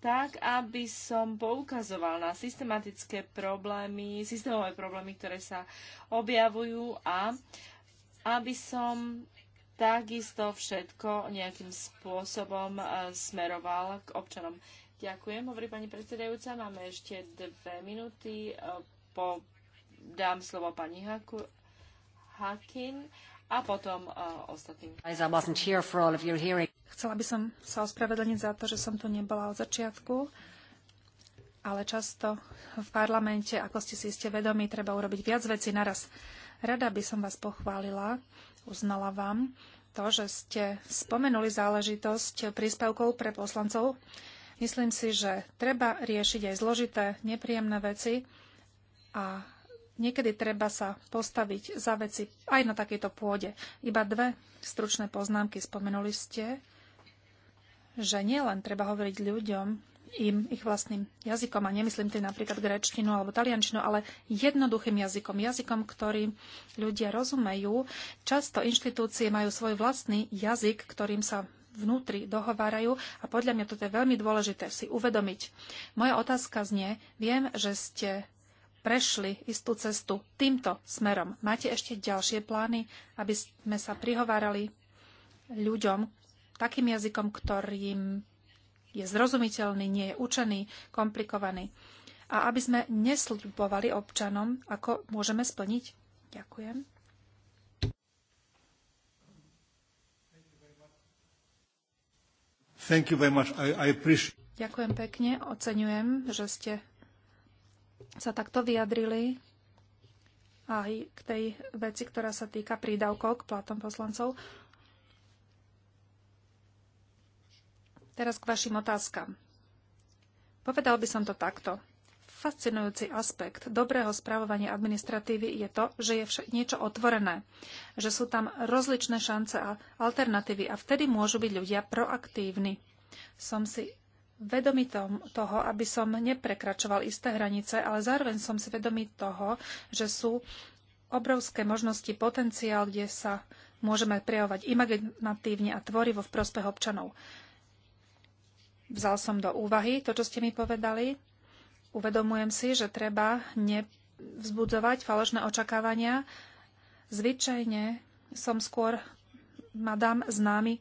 tak, aby som poukazoval na systematické problémy, systémové problémy, ktoré sa objavujú a aby som takisto všetko nejakým spôsobom e, smeroval k občanom. Ďakujem, hovorí pani predsedajúca. Máme ešte dve minúty. E, po, dám slovo pani Haku, Hakin a potom uh, ostatným. Chcela by som sa ospravedlniť za to, že som tu nebola od začiatku, ale často v parlamente, ako ste si ste vedomi, treba urobiť viac vecí naraz. Rada by som vás pochválila, uznala vám to, že ste spomenuli záležitosť príspevkov pre poslancov. Myslím si, že treba riešiť aj zložité, nepríjemné veci a Niekedy treba sa postaviť za veci aj na takejto pôde. Iba dve stručné poznámky spomenuli ste, že nielen treba hovoriť ľuďom im ich vlastným jazykom, a nemyslím tým napríklad gréčtinu alebo taliančinu, ale jednoduchým jazykom, jazykom, ktorým ľudia rozumejú. Často inštitúcie majú svoj vlastný jazyk, ktorým sa vnútri dohovárajú a podľa mňa toto je veľmi dôležité si uvedomiť. Moja otázka znie, viem, že ste prešli istú cestu týmto smerom. Máte ešte ďalšie plány, aby sme sa prihovárali ľuďom takým jazykom, ktorým je zrozumiteľný, nie je učený, komplikovaný. A aby sme nesľubovali občanom, ako môžeme splniť. Ďakujem. Thank you very much. I, I appreciate... Ďakujem pekne, oceňujem, že ste sa takto vyjadrili aj k tej veci, ktorá sa týka prídavkov k platom poslancov. Teraz k vašim otázkam. Povedal by som to takto. Fascinujúci aspekt dobrého správovania administratívy je to, že je niečo otvorené, že sú tam rozličné šance a alternatívy a vtedy môžu byť ľudia proaktívni. Som si vedomý toho, aby som neprekračoval isté hranice, ale zároveň som si vedomý toho, že sú obrovské možnosti, potenciál, kde sa môžeme prejavovať imaginatívne a tvorivo v prospech občanov. Vzal som do úvahy to, čo ste mi povedali. Uvedomujem si, že treba nevzbudzovať falošné očakávania. Zvyčajne som skôr madam známy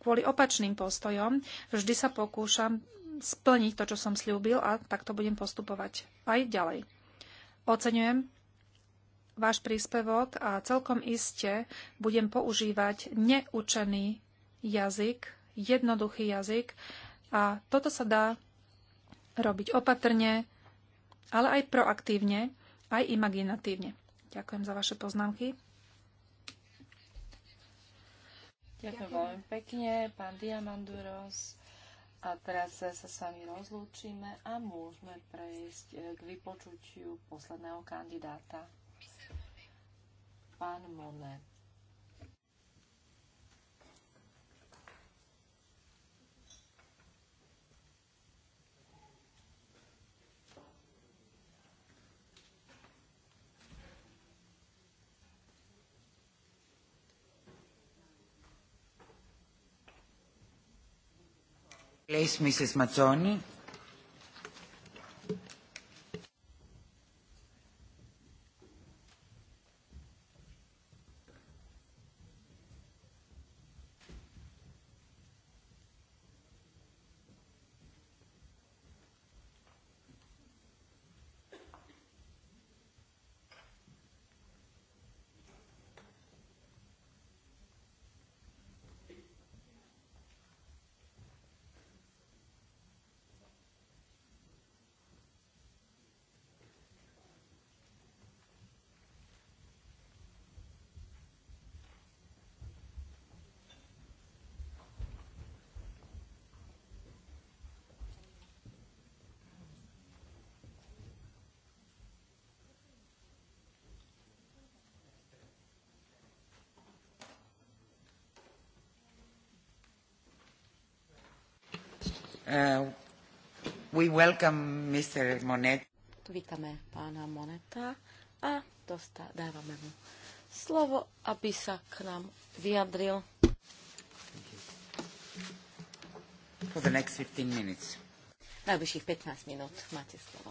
kvôli opačným postojom. Vždy sa pokúšam splniť to, čo som slúbil a takto budem postupovať aj ďalej. Oceňujem váš príspevok a celkom iste budem používať neučený jazyk, jednoduchý jazyk a toto sa dá robiť opatrne, ale aj proaktívne, aj imaginatívne. Ďakujem za vaše poznámky. Ďakujem veľmi pekne, pán Diamanduros. A teraz sa s vami rozlúčime a môžeme prejsť eh, k vypočutiu posledného kandidáta. Pán Monet. Place Mrs. Mazzoni. Uh, we welcome Mr. Monet. Vítame pána Moneta a dostá, dávame mu slovo, aby sa k nám vyjadril. For the next 15 minutes. Najbližších 15 minút máte slovo.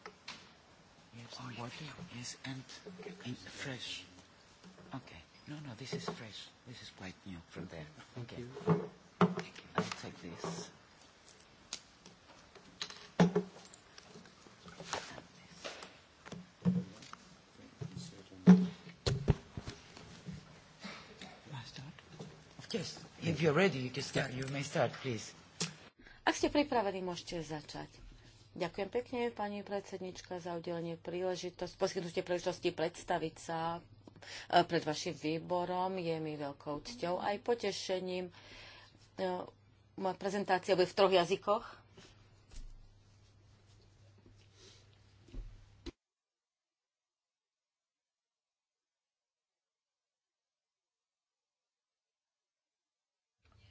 some water, yes, and in fresh. Okay. No, no, this is fresh. This is quite new from there. Thank okay. you. Thank you. I'll take this. Yes, if you're ready, you can start. You may start, please. Ak ste pripravení, môžete začať. Ďakujem pekne, pani predsednička, za udelenie príležitosti, poskytnutie príležitosti predstaviť sa e, pred vašim výborom. Je mi veľkou cťou aj potešením. E, moja prezentácia bude v troch jazykoch.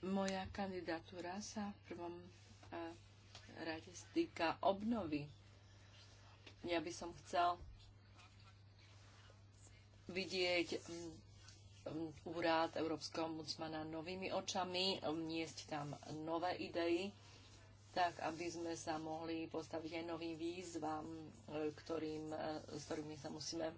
Moja kandidatúra sa v prvom e, rade týka obnovy. Ja by som chcel vidieť mm, mm, úrad Európskeho ombudsmana novými očami, niesť tam nové idei, tak aby sme sa mohli postaviť aj novým výzvam, e, ktorým, e, s ktorými sa musíme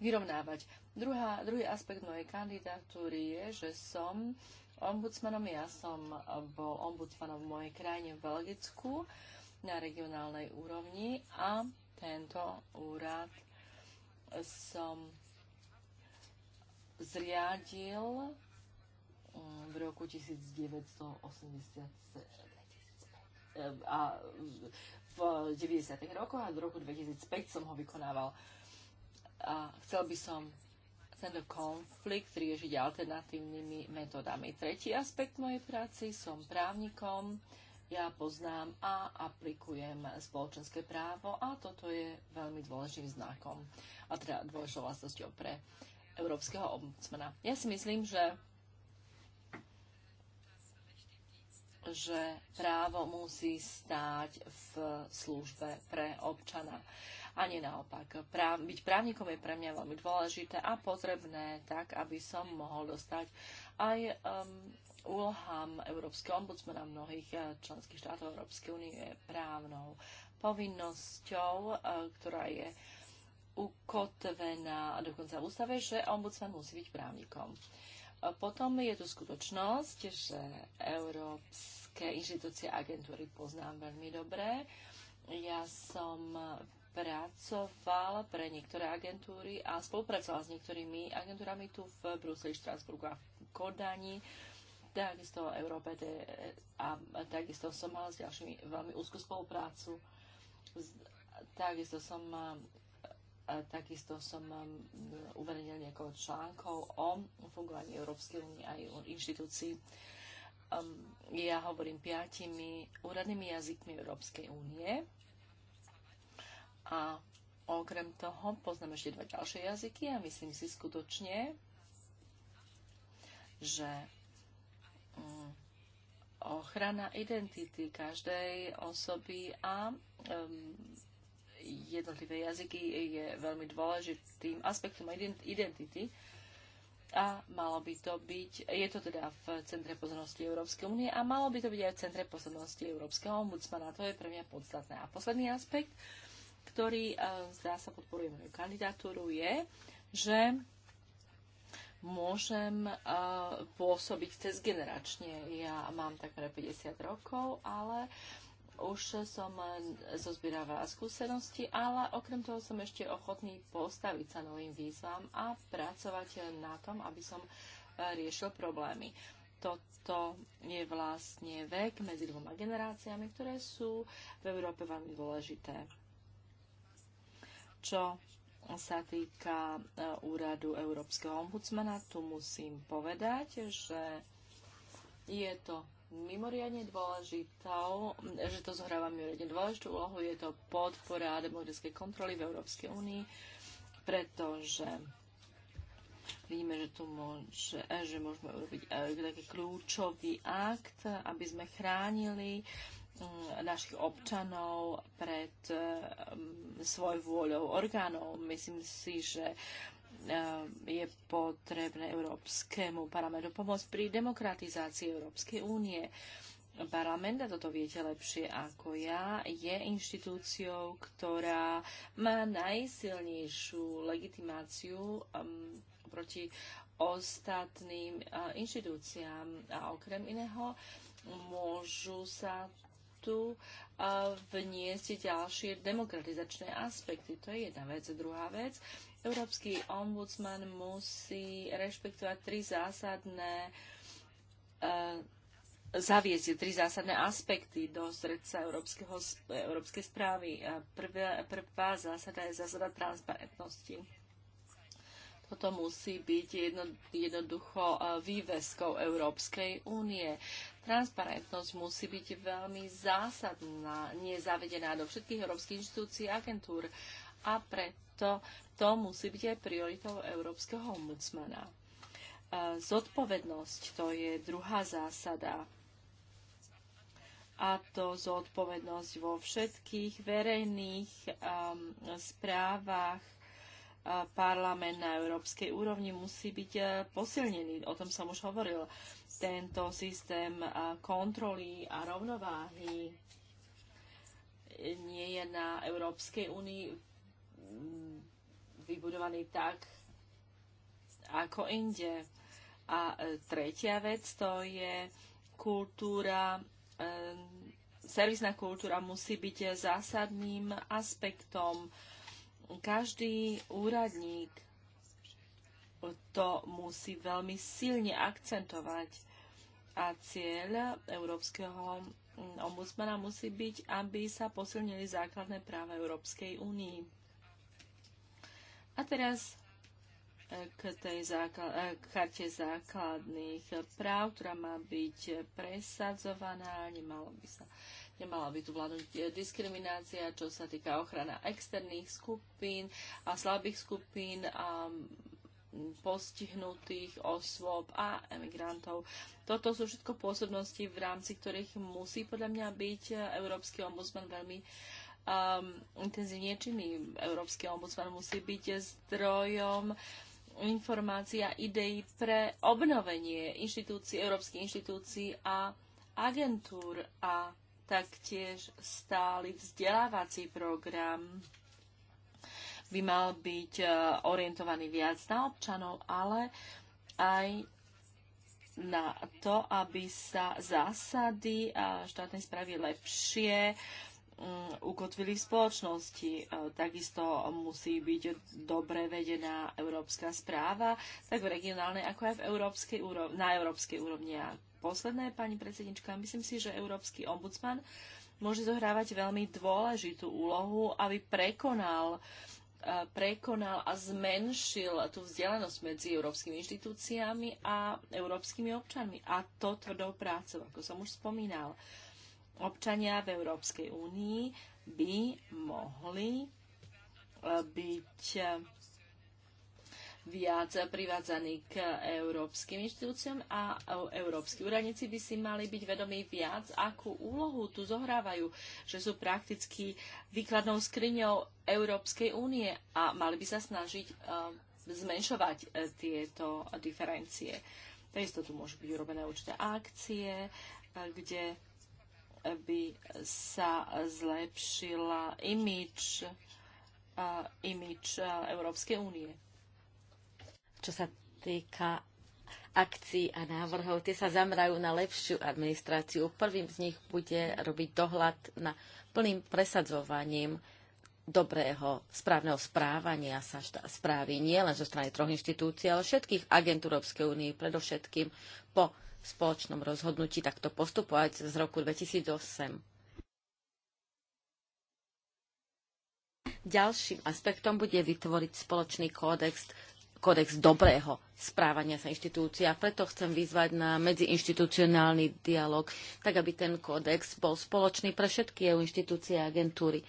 vyrovnávať. Druhá, druhý aspekt mojej kandidatúry je, že som ombudsmanom. Ja som bol ombudsmanom v mojej krajine v Belgicku na regionálnej úrovni a tento úrad som zriadil mm, v roku 1987. a v 90. rokoch a do roku 2005 som ho vykonával. A chcel by som tento konflikt riešiť alternatívnymi metodami. Tretí aspekt mojej práci, som právnikom, ja poznám a aplikujem spoločenské právo a toto je veľmi dôležitým znakom a teda dôležitou vlastnosťou pre európskeho ombudsmana. Ja si myslím, že že právo musí stáť v službe pre občana ani naopak. Práv, byť právnikom je pre mňa veľmi dôležité a potrebné tak, aby som mohol dostať aj um, úlohám Európskeho ombudsmana mnohých eh, členských štátov Európskej únie je právnou povinnosťou, eh, ktorá je ukotvená dokonca v ústave, že ombudsman musí byť právnikom. Eh, potom je tu skutočnosť, že európske inštitúcie agentúry poznám veľmi dobre. Ja som pracoval pre niektoré agentúry a spolupracoval s niektorými agentúrami tu v Bruseli, Štrásburgu a v Kodani. Takisto Európe a takisto som mal s ďalšími veľmi úzkú spoluprácu. Takisto som takisto som uverejnil niekoľko článkov o fungovaní Európskej únie aj o inštitúcii. Ja hovorím piatimi úradnými jazykmi Európskej únie a okrem toho poznám ešte dva ďalšie jazyky a myslím si skutočne, že mm, ochrana identity každej osoby a um, jednotlivé jazyky je veľmi dôležitým aspektom identity a malo by to byť, je to teda v centre pozornosti Európskej únie a malo by to byť aj v centre pozornosti Európskeho ombudsmana. To je pre mňa podstatné. A posledný aspekt, uh, ktorý e, zdá sa podporuje moju kandidatúru, je, že môžem e, pôsobiť cez generačne. Ja mám takmer 50 rokov, ale už som zozbierala skúsenosti, ale okrem toho som ešte ochotný postaviť sa novým výzvam a pracovať na tom, aby som e, riešil problémy. Toto je vlastne vek medzi dvoma generáciami, ktoré sú v Európe veľmi dôležité. Čo sa týka e, úradu Európskeho ombudsmana, tu musím povedať, že je to mimoriadne dôležitou, že to zohráva mimoriadne dôležitú úlohu, je to podpora demokratickej kontroly v Európskej únii, pretože vidíme, že tu môže, e, že môžeme urobiť e, taký kľúčový akt, aby sme chránili Mm, našich občanov pred mm, svoj vôľou orgánov. Myslím si, že eh, je potrebné Európskemu parlamentu pomôcť pri demokratizácii Európskej únie. Parlament, a toto viete lepšie ako ja, je inštitúciou, ktorá má najsilnejšiu legitimáciu um, proti ostatným uh, inštitúciám. A okrem iného môžu sa tu vniesť ďalšie demokratizačné aspekty. To je jedna vec. Druhá vec, Európsky ombudsman musí rešpektovať tri zásadné e, zaviesť tri zásadné aspekty do stredca európskeho, európskej správy. Prvá, prvá zásada je zásada transparentnosti. Toto musí byť jedno, jednoducho e, výveskou Európskej únie. Transparentnosť musí byť veľmi zásadná, nezavedená do všetkých európskych inštitúcií a agentúr a preto to musí byť aj prioritou európskeho ombudsmana. E, zodpovednosť to je druhá zásada a to zodpovednosť vo všetkých verejných um, správach e, parlament na európskej úrovni musí byť e, posilnený. O tom som už hovoril tento systém kontroly a rovnováhy nie je na Európskej únii vybudovaný tak, ako inde. A e, tretia vec to je kultúra, e, servisná kultúra musí byť zásadným aspektom. Každý úradník to musí veľmi silne akcentovať a cieľ Európskeho mm, ombudsmana musí byť, aby sa posilnili základné práva Európskej únii. A teraz e, k tej základ, e, k charte základných práv, ktorá má byť presadzovaná, nemalo by sa nemala by tu vládnuť e, diskriminácia, čo sa týka ochrana externých skupín a slabých skupín a postihnutých osôb a emigrantov. Toto sú všetko pôsobnosti, v rámci ktorých musí podľa mňa byť Európsky ombudsman veľmi um, intenzívne činný. Európsky ombudsman musí byť zdrojom informácií a ideí pre obnovenie inštitúcií, európskych inštitúcií a agentúr a taktiež stály vzdelávací program by mal byť e, orientovaný viac na občanov, ale aj na to, aby sa zásady a štátnej správy lepšie mm, ukotvili v spoločnosti. E, takisto musí byť dobre vedená európska správa, tak v regionálnej, ako aj v európskej úrovni, na európskej úrovni. A posledné, pani predsednička, myslím si, že európsky ombudsman môže zohrávať veľmi dôležitú úlohu, aby prekonal prekonal a zmenšil tú vzdialenosť medzi európskymi inštitúciami a európskymi občanmi. A to tvrdou prácou, ako som už spomínal. Občania v Európskej únii by mohli byť viac privádzaní k európskym inštitúciám a európsky úradníci by si mali byť vedomí viac, akú úlohu tu zohrávajú, že sú prakticky výkladnou skriňou Európskej únie a mali by sa snažiť e, zmenšovať e, tieto diferencie. Takisto tu môžu byť urobené určité akcie, e, kde by sa zlepšila imič, imič Európskej únie čo sa týka akcií a návrhov. Tie sa zamerajú na lepšiu administráciu. Prvým z nich bude robiť dohľad na plným presadzovaním dobrého, správneho správania sa správy nie len zo strany troch inštitúcií, ale všetkých agentúr Európskej únie, predovšetkým po spoločnom rozhodnutí takto postupovať z roku 2008. Ďalším aspektom bude vytvoriť spoločný kódex kodex dobrého správania sa inštitúcií a preto chcem vyzvať na medziinštitucionálny dialog, tak aby ten kódex bol spoločný pre všetky EU inštitúcie a agentúry.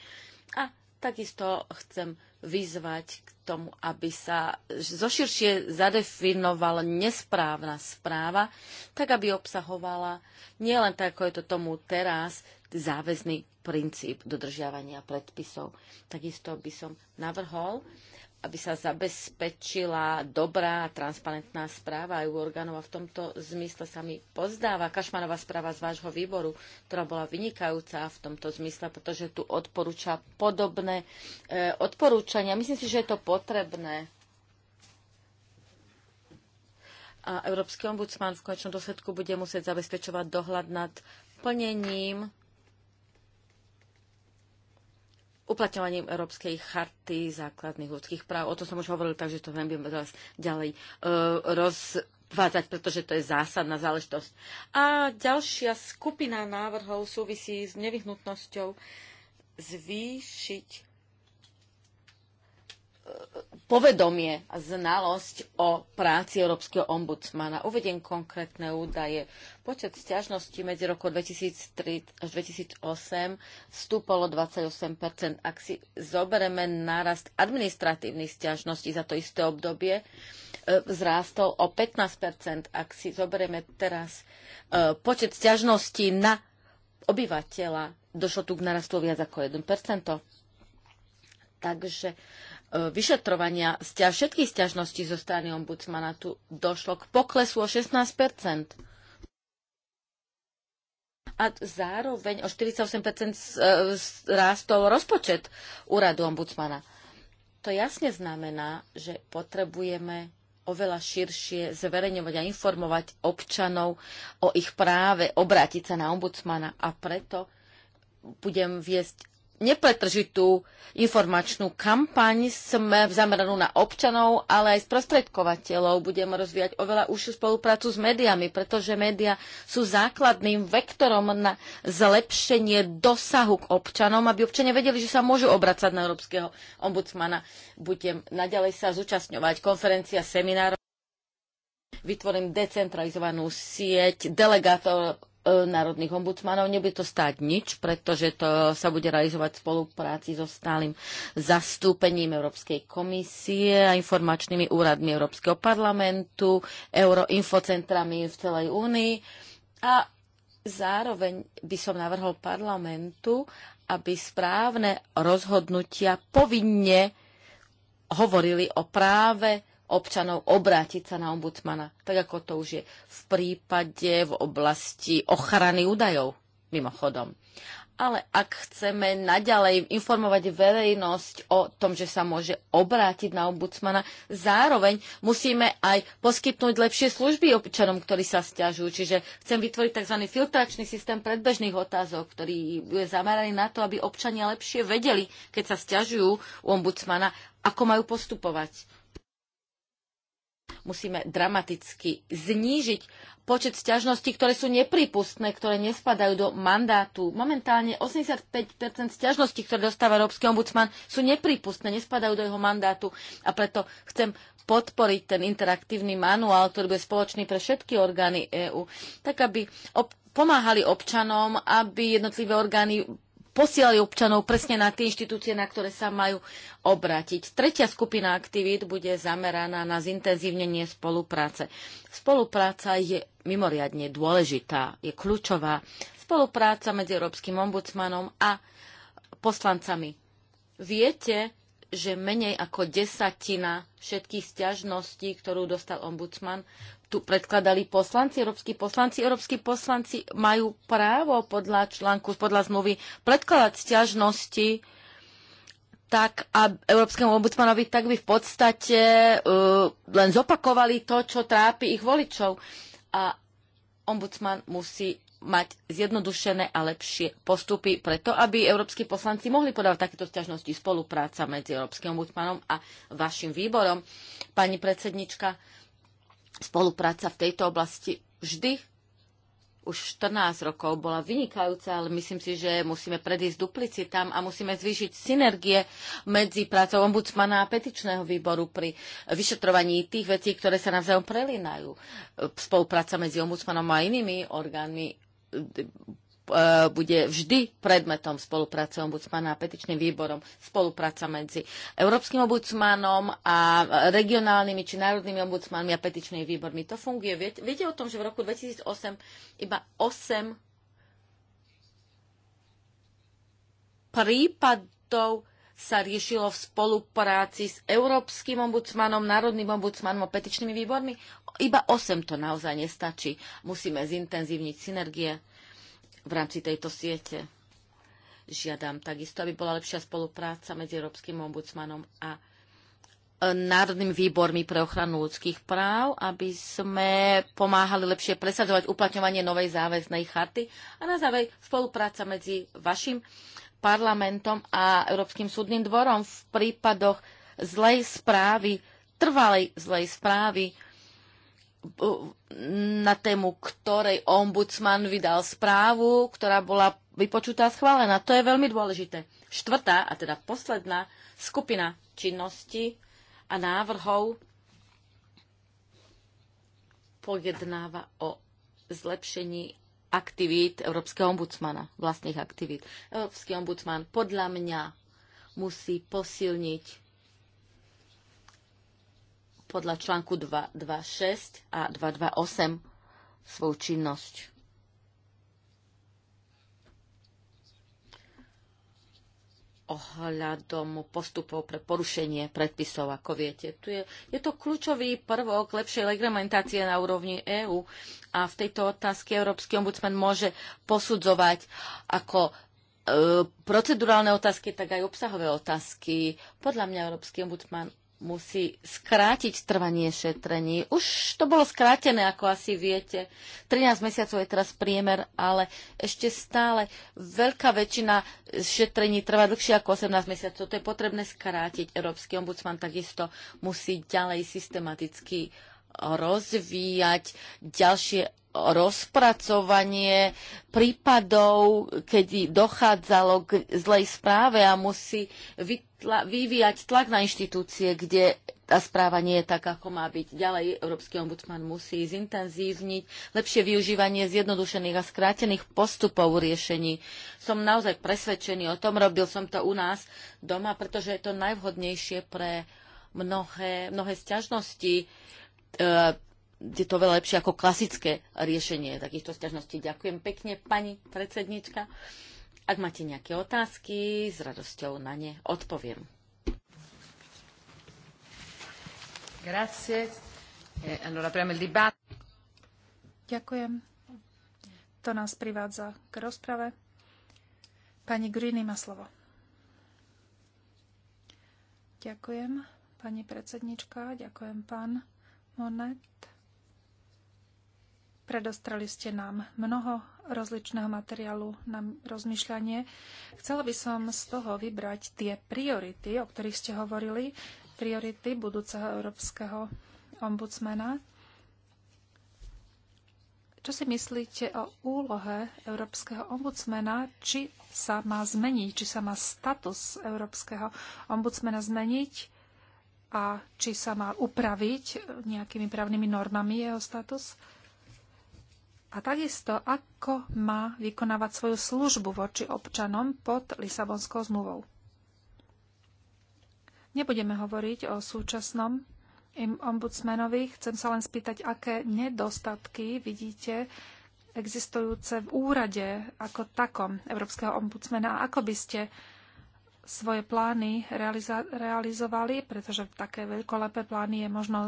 A takisto chcem vyzvať k tomu, aby sa zoširšie zadefinovala nesprávna správa, tak aby obsahovala nielen tak, ako je to tomu teraz, záväzný princíp dodržiavania predpisov. Takisto by som navrhol, aby sa zabezpečila dobrá, a transparentná správa aj u orgánov a v tomto zmysle sa mi pozdáva Kašmanová správa z vášho výboru, ktorá bola vynikajúca v tomto zmysle, pretože tu odporúča podobné e, odporúčania. Myslím si, že je to potrebné. A Európsky ombudsman v konečnom dôsledku bude musieť zabezpečovať dohľad nad plnením uplatňovaním Európskej charty základných ľudských práv. O tom som už hovoril, takže to viem teraz ďalej e, rozvádzať, pretože to je zásadná záležitosť. A ďalšia skupina návrhov súvisí s nevyhnutnosťou zvýšiť e, povedomie a znalosť o práci Európskeho ombudsmana. Uvediem konkrétne údaje. Počet stiažností medzi roku 2003 až 2008 stúpolo 28 Ak si zobereme nárast administratívnych stiažností za to isté obdobie, e, vzrástol o 15 Ak si zoberieme teraz e, počet stiažností na obyvateľa, došlo tu k narastu viac ako 1 Takže E, vyšetrovania stia- všetkých stiažností zo strany ombudsmana tu došlo k poklesu o 16 a zároveň o 48 e, rástol rozpočet úradu ombudsmana. To jasne znamená, že potrebujeme oveľa širšie zverejňovať a informovať občanov o ich práve obrátiť sa na ombudsmana a preto budem viesť nepretržitú informačnú kampaň sme zameranú na občanov, ale aj sprostredkovateľov. Budeme rozvíjať oveľa užšiu spoluprácu s médiami, pretože médiá sú základným vektorom na zlepšenie dosahu k občanom, aby občania vedeli, že sa môžu obracať na európskeho ombudsmana. Budem naďalej sa zúčastňovať konferencia, seminárov vytvorím decentralizovanú sieť delegátorov. E, národných ombudsmanov. Nebude to stáť nič, pretože to sa bude realizovať v spolupráci so stálym zastúpením Európskej komisie a informačnými úradmi Európskeho parlamentu, euroinfocentrami v celej únii. A zároveň by som navrhol parlamentu, aby správne rozhodnutia povinne hovorili o práve občanov obrátiť sa na ombudsmana, tak ako to už je v prípade v oblasti ochrany údajov, mimochodom. Ale ak chceme naďalej informovať verejnosť o tom, že sa môže obrátiť na ombudsmana, zároveň musíme aj poskytnúť lepšie služby občanom, ktorí sa stiažujú. Čiže chcem vytvoriť tzv. filtračný systém predbežných otázok, ktorý je zameraný na to, aby občania lepšie vedeli, keď sa stiažujú u ombudsmana, ako majú postupovať musíme dramaticky znížiť počet sťažností, ktoré sú nepripustné, ktoré nespadajú do mandátu. Momentálne 85 sťažností, ktoré dostáva Európsky ombudsman, sú nepripustné, nespadajú do jeho mandátu a preto chcem podporiť ten interaktívny manuál, ktorý bude spoločný pre všetky orgány EÚ, tak aby ob- pomáhali občanom, aby jednotlivé orgány posielali občanov presne na tie inštitúcie, na ktoré sa majú obrátiť. Tretia skupina aktivít bude zameraná na zintenzívnenie spolupráce. Spolupráca je mimoriadne dôležitá, je kľúčová. Spolupráca medzi Európskym ombudsmanom a poslancami. Viete, že menej ako desatina všetkých stiažností, ktorú dostal ombudsman, tu predkladali poslanci, európsky poslanci. Európsky poslanci majú právo podľa článku, podľa zmluvy predkladať stiažnosti tak a Európskemu ombudsmanovi tak by v podstate uh, len zopakovali to, čo trápi ich voličov. A ombudsman musí mať zjednodušené a lepšie postupy preto, aby európsky poslanci mohli podávať takéto sťažnosti spolupráca medzi Európskym ombudsmanom a vašim výborom. Pani predsednička, spolupráca v tejto oblasti vždy už 14 rokov bola vynikajúca, ale myslím si, že musíme predísť duplicitám a musíme zvýšiť synergie medzi prácou ombudsmana a petičného výboru pri vyšetrovaní tých vecí, ktoré sa navzájom prelínajú. Spolupráca medzi ombudsmanom a inými orgánmi E, bude vždy predmetom spolupráce ombudsmana a petičným výborom. Spolupráca medzi Európskym ombudsmanom a regionálnymi či národnými ombudsmanmi a petičnými výbormi. To funguje. Viete, viete o tom, že v roku 2008 iba 8 prípadov sa riešilo v spolupráci s Európskym ombudsmanom, Národným ombudsmanom a petičnými výbormi? Iba 8 to naozaj nestačí. Musíme zintenzívniť synergie v rámci tejto siete. Žiadam takisto, aby bola lepšia spolupráca medzi Európskym ombudsmanom a e, národnými výbormi pre ochranu ľudských práv, aby sme pomáhali lepšie presadzovať uplatňovanie novej záväznej charty a na záver spolupráca medzi vašim parlamentom a Európskym súdnym dvorom v prípadoch zlej správy, trvalej zlej správy, na tému ktorej ombudsman vydal správu, ktorá bola vypočutá a schválená. To je veľmi dôležité. Štvrtá a teda posledná skupina činnosti a návrhov pojednáva o zlepšení aktivít Európskeho ombudsmana, vlastných aktivít. Európsky ombudsman podľa mňa musí posilniť podľa článku 226 a 228 svoju činnosť. ohľadom postupov pre porušenie predpisov, ako viete. Tu je, je to kľúčový prvok lepšej reglementácie na úrovni EÚ a v tejto otázke Európsky ombudsman môže posudzovať ako e, procedurálne otázky, tak aj obsahové otázky. Podľa mňa Európsky ombudsman musí skrátiť trvanie šetrení. Už to bolo skrátené, ako asi viete. 13 mesiacov je teraz priemer, ale ešte stále veľká väčšina šetrení trvá dlhšie ako 18 mesiacov. To je potrebné skrátiť. Európsky ombudsman takisto musí ďalej systematicky rozvíjať ďalšie rozpracovanie prípadov, keď dochádzalo k zlej správe a musí vyvíjať tlak na inštitúcie, kde tá správa nie je taká, ako má byť. Ďalej Európsky ombudsman musí zintenzívniť lepšie využívanie zjednodušených a skrátených postupov riešení. Som naozaj presvedčený o tom, robil som to u nás doma, pretože je to najvhodnejšie pre mnohé, mnohé sťažnosti. E, je to veľa lepšie ako klasické riešenie takýchto sťažností. Ďakujem pekne, pani predsednička. Ak máte nejaké otázky, s radosťou na ne odpoviem. Grazie. Eh, Ďakujem. To nás privádza k rozprave. Pani Grini má slovo. Ďakujem, pani predsednička. Ďakujem, pán Monet. Predostrali ste nám mnoho rozličného materiálu na rozmýšľanie. Chcela by som z toho vybrať tie priority, o ktorých ste hovorili, priority budúceho európskeho ombudsmana. Čo si myslíte o úlohe európskeho ombudsmana? Či sa má zmeniť? Či sa má status európskeho ombudsmana zmeniť? a či sa má upraviť nejakými právnymi normami jeho status. A takisto, ako má vykonávať svoju službu voči občanom pod Lisabonskou zmluvou. Nebudeme hovoriť o súčasnom ombudsmanovi. Chcem sa len spýtať, aké nedostatky vidíte existujúce v úrade ako takom Európskeho ombudsmana a ako by ste svoje plány realiza- realizovali, pretože také veľkolepé plány je možno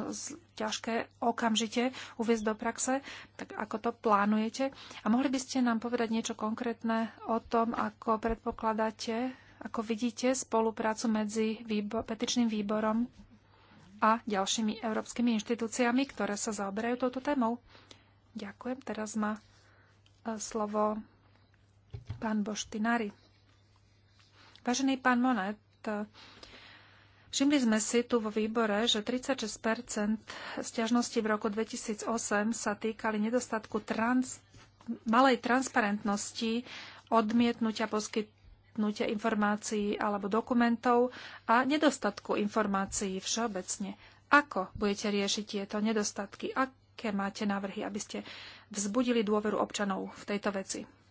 ťažké okamžite uviezť do praxe, tak ako to plánujete. A mohli by ste nám povedať niečo konkrétne o tom, ako predpokladáte, ako vidíte spoluprácu medzi výbo- petičným výborom a ďalšími európskymi inštitúciami, ktoré sa zaoberajú touto témou. Ďakujem. Teraz má e, slovo pán Boštinári. Vážený pán Monet, všimli sme si tu vo výbore, že 36 stiažnosti v roku 2008 sa týkali nedostatku trans- malej transparentnosti, odmietnutia poskytnutia informácií alebo dokumentov a nedostatku informácií všeobecne. Ako budete riešiť tieto nedostatky? Aké máte návrhy, aby ste vzbudili dôveru občanov v tejto veci?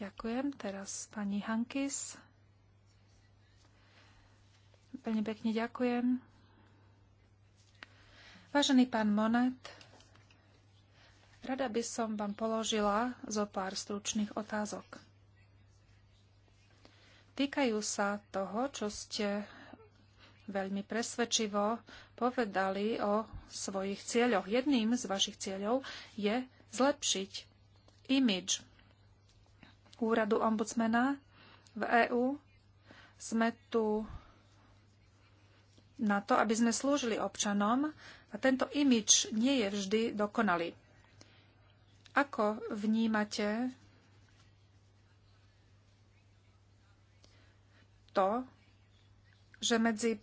Ďakujem. Teraz pani Hankis. Veľmi pekne ďakujem. Vážený pán Monet, rada by som vám položila zo pár stručných otázok. Týkajú sa toho, čo ste veľmi presvedčivo povedali o svojich cieľoch. Jedným z vašich cieľov je zlepšiť imidž úradu ombudsmena v EÚ. Sme tu na to, aby sme slúžili občanom a tento imič nie je vždy dokonalý. Ako vnímate to, že medzi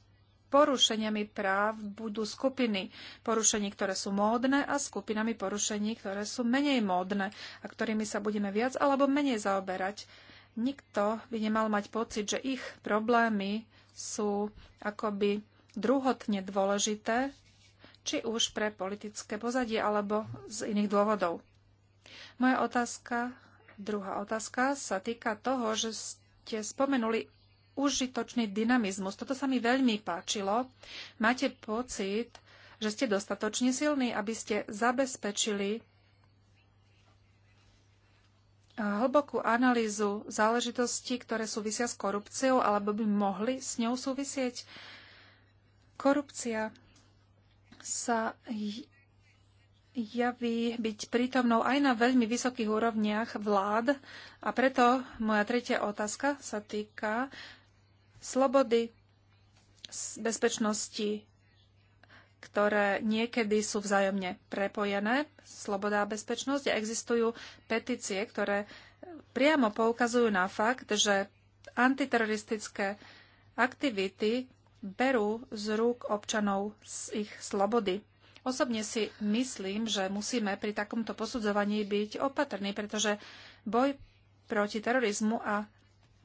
porušeniami práv budú skupiny porušení, ktoré sú módne a skupinami porušení, ktoré sú menej módne a ktorými sa budeme viac alebo menej zaoberať. Nikto by nemal mať pocit, že ich problémy sú akoby druhotne dôležité, či už pre politické pozadie alebo z iných dôvodov. Moja otázka, druhá otázka, sa týka toho, že ste spomenuli užitočný dynamizmus. Toto sa mi veľmi páčilo. Máte pocit, že ste dostatočne silní, aby ste zabezpečili eh, hlbokú analýzu záležitostí, ktoré súvisia s korupciou alebo by mohli s ňou súvisieť. Korupcia sa javí byť prítomnou aj na veľmi vysokých úrovniach vlád a preto moja tretia otázka sa týka slobody, bezpečnosti, ktoré niekedy sú vzájomne prepojené, sloboda a bezpečnosť, a existujú petície, ktoré priamo poukazujú na fakt, že antiteroristické aktivity berú z rúk občanov z ich slobody. Osobne si myslím, že musíme pri takomto posudzovaní byť opatrní, pretože boj proti terorizmu a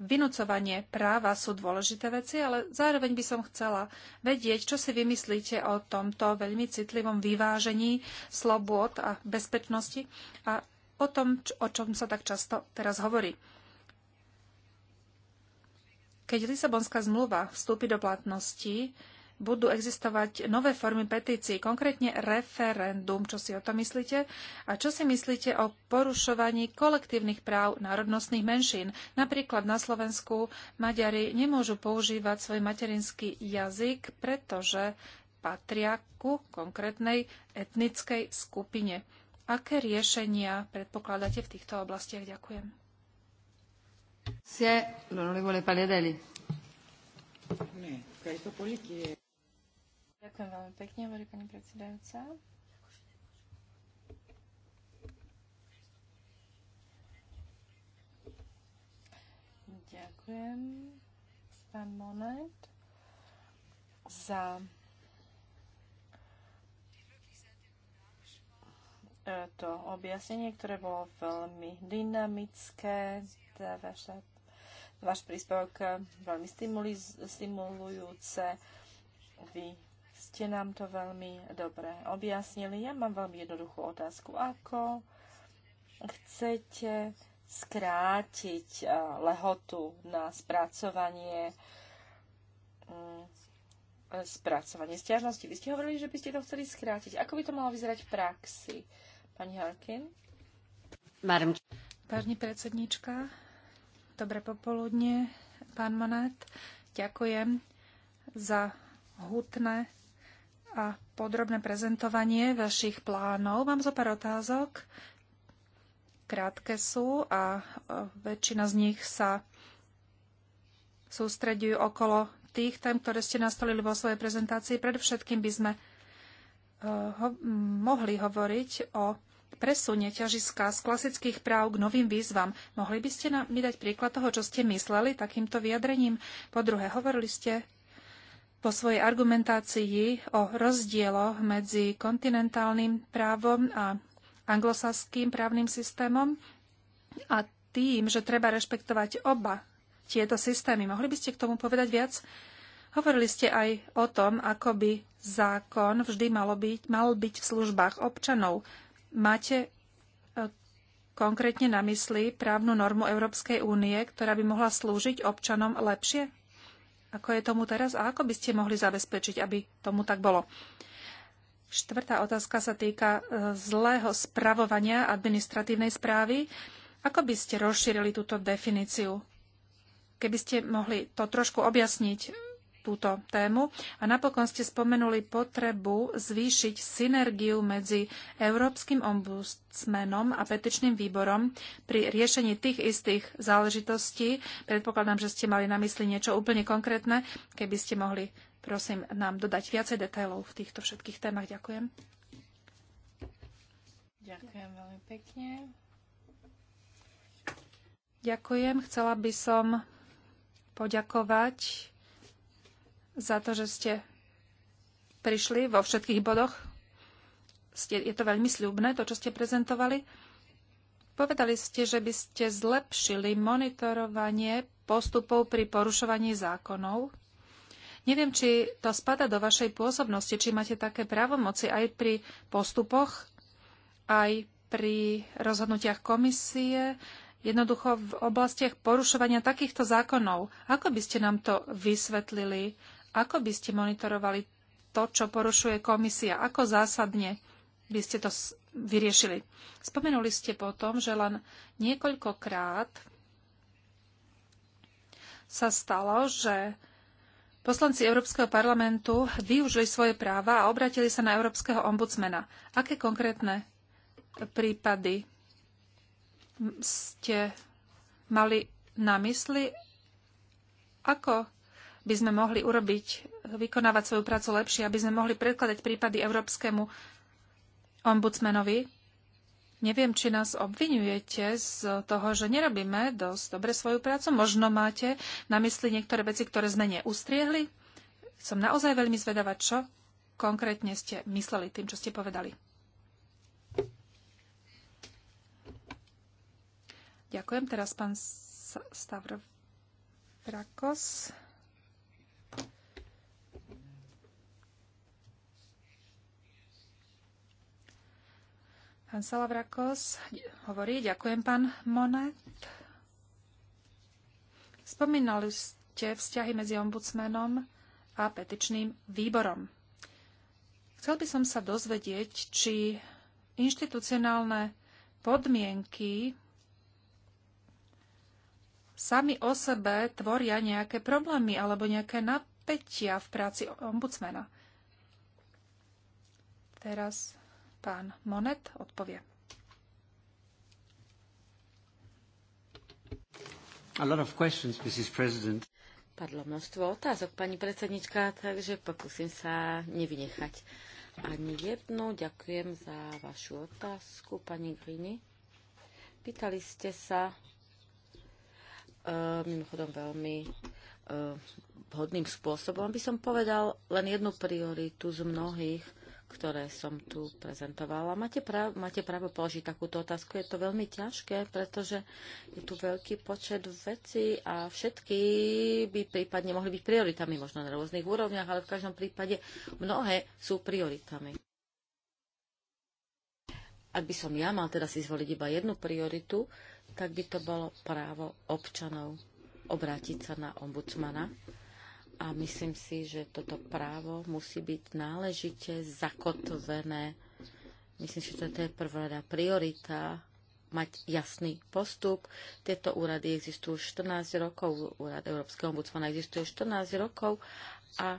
vynúcovanie práva sú dôležité veci, ale zároveň by som chcela vedieť, čo si vymyslíte o tomto veľmi citlivom vyvážení slobôd a bezpečnosti a o tom, o čom sa tak často teraz hovorí. Keď Lisabonská zmluva vstúpi do platnosti, budú existovať nové formy petícií, konkrétne referendum. Čo si o to myslíte? A čo si myslíte o porušovaní kolektívnych práv národnostných menšín? Napríklad na Slovensku Maďari nemôžu používať svoj materinský jazyk, pretože patria ku konkrétnej etnickej skupine. Aké riešenia predpokladáte v týchto oblastiach? Ďakujem. Grazie, l'onorevole Paliadeli. Ďakujem veľmi pekne, hovorí pani predsedajúca. Ďakujem, pán Monet, za e, to objasnenie, ktoré bolo veľmi dynamické, vaša, váš príspevok e, veľmi stimulujúce. Vy ste nám to veľmi dobre objasnili. Ja mám veľmi jednoduchú otázku. Ako chcete skrátiť eh, lehotu na spracovanie mm, eh, spracovanie stiažnosti. Vy ste hovorili, že by ste to chceli skrátiť. Ako by to malo vyzerať v praxi? Pani Harkin? Madam. Pani predsednička, dobré popoludne, pán Monet, Ďakujem za hutné a podrobné prezentovanie vašich plánov. Mám zo pár otázok. Krátke sú a väčšina z nich sa sústredujú okolo tých tém, ktoré ste nastolili vo svojej prezentácii. Predovšetkým by sme e, ho- mohli hovoriť o presunie ťažiska z klasických práv k novým výzvam. Mohli by ste nám mi dať príklad toho, čo ste mysleli takýmto vyjadrením? Po druhé, hovorili ste po svojej argumentácii o rozdieloch medzi kontinentálnym právom a anglosaským právnym systémom a tým, že treba rešpektovať oba tieto systémy. Mohli by ste k tomu povedať viac? Hovorili ste aj o tom, ako by zákon vždy malo byť, mal byť v službách občanov. Máte e, konkrétne na mysli právnu normu Európskej únie, ktorá by mohla slúžiť občanom lepšie? ako je tomu teraz a ako by ste mohli zabezpečiť, aby tomu tak bolo. Štvrtá otázka sa týka e, zlého spravovania administratívnej správy. Ako by ste rozšírili túto definíciu? Keby ste mohli to trošku objasniť, túto tému. A napokon ste spomenuli potrebu zvýšiť synergiu medzi Európskym ombudsmenom a petičným výborom pri riešení tých istých záležitostí. Predpokladám, že ste mali na mysli niečo úplne konkrétne, keby ste mohli prosím nám dodať viacej detailov v týchto všetkých témach. Ďakujem. Ďakujem veľmi pekne. Ďakujem. Chcela by som poďakovať za to, že ste prišli vo všetkých bodoch. Ste, je to veľmi sľubné, to, čo ste prezentovali. Povedali ste, že by ste zlepšili monitorovanie postupov pri porušovaní zákonov. Neviem, či to spada do vašej pôsobnosti, či máte také právomoci aj pri postupoch, aj pri rozhodnutiach komisie, jednoducho v oblastiach porušovania takýchto zákonov. Ako by ste nám to vysvetlili ako by ste monitorovali to, čo porušuje komisia? Ako zásadne by ste to vyriešili? Spomenuli ste potom, že len niekoľkokrát sa stalo, že Poslanci Európskeho parlamentu využili svoje práva a obratili sa na Európskeho ombudsmena. Aké konkrétne prípady ste mali na mysli? Ako by sme mohli urobiť, vykonávať svoju prácu lepšie, aby sme mohli predkladať prípady Európskemu ombudsmanovi. Neviem, či nás obvinujete z toho, že nerobíme dosť dobre svoju prácu. Možno máte na mysli niektoré veci, ktoré sme neustriehli. Som naozaj veľmi zvedavá, čo konkrétne ste mysleli tým, čo ste povedali. Ďakujem. Teraz pán Stavr Pán Salavrakos hovorí, ďakujem pán Monet. Spomínali ste vzťahy medzi ombudsmenom a petičným výborom. Chcel by som sa dozvedieť, či inštitucionálne podmienky sami o sebe tvoria nejaké problémy alebo nejaké napätia v práci ombudsmena. Teraz Pán Monet odpovie. A lot of questions, Mrs. President. Padlo množstvo otázok, pani predsednička, takže pokúsim sa nevynechať ani jednu. Ďakujem za vašu otázku, pani Grini. Pýtali ste sa e, mimochodom veľmi eh, vhodným spôsobom. By som povedal len jednu prioritu z mnohých, ktoré som tu prezentovala. Máte, prav, máte právo položiť takúto otázku. Je to veľmi ťažké, pretože je tu veľký počet vecí a všetky by prípadne mohli byť prioritami, možno na rôznych úrovniach, ale v každom prípade mnohé sú prioritami. Ak by som ja mal teda si zvoliť iba jednu prioritu, tak by to bolo právo občanov obrátiť sa na ombudsmana a myslím si, že toto právo musí byť náležite zakotvené. Myslím, že toto je prvá priorita mať jasný postup. Tieto úrady existujú 14 rokov, úrad Európskeho ombudsmana existuje 14 rokov a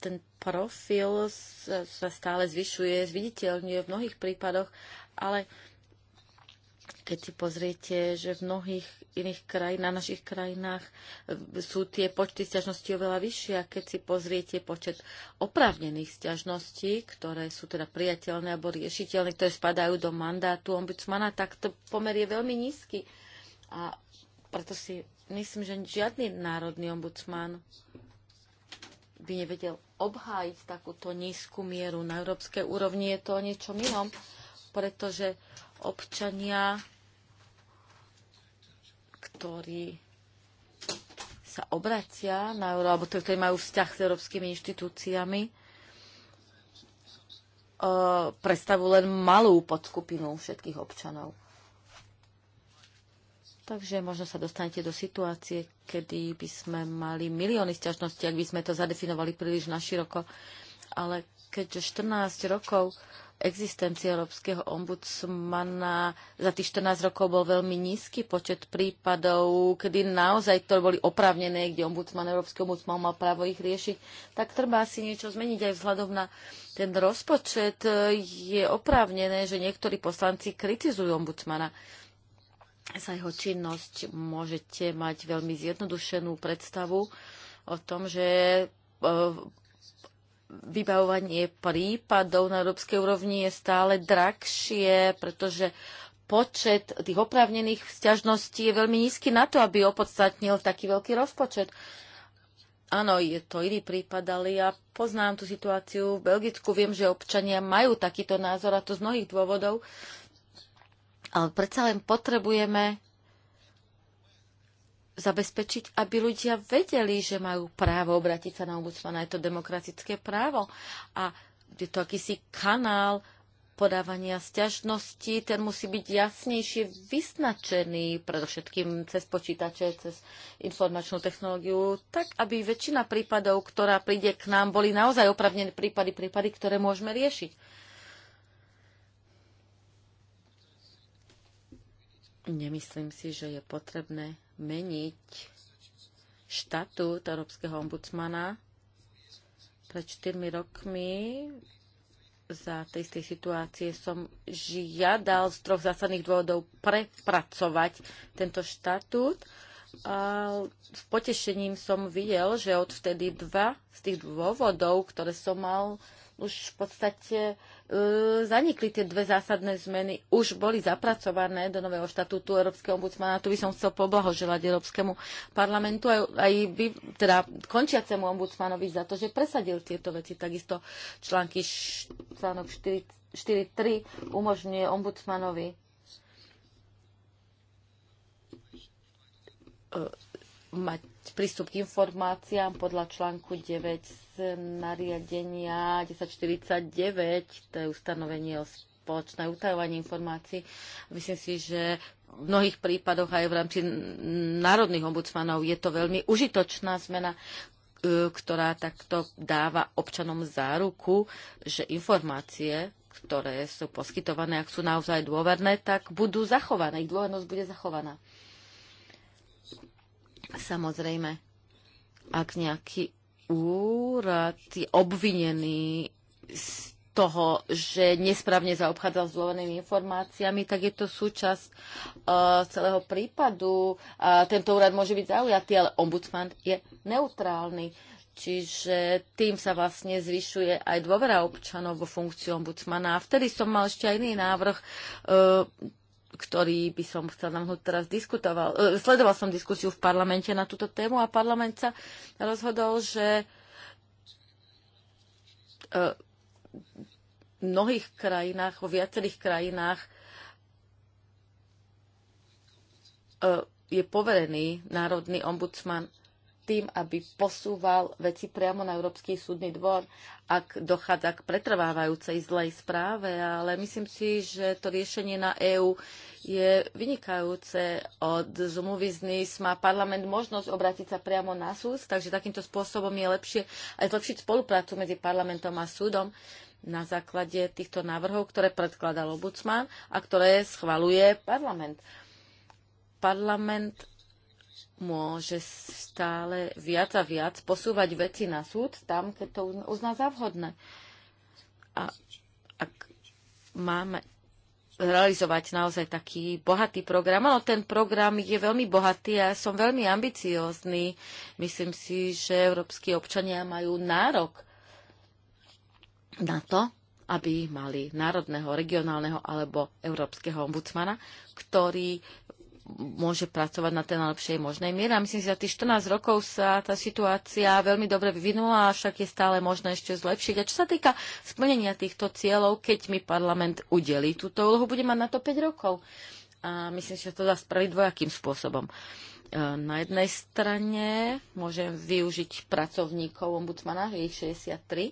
ten profil sa stále zvyšuje, zviditeľňuje v mnohých prípadoch, ale keď si pozriete, že v mnohých iných krajinách, našich krajinách e, sú tie počty sťažností oveľa vyššie a keď si pozriete počet oprávnených sťažností, ktoré sú teda priateľné alebo riešiteľné, ktoré spadajú do mandátu ombudsmana, tak to pomer je veľmi nízky. A preto si myslím, že žiadny národný ombudsman by nevedel obhájiť takúto nízku mieru. Na európskej úrovni je to o niečom inom, pretože občania, ktorí sa obracia na euro, alebo ktorí majú vzťah s európskymi inštitúciami, e, predstavujú len malú podskupinu všetkých občanov. Takže možno sa dostanete do situácie, kedy by sme mali milióny sťažností, ak by sme to zadefinovali príliš naširoko. Ale keďže 14 rokov existencie Európskeho ombudsmana za tých 14 rokov bol veľmi nízky počet prípadov, kedy naozaj to boli oprávnené, kde ombudsman, Európsky ombudsman mal právo ich riešiť, tak treba asi niečo zmeniť aj vzhľadom na ten rozpočet. Je oprávnené, že niektorí poslanci kritizujú ombudsmana za jeho činnosť. Môžete mať veľmi zjednodušenú predstavu o tom, že e, vybavovanie prípadov na európskej úrovni je stále drahšie, pretože počet tých oprávnených vzťažností je veľmi nízky na to, aby opodstatnil taký veľký rozpočet. Áno, je to iný prípad, ale ja poznám tú situáciu v Belgicku. Viem, že občania majú takýto názor a to z mnohých dôvodov. Ale predsa len potrebujeme zabezpečiť, aby ľudia vedeli, že majú právo obrátiť sa na ombudsmana. Je to demokratické právo. A je to akýsi kanál podávania sťažnosti, ten musí byť jasnejšie vyznačený, predovšetkým cez počítače, cez informačnú technológiu, tak aby väčšina prípadov, ktorá príde k nám, boli naozaj opravnené prípady, prípady, ktoré môžeme riešiť. Nemyslím si, že je potrebné meniť štatút Európskeho ombudsmana. Pred 4 rokmi za tej istej situácie som žiadal z troch zásadných dôvodov prepracovať tento štatút. A s potešením som videl, že odvtedy dva z tých dôvodov, ktoré som mal už v podstate e, zanikli tie dve zásadné zmeny, už boli zapracované do nového štatútu Európskeho ombudsmana. Tu by som chcel poblahoželať Európskemu parlamentu aj, aj by, teda končiacemu ombudsmanovi za to, že presadil tieto veci. Takisto články článok 4.3 umožňuje ombudsmanovi e, mať prístup k informáciám podľa článku 9 z nariadenia 1049, to je ustanovenie o spoločné utajovanie informácií. Myslím si, že v mnohých prípadoch aj v rámci národných ombudsmanov je to veľmi užitočná zmena, e, ktorá takto dáva občanom záruku, že informácie, ktoré sú poskytované, ak sú naozaj dôverné, tak budú zachované, ich dôvernosť bude zachovaná. Samozrejme, ak nejaký úrad je obvinený z toho, že nesprávne zaobchádzal s dôvernými informáciami, tak je to súčasť uh, celého prípadu. Uh, tento úrad môže byť zaujatý, ale ombudsman je neutrálny. Čiže tým sa vlastne zvyšuje aj dôvera občanov vo funkciu ombudsmana. A vtedy som mal ešte aj iný návrh. Uh, ktorý by som chcel nám ho teraz diskutoval. E, sledoval som diskusiu v parlamente na túto tému a parlament sa rozhodol, že e, v mnohých krajinách, vo viacerých krajinách e, je poverený národný ombudsman tým, aby posúval veci priamo na Európsky súdny dvor, ak dochádza k pretrvávajúcej zlej správe, ale myslím si, že to riešenie na EÚ je vynikajúce. Od zmluvy z NIS má parlament možnosť obrátiť sa priamo na súd, takže takýmto spôsobom je lepšie aj zlepšiť spoluprácu medzi parlamentom a súdom na základe týchto návrhov, ktoré predkladal obudsman a ktoré schvaluje parlament. Parlament môže stále viac a viac posúvať veci na súd tam, keď to uzná za vhodné. A ak máme realizovať naozaj taký bohatý program. ale ten program je veľmi bohatý a som veľmi ambiciózny. Myslím si, že európsky občania majú nárok na to, aby mali národného, regionálneho alebo európskeho ombudsmana, ktorý môže pracovať na tej najlepšej možnej miere. A myslím si, že za tých 14 rokov sa tá situácia veľmi dobre vyvinula, avšak je stále možné ešte zlepšiť. A čo sa týka splnenia týchto cieľov, keď mi parlament udelí túto úlohu, bude mať na to 5 rokov. A myslím, že to dá spraviť dvojakým spôsobom. E, na jednej strane môžem využiť pracovníkov ombudsmana, je ich 63,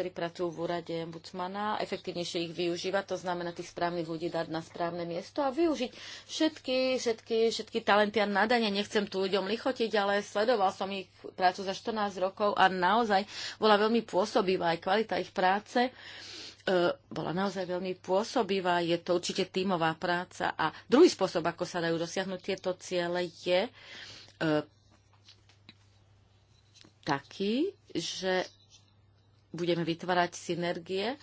ktorí pracujú v úrade ombudsmana, efektívnejšie ich využívať, to znamená tých správnych ľudí dať na správne miesto a využiť všetky, všetky, všetky talenty a nadania. Nechcem tu ľuďom lichotiť, ale sledoval som ich prácu za 14 rokov a naozaj bola veľmi pôsobivá aj kvalita ich práce e, bola naozaj veľmi pôsobivá, je to určite tímová práca a druhý spôsob, ako sa dajú dosiahnuť tieto ciele, je e, taký, že budeme vytvárať synergie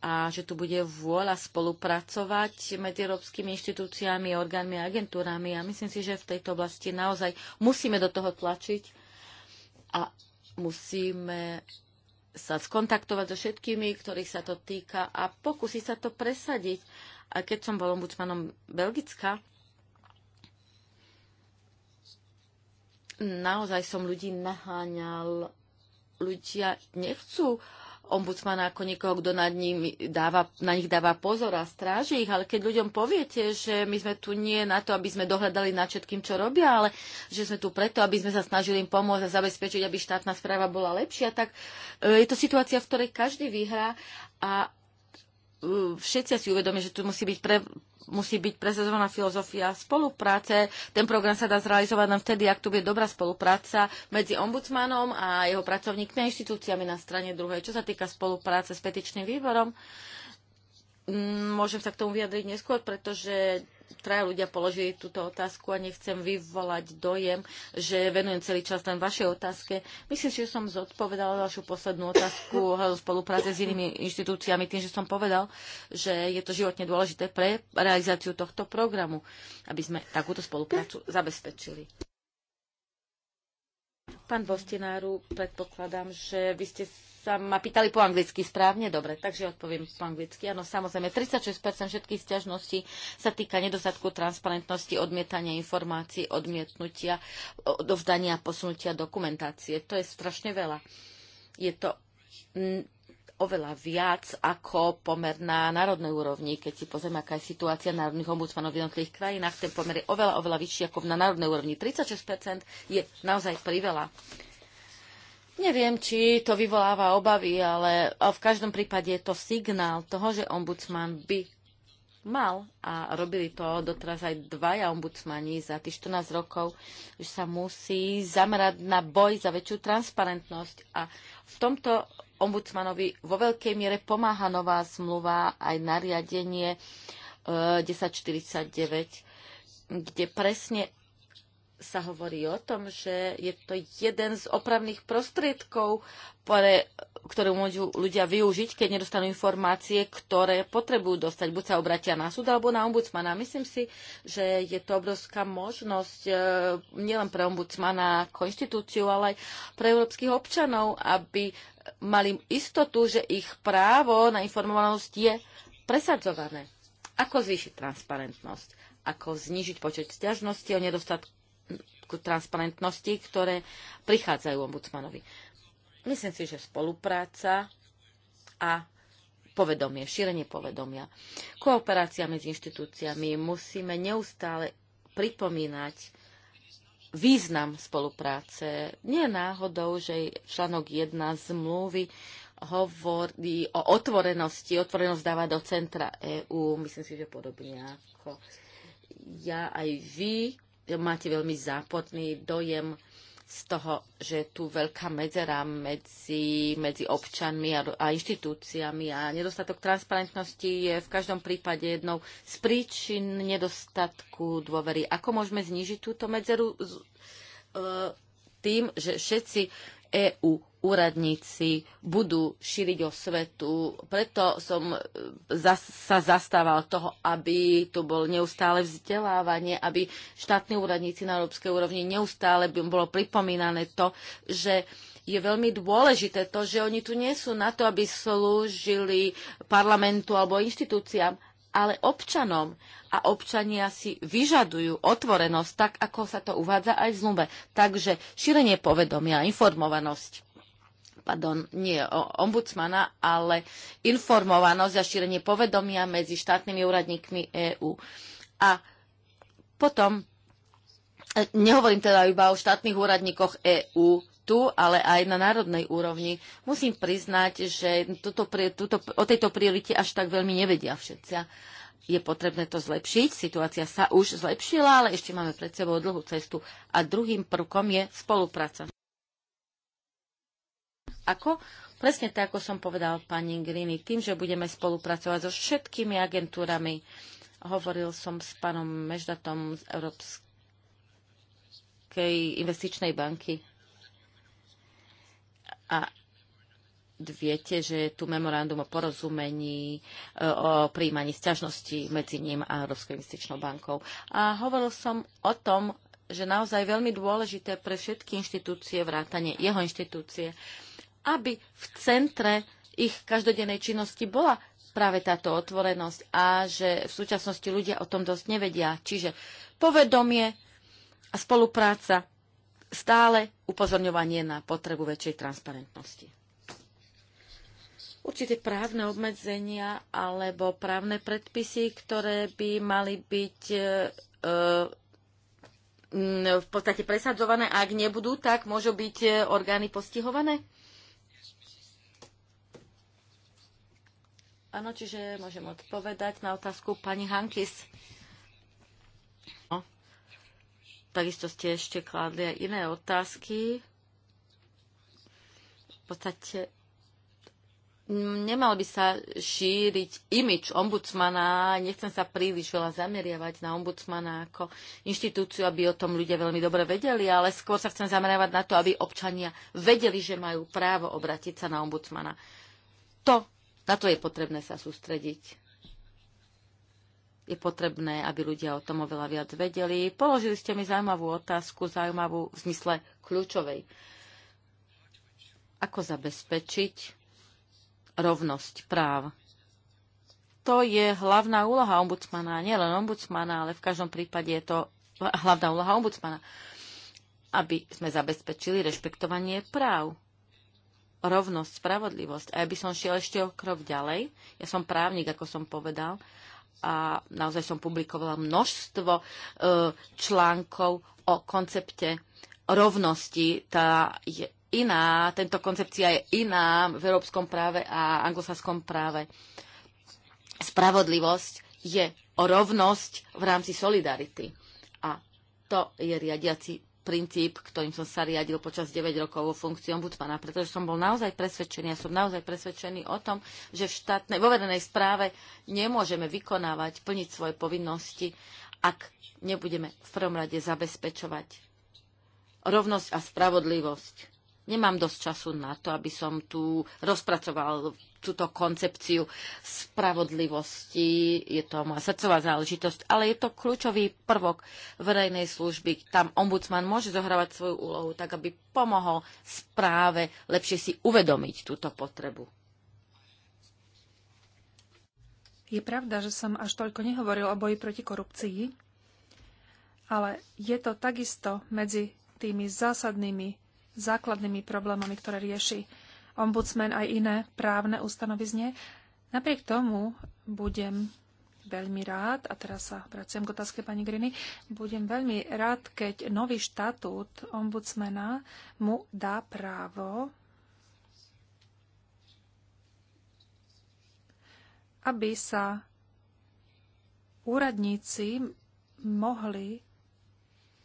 a že tu bude vôľa spolupracovať medzi európskymi inštitúciami, orgánmi a agentúrami. A myslím si, že v tejto oblasti naozaj musíme do toho tlačiť a musíme sa skontaktovať so všetkými, ktorých sa to týka a pokúsiť sa to presadiť. A keď som bol ombudsmanom Belgická, naozaj som ľudí naháňal ľudia nechcú ombudsmana ako niekoho, kto nad ním dáva, na nich dáva pozor a stráži ich, ale keď ľuďom poviete, že my sme tu nie na to, aby sme dohľadali nad všetkým, čo robia, ale že sme tu preto, aby sme sa snažili im pomôcť a zabezpečiť, aby štátna správa bola lepšia, tak e, je to situácia, v ktorej každý vyhrá a Mm, všetci si uvedomia, že tu musí byť, pre, musí byť prezentovaná filozofia spolupráce. Ten program sa dá zrealizovať len vtedy, ak tu bude dobrá spolupráca medzi ombudsmanom a jeho pracovníkmi a inštitúciami na strane druhej. Čo sa týka spolupráce s petičným výborom, mm, môžem sa k tomu vyjadriť neskôr, pretože traja ľudia položili túto otázku a nechcem vyvolať dojem, že venujem celý čas len vašej otázke. Myslím, že som zodpovedala vašu poslednú otázku o spolupráce s inými inštitúciami tým, že som povedal, že je to životne dôležité pre realizáciu tohto programu, aby sme takúto spoluprácu zabezpečili. Pán Bostináru, predpokladám, že vy ste sa ma pýtali po anglicky správne, dobre, takže odpoviem po anglicky. Áno, samozrejme, 36% všetkých stiažností sa týka nedostatku transparentnosti, odmietania informácií, odmietnutia, a posunutia dokumentácie. To je strašne veľa. Je to mm, oveľa viac ako pomer na národnej úrovni. Keď si pozrieme, aká je situácia národných ombudsmanov v jednotlivých krajinách, ten pomer je oveľa, oveľa vyšší ako na národnej úrovni. 36% je naozaj priveľa. Neviem, či to vyvoláva obavy, ale v každom prípade je to signál toho, že ombudsman by mal a robili to doteraz aj dvaja ombudsmani za tých 14 rokov, že sa musí zamerať na boj za väčšiu transparentnosť a v tomto ombudsmanovi vo veľkej miere pomáha nová zmluva aj nariadenie 1049, e, kde presne sa hovorí o tom, že je to jeden z opravných prostriedkov, pre, ktoré môžu ľudia využiť, keď nedostanú informácie, ktoré potrebujú dostať. Buď sa obratia na súd alebo na ombudsmana. Myslím si, že je to obrovská možnosť e, nielen pre ombudsmana ako inštitúciu, ale aj pre európskych občanov, aby mali istotu, že ich právo na informovanosť je presadzované. Ako zvýšiť transparentnosť? ako znižiť počet stiažností o nedostatku nedostatku transparentnosti, ktoré prichádzajú ombudsmanovi. Myslím si, že spolupráca a povedomie, šírenie povedomia. Kooperácia medzi inštitúciami. Musíme neustále pripomínať význam spolupráce. Nie je náhodou, že článok 1 zmluvy hovorí o otvorenosti. Otvorenosť dáva do centra EÚ. Myslím si, že podobne ako ja aj vy máte veľmi zápotný dojem z toho, že je tu veľká medzera medzi, medzi občanmi a, a inštitúciami a nedostatok transparentnosti je v každom prípade jednou z príčin nedostatku dôvery. Ako môžeme znížiť túto medzeru? E, tým, že všetci EÚ úradníci budú šíriť o svetu. Preto som e, sa zastával toho, aby tu bol neustále vzdelávanie, aby štátni úradníci na európskej úrovni neustále by bolo pripomínané to, že je veľmi dôležité to, že oni tu nie sú na to, aby slúžili parlamentu alebo inštitúciám, ale občanom. A občania si vyžadujú otvorenosť, tak ako sa to uvádza aj v zlúbe. Takže šírenie povedomia, informovanosť pardon, nie ombudsmana, ale informovanosť a šírenie povedomia medzi štátnymi úradníkmi EÚ. A potom e, Nehovorím teda iba o štátnych úradníkoch EÚ, tu, ale aj na národnej úrovni. Musím priznať, že tuto, tuto, o tejto priorite až tak veľmi nevedia všetci. Je potrebné to zlepšiť. Situácia sa už zlepšila, ale ešte máme pred sebou dlhú cestu. A druhým prvkom je spolupráca. Ako? Presne tak, ako som povedal pani Grini, tým, že budeme spolupracovať so všetkými agentúrami. Hovoril som s pánom Meždatom z Európskej investičnej banky a viete, že je tu memorandum o porozumení, e, o príjmaní sťažnosti medzi ním a Európskou investičnou bankou. A hovoril som o tom, že naozaj veľmi dôležité pre všetky inštitúcie, vrátanie jeho inštitúcie, aby v centre ich každodennej činnosti bola práve táto otvorenosť a že v súčasnosti ľudia o tom dosť nevedia. Čiže povedomie a spolupráca stále upozorňovanie na potrebu väčšej transparentnosti. Určité právne obmedzenia alebo právne predpisy, ktoré by mali byť e, e v podstate presadzované, ak nebudú, tak môžu byť e, orgány postihované? Áno, čiže môžem odpovedať na otázku pani Hankis. Takisto ste ešte kladli aj iné otázky. V podstate nemal by sa šíriť imič ombudsmana. Nechcem sa príliš veľa zameriavať na ombudsmana ako inštitúciu, aby o tom ľudia veľmi dobre vedeli, ale skôr sa chcem zameriavať na to, aby občania vedeli, že majú právo obratiť sa na ombudsmana. To, na to je potrebné sa sústrediť je potrebné, aby ľudia o tom oveľa viac vedeli. Položili ste mi zaujímavú otázku, zaujímavú v zmysle kľúčovej. Ako zabezpečiť rovnosť práv? To je hlavná úloha ombudsmana, nielen ombudsmana, ale v každom prípade je to hlavná úloha ombudsmana, aby sme zabezpečili rešpektovanie práv rovnosť, spravodlivosť. A ja by som šiel ešte o krok ďalej. Ja som právnik, ako som povedal, a naozaj som publikovala množstvo e, článkov o koncepte rovnosti. Tá je iná, tento koncepcia je iná v európskom práve a anglosaskom práve. Spravodlivosť je o rovnosť v rámci solidarity. A to je riadiaci princíp, ktorým som sa riadil počas 9 rokov vo funkcii ombudsmana, pretože som bol naozaj presvedčený, ja som naozaj presvedčený o tom, že v štátnej, vo verejnej správe nemôžeme vykonávať, plniť svoje povinnosti, ak nebudeme v prvom rade zabezpečovať rovnosť a spravodlivosť. Nemám dosť času na to, aby som tu rozpracoval túto koncepciu spravodlivosti. Je to moja srdcová záležitosť, ale je to kľúčový prvok verejnej služby. Tam ombudsman môže zohrávať svoju úlohu tak, aby pomohol správe lepšie si uvedomiť túto potrebu. Je pravda, že som až toľko nehovoril o boji proti korupcii, ale je to takisto medzi tými zásadnými základnými problémami, ktoré rieši ombudsman aj iné právne ustanovizne. Napriek tomu budem veľmi rád, a teraz sa vraciam k otázke pani Griny, budem veľmi rád, keď nový štatút ombudsmena mu dá právo, aby sa úradníci mohli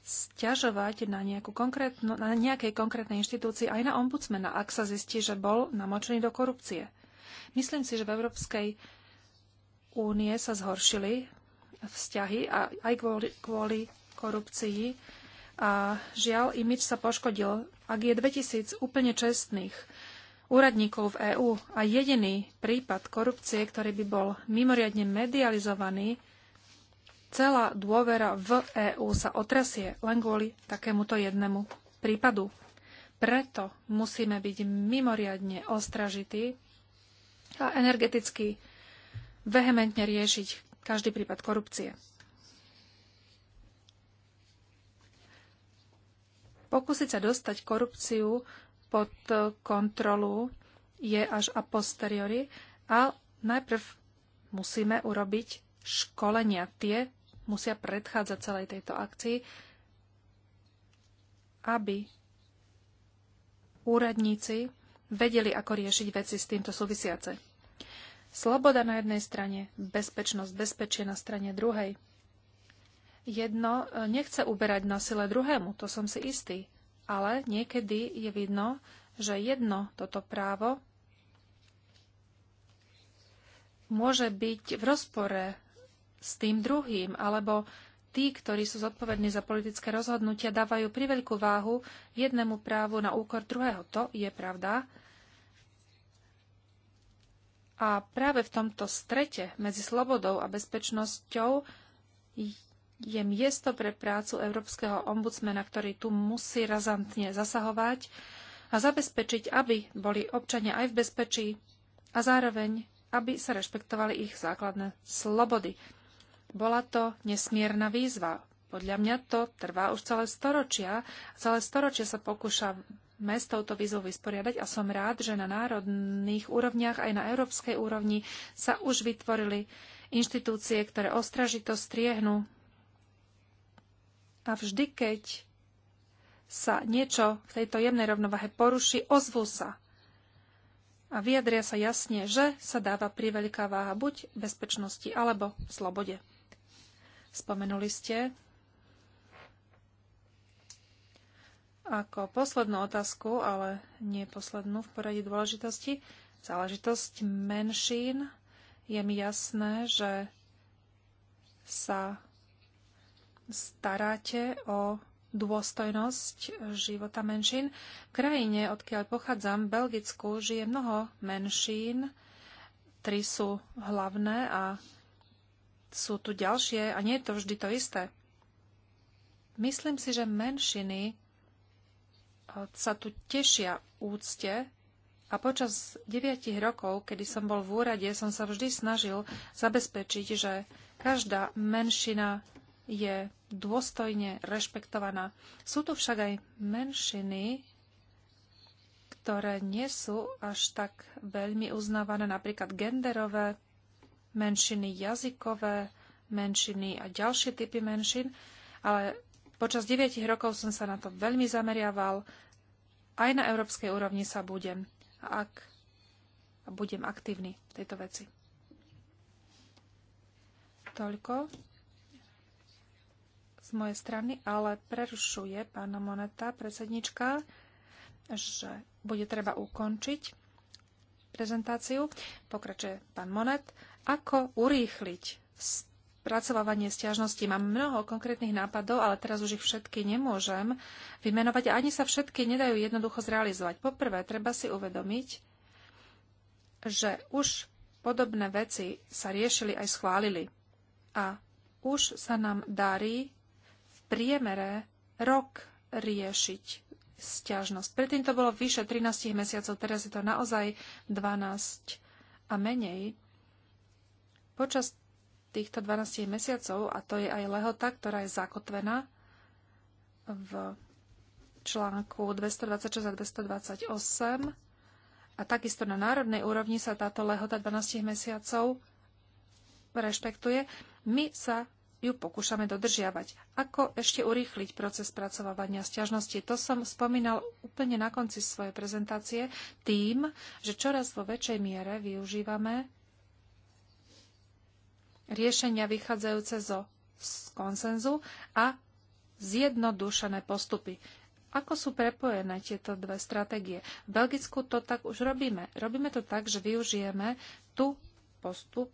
sťažovať na, nejakú konkrétnu, na nejakej konkrétnej inštitúcii aj na ombudsmena, ak sa zistí, že bol namočený do korupcie. Myslím si, že v Európskej únie sa zhoršili vzťahy a aj kvôli, kvôli korupcii a žiaľ, imič sa poškodil. Ak je 2000 úplne čestných úradníkov v EÚ a jediný prípad korupcie, ktorý by bol mimoriadne medializovaný, celá dôvera v EÚ sa otrasie len kvôli takémuto jednému prípadu. Preto musíme byť mimoriadne ostražití a energeticky vehementne riešiť každý prípad korupcie. Pokúsiť sa dostať korupciu pod kontrolu je až a posteriori a najprv musíme urobiť školenia. Tie musia predchádzať celej tejto akcii, aby úradníci vedeli, ako riešiť veci s týmto súvisiace. Sloboda na jednej strane, bezpečnosť, bezpečie na strane druhej. Jedno e, nechce uberať na sile druhému, to som si istý, ale niekedy je vidno, že jedno toto právo môže byť v rozpore s tým druhým, alebo tí, ktorí sú zodpovední za politické rozhodnutia, dávajú priveľkú váhu jednému právu na úkor druhého. To je pravda. A práve v tomto strete medzi slobodou a bezpečnosťou je miesto pre prácu Európskeho ombudsmena, ktorý tu musí razantne zasahovať a zabezpečiť, aby boli občania aj v bezpečí a zároveň, aby sa rešpektovali ich základné slobody. Bola to nesmierna výzva. Podľa mňa to trvá už celé storočia. Celé storočia sa pokúša s touto výzvou vysporiadať a som rád, že na národných úrovniach aj na európskej úrovni sa už vytvorili inštitúcie, ktoré ostražito striehnú. A vždy, keď sa niečo v tejto jemnej rovnovahe poruší, ozvú sa a vyjadria sa jasne, že sa dáva priveľká váha buď bezpečnosti alebo slobode spomenuli ste. Ako poslednú otázku, ale nie poslednú v poradí dôležitosti, záležitosť menšín. Je mi jasné, že sa staráte o dôstojnosť života menšín. V krajine, odkiaľ pochádzam, v Belgicku, žije mnoho menšín. Tri sú hlavné a sú tu ďalšie a nie je to vždy to isté. Myslím si, že menšiny e, sa tu tešia úcte a počas 9 rokov, kedy som bol v úrade, som sa vždy snažil zabezpečiť, že každá menšina je dôstojne rešpektovaná. Sú tu však aj menšiny, ktoré nie sú až tak veľmi uznávané, napríklad genderové menšiny jazykové, menšiny a ďalšie typy menšín, ale počas 9 rokov som sa na to veľmi zameriaval. Aj na európskej úrovni sa budem, ak budem aktívny v tejto veci. Toľko z mojej strany, ale prerušuje pána Moneta, predsednička, že bude treba ukončiť prezentáciu. Pokračuje pán Monet. Ako urýchliť spracovávanie stiažností? Mám mnoho konkrétnych nápadov, ale teraz už ich všetky nemôžem vymenovať a ani sa všetky nedajú jednoducho zrealizovať. Poprvé, treba si uvedomiť, že už podobné veci sa riešili aj schválili. A už sa nám darí v priemere rok riešiť sťažnosť. Predtým to bolo vyše 13 mesiacov, teraz je to naozaj 12 a menej. Počas týchto 12 mesiacov, a to je aj lehota, ktorá je zakotvená v článku 226 a 228, a takisto na národnej úrovni sa táto lehota 12 mesiacov rešpektuje, my sa ju pokúšame dodržiavať. Ako ešte urýchliť proces pracovávania sťažnosti? To som spomínal úplne na konci svojej prezentácie tým, že čoraz vo väčšej miere využívame riešenia vychádzajúce zo z konsenzu a zjednodušené postupy. Ako sú prepojené tieto dve stratégie? V Belgicku to tak už robíme. Robíme to tak, že využijeme tú postup,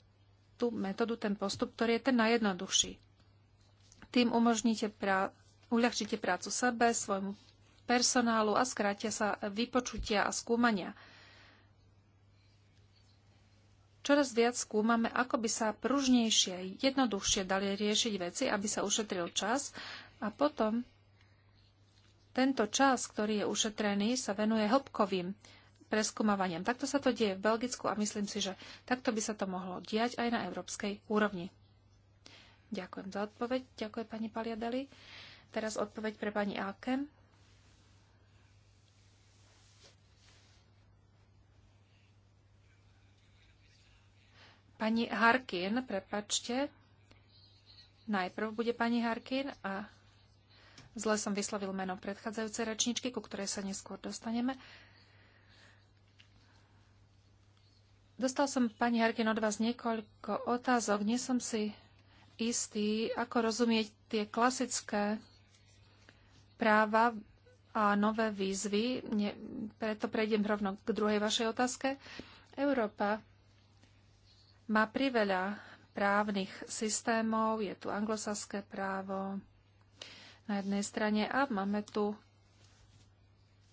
tú metódu, ten postup, ktorý je ten najjednoduchší. Tým umožníte pra- uľahčíte prácu sebe, svojmu personálu a skrátia sa vypočutia a skúmania. Čoraz viac skúmame, ako by sa pružnejšie, jednoduchšie dali riešiť veci, aby sa ušetril čas a potom tento čas, ktorý je ušetrený, sa venuje hĺbkovým preskúmavaniam. Takto sa to deje v Belgicku a myslím si, že takto by sa to mohlo diať aj na európskej úrovni. Ďakujem za odpoveď. Ďakujem pani Paliadeli. Teraz odpoveď pre pani Alkem. Pani Harkin, prepačte. Najprv bude pani Harkin a zle som vyslovil meno predchádzajúcej rečničky, ku ktorej sa neskôr dostaneme. Dostal som, pani Harkin, od vás niekoľko otázok. Nie som si istý, ako rozumieť tie klasické práva a nové výzvy. Ne, preto prejdem rovno k druhej vašej otázke. Európa má priveľa právnych systémov, je tu anglosaské právo na jednej strane a máme tu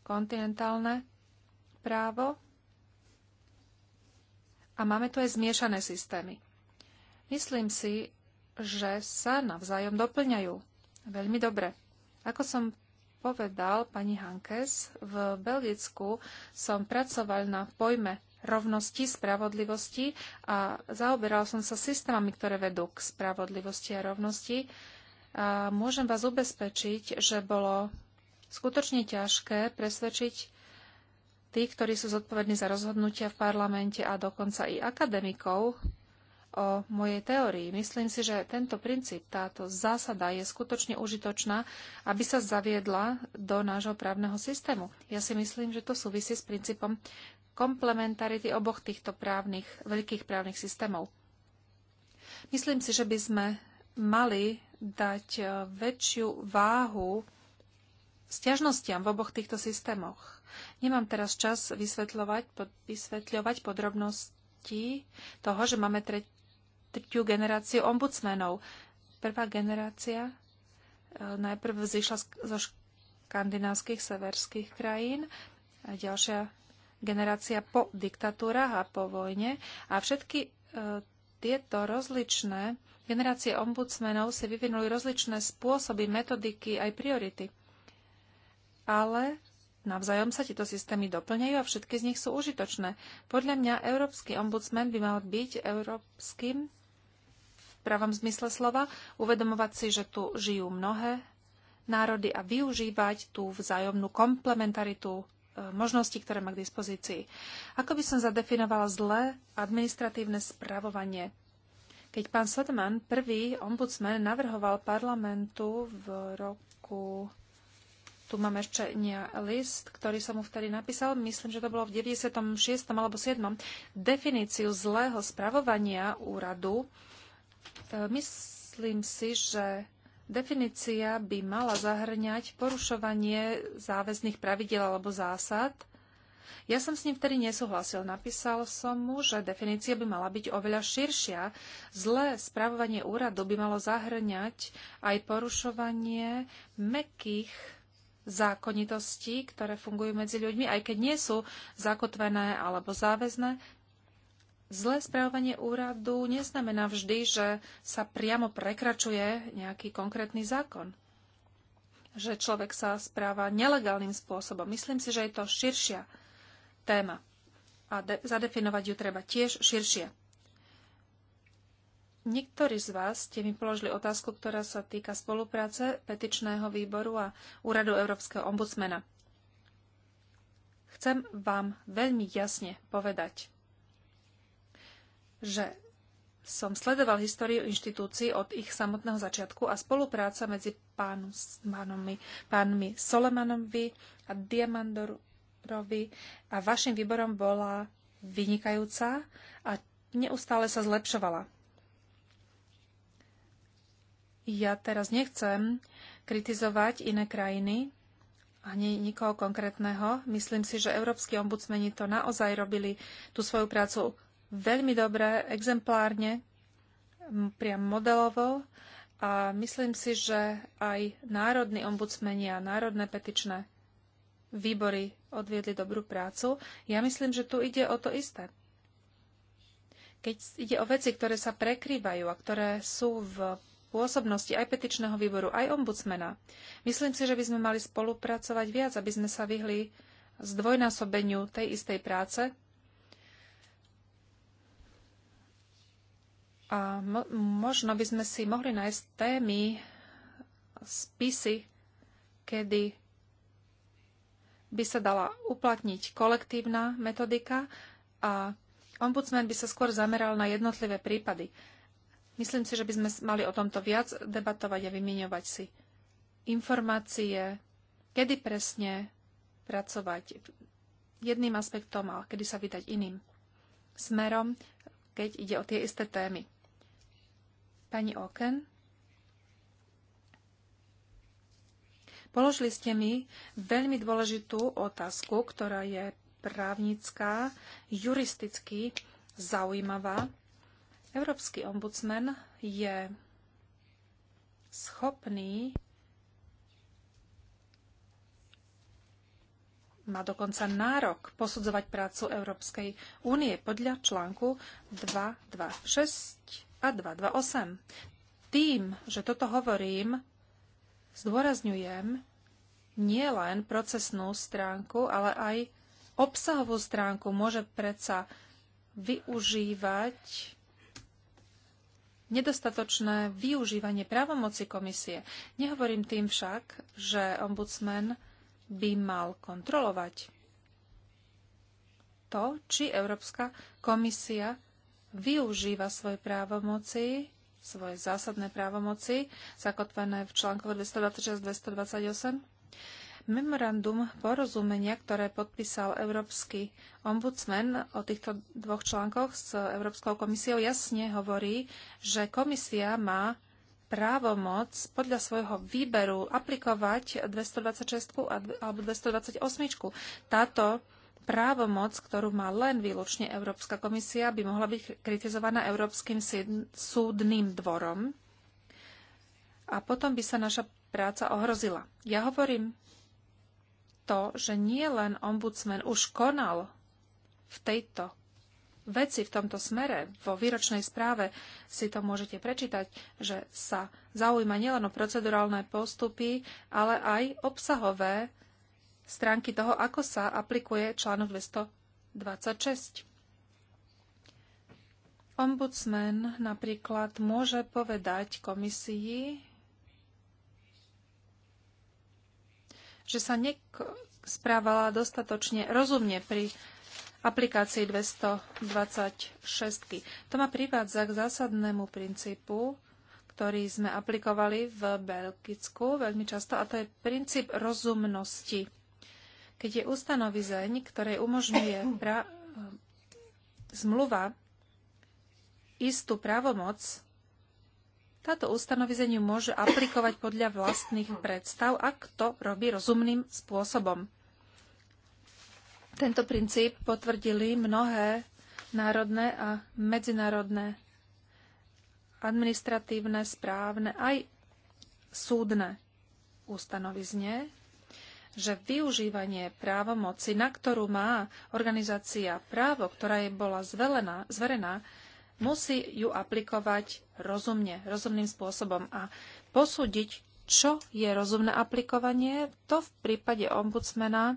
kontinentálne právo a máme tu aj zmiešané systémy. Myslím si, že sa navzájom doplňajú. Veľmi dobre. Ako som povedal pani Hankes, v Belgicku som pracoval na pojme rovnosti, spravodlivosti a zaoberal som sa systémami, ktoré vedú k spravodlivosti a rovnosti. A môžem vás ubezpečiť, že bolo skutočne ťažké presvedčiť tých, ktorí sú zodpovední za rozhodnutia v parlamente a dokonca i akademikov o mojej teórii. Myslím si, že tento princíp, táto zásada je skutočne užitočná, aby sa zaviedla do nášho právneho systému. Ja si myslím, že to súvisí s princípom komplementarity oboch týchto právnych, veľkých právnych systémov. Myslím si, že by sme mali dať e, väčšiu váhu stiažnostiam v oboch týchto systémoch. Nemám teraz čas vysvetľovať, pod, vysvetľovať podrobnosti toho, že máme tre, tretiu generáciu ombudsmenov. Prvá generácia e, najprv zišla zo škandinávskych severských krajín a ďalšia generácia po diktatúrach a po vojne. A všetky e, tieto rozličné generácie ombudsmenov si vyvinuli rozličné spôsoby, metodiky aj priority. Ale Navzájom sa tieto systémy doplňajú a všetky z nich sú užitočné. Podľa mňa Európsky ombudsman by mal byť európskym v pravom zmysle slova, uvedomovať si, že tu žijú mnohé národy a využívať tú vzájomnú komplementaritu možnosti, ktoré má k dispozícii. Ako by som zadefinovala zlé administratívne spravovanie? Keď pán Sedman, prvý ombudsman, navrhoval parlamentu v roku... Tu mám ešte list, ktorý som mu vtedy napísal. Myslím, že to bolo v 96. alebo 7. Definíciu zlého spravovania úradu. E, myslím si, že Definícia by mala zahrňať porušovanie záväzných pravidel alebo zásad. Ja som s ním vtedy nesúhlasil. Napísal som mu, že definícia by mala byť oveľa širšia. Zlé správovanie úradu by malo zahrňať aj porušovanie mekých zákonitostí, ktoré fungujú medzi ľuďmi, aj keď nie sú zakotvené alebo záväzné, Zlé správanie úradu neznamená vždy, že sa priamo prekračuje nejaký konkrétny zákon. Že človek sa správa nelegálnym spôsobom. Myslím si, že je to širšia téma. A zadefinovať ju treba tiež širšie. Niektorí z vás ste mi položili otázku, ktorá sa týka spolupráce petičného výboru a úradu Európskeho ombudsmena. Chcem vám veľmi jasne povedať že som sledoval históriu inštitúcií od ich samotného začiatku a spolupráca medzi pánmi, pánmi Solemanovi a Diamandorovi a vašim výborom bola vynikajúca a neustále sa zlepšovala. Ja teraz nechcem kritizovať iné krajiny, ani nikoho konkrétneho. Myslím si, že európsky ombudsmeni to naozaj robili tú svoju prácu veľmi dobre, exemplárne, priam modelovo a myslím si, že aj národní ombudsmeni a národné petičné výbory odviedli dobrú prácu. Ja myslím, že tu ide o to isté. Keď ide o veci, ktoré sa prekrývajú a ktoré sú v pôsobnosti aj petičného výboru, aj ombudsmena. Myslím si, že by sme mali spolupracovať viac, aby sme sa vyhli zdvojnásobeniu tej istej práce A mo- možno by sme si mohli nájsť témy, spisy, kedy by sa dala uplatniť kolektívna metodika a ombudsman by sa skôr zameral na jednotlivé prípady. Myslím si, že by sme mali o tomto viac debatovať a vymieňovať si informácie, kedy presne pracovať jedným aspektom a kedy sa vydať iným smerom, keď ide o tie isté témy. Pani Oken, položili ste mi veľmi dôležitú otázku, ktorá je právnická, juristicky zaujímavá. Európsky ombudsman je schopný má dokonca nárok posudzovať prácu Európskej únie podľa článku 226 a 228. Tým, že toto hovorím, zdôrazňujem nie len procesnú stránku, ale aj obsahovú stránku môže predsa využívať nedostatočné využívanie právomoci komisie. Nehovorím tým však, že ombudsman by mal kontrolovať to, či Európska komisia využíva svoje právomoci, svoje zásadné právomoci, zakotvené v článku 226-228. Memorandum porozumenia, ktoré podpísal Európsky ombudsman o týchto dvoch článkoch s Európskou komisiou, jasne hovorí, že komisia má právomoc podľa svojho výberu aplikovať 226 alebo 228. Táto právomoc, ktorú má len výlučne Európska komisia, by mohla byť kritizovaná Európskym súdnym dvorom a potom by sa naša práca ohrozila. Ja hovorím to, že nie len ombudsman už konal v tejto veci v tomto smere, vo výročnej správe si to môžete prečítať, že sa zaujíma nielen o procedurálne postupy, ale aj obsahové stránky toho, ako sa aplikuje článok 226. Ombudsman napríklad môže povedať komisii, že sa nesprávala dostatočne rozumne pri aplikácii 226. To ma privádza k zásadnému princípu, ktorý sme aplikovali v Belgicku veľmi často, a to je princíp rozumnosti. Keď je ustanovizeň, ktoré umožňuje pra- zmluva istú právomoc, táto ustanovizeniu môže aplikovať podľa vlastných predstav, ak to robí rozumným spôsobom. Tento princíp potvrdili mnohé národné a medzinárodné administratívne, správne aj súdne ustanovizne že využívanie právomoci, na ktorú má organizácia právo, ktorá jej bola zvelená, zverená, musí ju aplikovať rozumne, rozumným spôsobom a posúdiť, čo je rozumné aplikovanie, to v prípade ombudsmena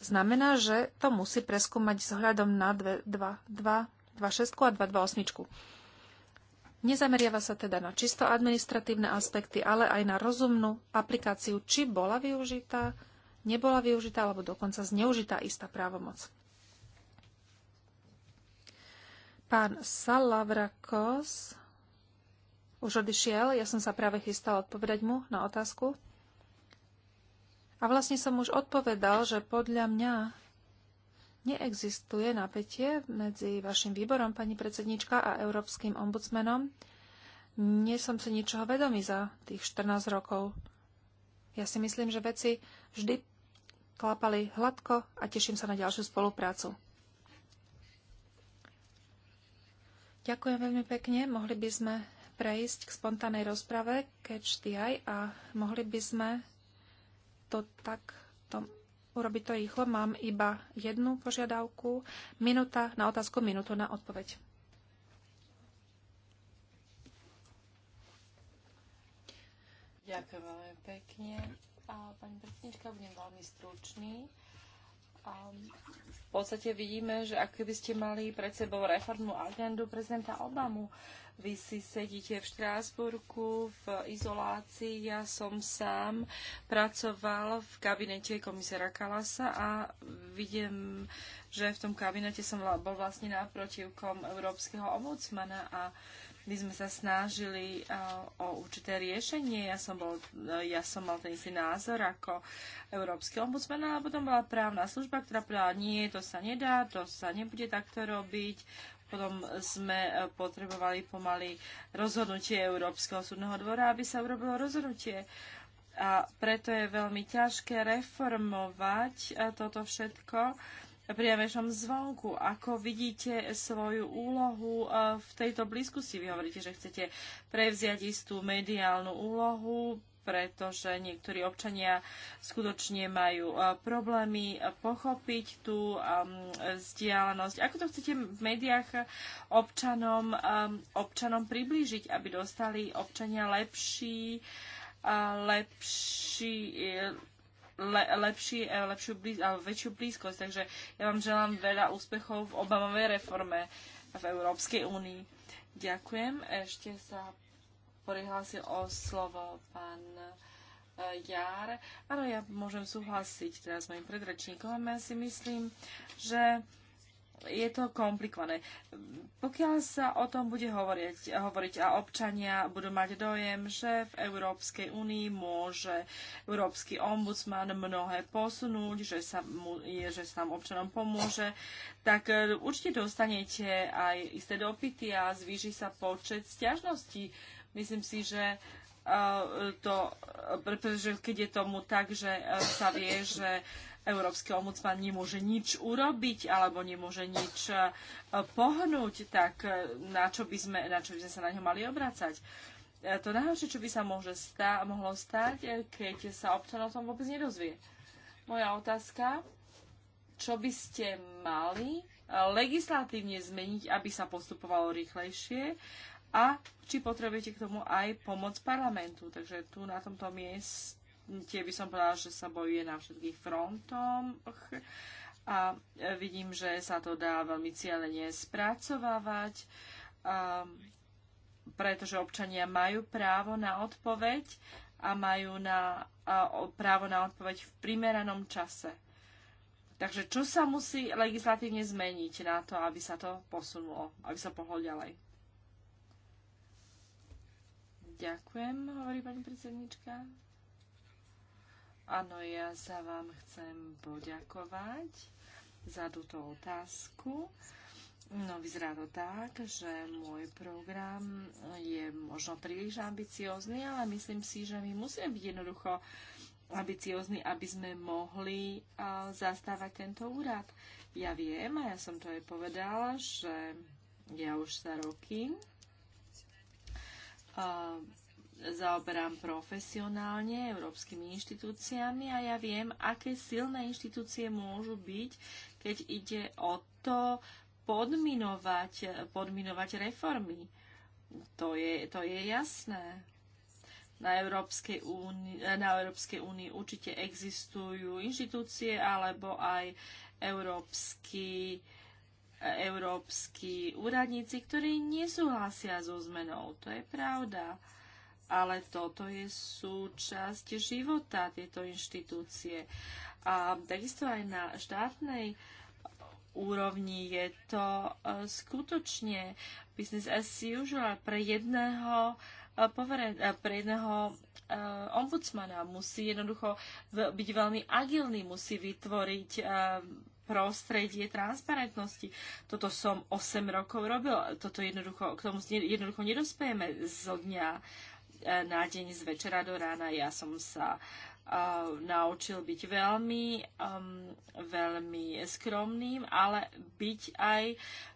znamená, že to musí preskúmať s hľadom na 2.6 a 2.2.8. Nezameriava sa teda na čisto administratívne aspekty, ale aj na rozumnú aplikáciu, či bola využitá, nebola využitá alebo dokonca zneužitá istá právomoc. Pán Salavrakos už odišiel, ja som sa práve chystal odpovedať mu na otázku. A vlastne som už odpovedal, že podľa mňa neexistuje napätie medzi vašim výborom, pani predsednička, a európskym ombudsmenom. Nie som si ničoho vedomý za tých 14 rokov. Ja si myslím, že veci vždy klapali hladko a teším sa na ďalšiu spoluprácu. Ďakujem veľmi pekne. Mohli by sme prejsť k spontánej rozprave Catch the Eye a mohli by sme to tak tom urobiť to rýchlo. Mám iba jednu požiadavku. Minúta na otázku, minútu na odpoveď. Ďakujem veľmi pekne. A pani predsednička, budem veľmi stručný. A v podstate vidíme, že ak by ste mali pred sebou reformnú agendu prezidenta Obamu, vy si sedíte v Štrásburku v izolácii. Ja som sám pracoval v kabinete komisera Kalasa a vidím, že v tom kabinete som bol vlastne náprotivkom európskeho ombudsmana a my sme sa snažili o určité riešenie. Ja som, bol, ja som mal ten istý názor ako Európsky ombudsman, ale potom bola právna služba, ktorá povedala, nie, to sa nedá, to sa nebude takto robiť, potom sme e, potrebovali pomaly rozhodnutie Európskeho súdneho dvora, aby sa urobilo rozhodnutie. A preto je veľmi ťažké reformovať e, toto všetko priamešom zvonku. Ako vidíte svoju úlohu e, v tejto blízkosti? Vy hovoríte, že chcete prevziať istú mediálnu úlohu, pretože niektorí občania skutočne majú problémy pochopiť tú vzdialenosť. Ako to chcete v médiách občanom, občanom priblížiť, aby dostali občania lepší, lepší e, le, lepší, e, lepšiu blíz, väčšiu blízkosť. Takže ja vám želám veľa úspechov v Obamovej reforme v Európskej únii. Ďakujem. Ešte sa prihlásil o slovo pán e, Jár. Áno, ja môžem súhlasiť teraz s mojim predrečníkom. Ja si myslím, že je to komplikované. Pokiaľ sa o tom bude hovoriť, hovoriť a občania budú mať dojem, že v Európskej únii môže Európsky ombudsman mnohé posunúť, že sa, mu, že sa tam občanom pomôže, tak e, určite dostanete aj isté dopity a zvýši sa počet stiažností Myslím si, že e, to, pretože keď je tomu tak, že e, sa vie, že Európsky ombudsman nemôže nič urobiť alebo nemôže nič e, pohnúť, tak na čo by sme, na čo by sme sa na ňo mali obrácať? To najhoršie, čo by sa môže stá, mohlo stať, keď sa občan o tom vôbec nedozvie. Moja otázka, čo by ste mali legislatívne zmeniť, aby sa postupovalo rýchlejšie a či potrebujete k tomu aj pomoc parlamentu. Takže tu na tomto mieste by som povedala, že sa bojuje na všetkých frontoch a vidím, že sa to dá veľmi cieľene spracovávať, pretože občania majú právo na odpoveď a majú na, a, právo na odpoveď v primeranom čase. Takže čo sa musí legislatívne zmeniť na to, aby sa to posunulo, aby sa pohol ďalej? Ďakujem, hovorí pani predsednička. Áno, ja sa vám chcem poďakovať za túto otázku. No, vyzerá to tak, že môj program je možno príliš ambiciózny, ale myslím si, že my musíme byť jednoducho ambiciózni, aby sme mohli uh, zastávať tento úrad. Ja viem, a ja som to aj povedala, že ja už sa roky Eh, zaoberám profesionálne európskymi inštitúciami a ja viem, aké silné inštitúcie môžu byť, keď ide o to podminovať, podminovať reformy. To je, to je jasné na Európskej, úni, na Európskej únii určite existujú inštitúcie alebo aj európsky európsky úradníci, ktorí nesúhlasia so zmenou. To je pravda. Ale toto je súčasť života tieto inštitúcie. A takisto aj na štátnej úrovni je to e, skutočne business as usual pre jedného e, e, pre jedného ombudsmana. Musí jednoducho byť veľmi agilný, musí vytvoriť prostredie transparentnosti. Toto som 8 rokov robil, toto jednoducho, k tomu jednoducho nedospejeme zo dňa e, na deň, z večera do rána. Ja som sa uh, naučil byť veľmi, um, veľmi skromným, ale byť aj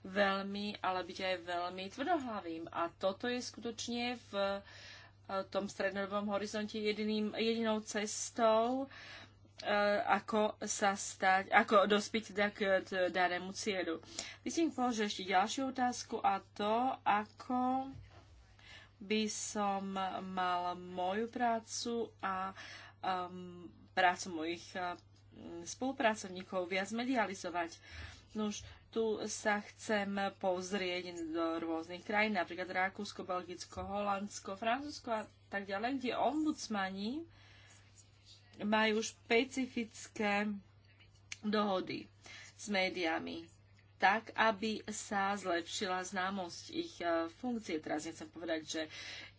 veľmi, ale byť aj veľmi tvrdohlavým. A toto je skutočne v uh, tom strednodobom horizonte jediným, jedinou cestou uh, Eh, ako sa stať, ako dospiť teda k danému cieľu. Vy si položil ešte ďalšiu otázku a to, ako by som mal moju prácu a um, prácu mojich uh, spolupracovníkov viac medializovať. Nuž, tu sa chcem pozrieť do rôznych krajín, napríklad Rakúsko, Belgicko, Holandsko, Francúzsko a tak ďalej, kde ombudsmani uh, majú špecifické dohody s médiami tak, aby sa zlepšila známosť ich e, funkcie. Teraz nechcem povedať, že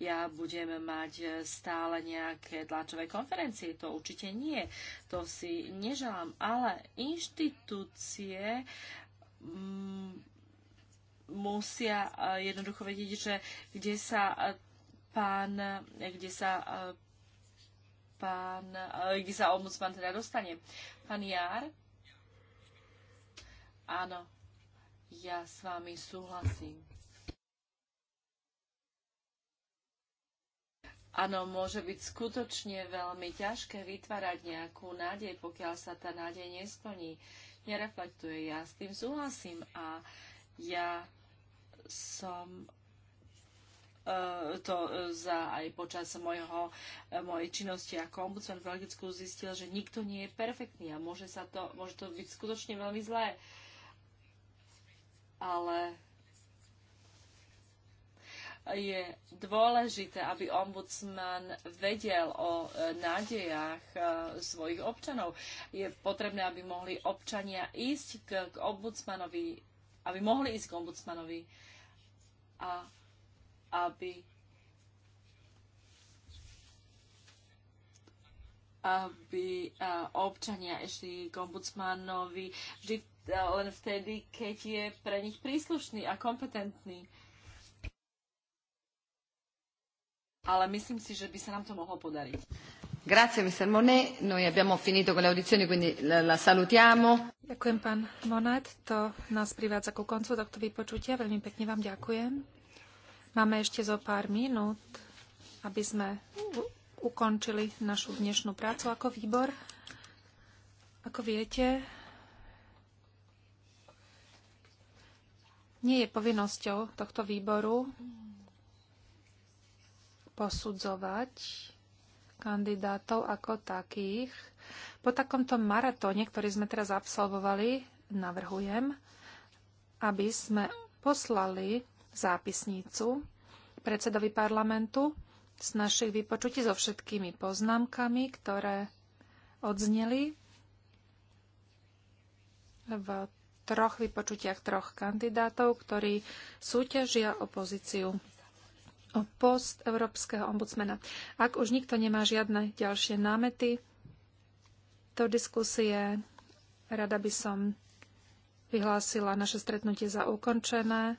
ja budem mať e, stále nejaké tlačové konferencie. To určite nie. To si neželám. Ale inštitúcie mm, musia e, jednoducho vedieť, že kde sa pán, kde sa pán, eh, kde sa ombudsman teda dostane. Pán Jár? Áno, ja s vami súhlasím. Áno, môže byť skutočne veľmi ťažké vytvárať nejakú nádej, pokiaľ sa tá nádej nesplní. Nereflektuje, ja s tým súhlasím a ja som Eh, to eh, za aj počas mojho, eh, mojej činnosti ako ombudsman v Belgicku zistil, že nikto nie je perfektný a môže, sa to, môže to byť skutočne veľmi zlé. Ale je dôležité, aby ombudsman vedel o nádejach svojich občanov. Je potrebné, aby mohli občania ísť k, ombudsmanovi, aby mohli ísť k ombudsmanovi a aby aby občania išli k ombudsmanovi vždy len vtedy, keď je pre nich príslušný a kompetentný. Ale myslím si, že by sa nám to mohlo podariť. Grazie, Mr. Monet. Noi abbiamo finito con le audizioni, quindi la, salutiamo. Ďakujem, pán Monet. To nás privádza ku koncu tohto vypočutia. Veľmi pekne vám ďakujem. Máme ešte zo pár minút, aby sme ukončili našu dnešnú prácu ako výbor. Ako viete, nie je povinnosťou tohto výboru posudzovať kandidátov ako takých. Po takomto maratóne, ktorý sme teraz absolvovali, navrhujem, aby sme poslali zápisnicu predsedovi parlamentu z našich vypočutí so všetkými poznámkami, ktoré odzneli v troch vypočutiach troch kandidátov, ktorí súťažia o pozíciu o post Európskeho ombudsmena. Ak už nikto nemá žiadne ďalšie námety do diskusie, rada by som vyhlásila naše stretnutie za ukončené.